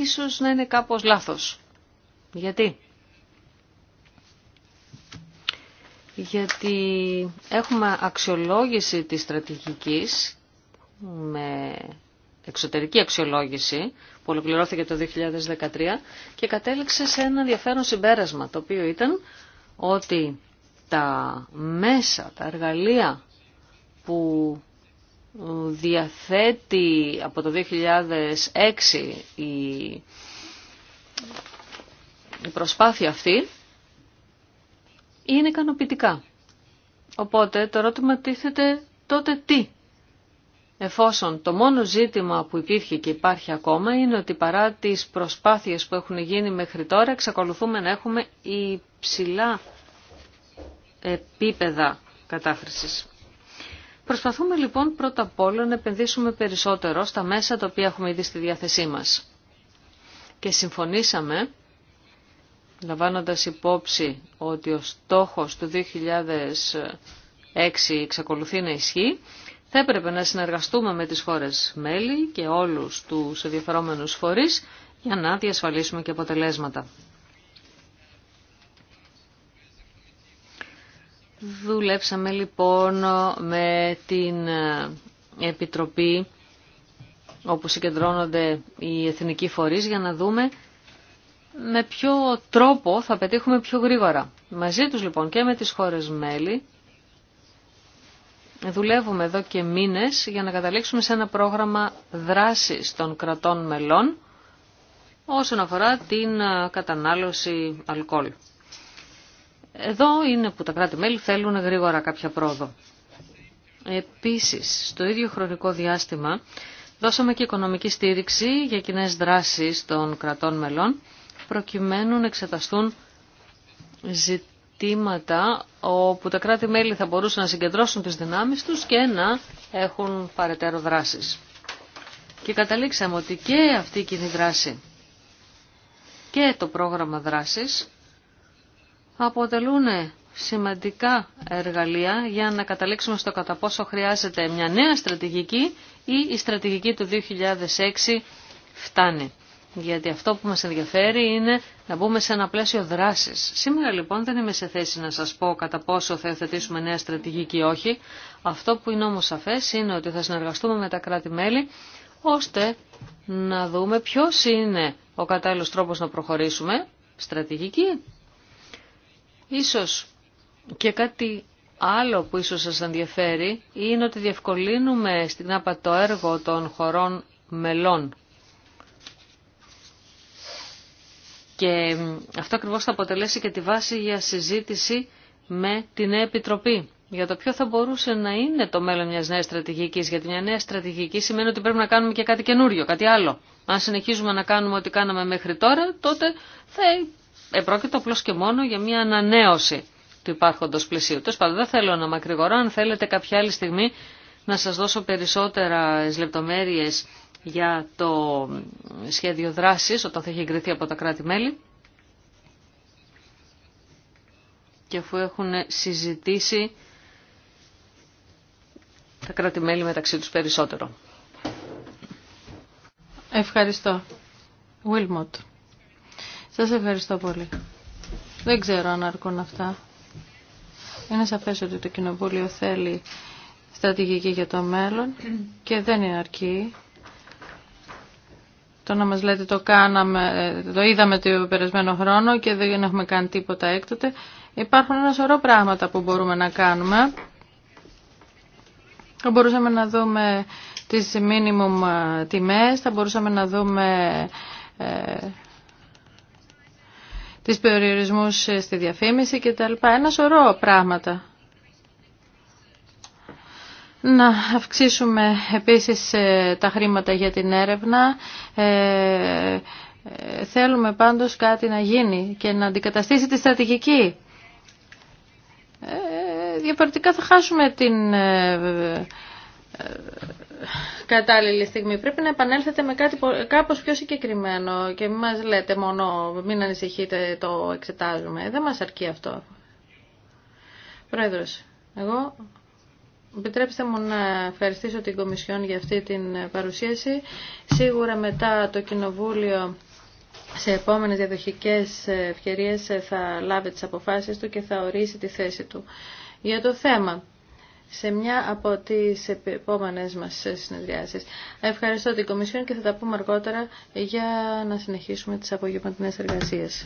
ίσως να είναι κάπως λάθος. Γιατί? Γιατί έχουμε αξιολόγηση της στρατηγικής με εξωτερική αξιολόγηση που ολοκληρώθηκε το 2013 και κατέληξε σε ένα ενδιαφέρον συμπέρασμα το οποίο ήταν ότι τα μέσα, τα εργαλεία που διαθέτει από το 2006 η, η προσπάθεια αυτή είναι ικανοποιητικά. Οπότε το ερώτημα τίθεται τότε τι εφόσον το μόνο ζήτημα που υπήρχε και υπάρχει ακόμα είναι ότι παρά τις προσπάθειες που έχουν γίνει μέχρι τώρα εξακολουθούμε να έχουμε υψηλά επίπεδα κατάχρησης. Προσπαθούμε λοιπόν πρώτα απ' όλα να επενδύσουμε περισσότερο στα μέσα τα οποία έχουμε ήδη στη διάθεσή μας. Και συμφωνήσαμε, λαμβάνοντας υπόψη ότι ο στόχος του 2006 εξακολουθεί να ισχύει, θα έπρεπε να συνεργαστούμε με τις χώρες μέλη και όλους τους ενδιαφερόμενους φορείς για να διασφαλίσουμε και αποτελέσματα. Δουλέψαμε λοιπόν με την ε, Επιτροπή όπου συγκεντρώνονται οι εθνικοί φορείς για να δούμε με ποιο τρόπο θα πετύχουμε πιο γρήγορα. Μαζί τους λοιπόν και με τις χώρες μέλη δουλεύουμε εδώ και μήνες για να καταλήξουμε σε ένα πρόγραμμα δράσης των κρατών μελών όσον αφορά την ε, κατανάλωση αλκοόλ. Εδώ είναι που τα κράτη-μέλη θέλουν γρήγορα κάποια πρόοδο. Επίσης, στο ίδιο χρονικό διάστημα, δώσαμε και οικονομική στήριξη για κοινέ δράσεις των κρατών μελών, προκειμένου να εξεταστούν ζητήματα όπου τα κράτη-μέλη θα μπορούσαν να συγκεντρώσουν τις δυνάμεις τους και να έχουν παρετέρω δράσεις. Και καταλήξαμε ότι και αυτή η κοινή δράση και το πρόγραμμα δράσης αποτελούν σημαντικά εργαλεία για να καταλήξουμε στο κατά πόσο χρειάζεται μια νέα στρατηγική ή η στρατηγική του 2006 φτάνει. Γιατί αυτό που μας ενδιαφέρει είναι να μπούμε σε ένα πλαίσιο δράσης. Σήμερα λοιπόν δεν είμαι σε θέση να σας πω κατά πόσο θα υιοθετήσουμε νέα στρατηγική ή όχι. Αυτό που είναι όμως σαφές είναι ότι θα συνεργαστούμε με τα κράτη-μέλη ώστε να δούμε ποιος είναι ο κατάλληλος τρόπος να προχωρήσουμε. Στρατηγική. Ίσως και κάτι άλλο που ίσως σας ενδιαφέρει είναι ότι διευκολύνουμε στην ΑΠΑ το έργο των χωρών μελών Και αυτό ακριβώς θα αποτελέσει και τη βάση για συζήτηση με την Επιτροπή για το ποιο θα μπορούσε να είναι το μέλλον μιας νέας στρατηγικής. Γιατί μια νέα στρατηγική σημαίνει ότι πρέπει να κάνουμε και κάτι καινούριο, κάτι άλλο. Αν συνεχίζουμε να κάνουμε ό,τι κάναμε μέχρι τώρα, τότε θα ε, επρόκειτο απλώς και μόνο για μια ανανέωση του υπάρχοντος πλαισίου. Τέλος πάντων, δεν θέλω να μακρηγορώ. Αν θέλετε κάποια άλλη στιγμή να σας δώσω περισσότερα λεπτομέρειες για το σχέδιο δράσης όταν θα έχει εγκριθεί από τα κράτη-μέλη και αφού έχουν συζητήσει τα κράτη-μέλη μεταξύ τους περισσότερο. Ευχαριστώ. Wilmot. Σας ευχαριστώ πολύ. Δεν ξέρω αν αρκούν αυτά. Είναι σαφές ότι το Κοινοβούλιο θέλει στρατηγική για το μέλλον και δεν είναι αρκεί να μας λέτε το κάναμε, το είδαμε το περασμένο χρόνο και δεν έχουμε κάνει τίποτα έκτοτε. Υπάρχουν ένα σωρό πράγματα που μπορούμε να κάνουμε. Θα μπορούσαμε να δούμε τις minimum ε, τιμές, θα μπορούσαμε να δούμε ε, τις περιορισμούς ε, στη διαφήμιση κτλ. Ένα σωρό πράγματα να αυξήσουμε επίσης ε, τα χρήματα για την έρευνα. Ε, ε, θέλουμε πάντως κάτι να γίνει και να αντικαταστήσει τη στρατηγική. Διαφορετικά θα χάσουμε την κατάλληλη στιγμή. Πρέπει να επανέλθετε με κάτι κάπως πιο συγκεκριμένο και μην μας λέτε μόνο μην ανησυχείτε το εξετάζουμε. Δεν μας αρκεί αυτό. Πρόεδρος, εγώ Επιτρέψτε μου να ευχαριστήσω την Κομισιόν για αυτή την παρουσίαση. Σίγουρα μετά το Κοινοβούλιο σε επόμενες διαδοχικές ευκαιρίες θα λάβει τις αποφάσεις του και θα ορίσει τη θέση του. Για το θέμα, σε μια από τις επόμενες μας συνεδριάσεις. Ευχαριστώ την Κομισιόν και θα τα πούμε αργότερα για να συνεχίσουμε τις απογευματινές εργασίες.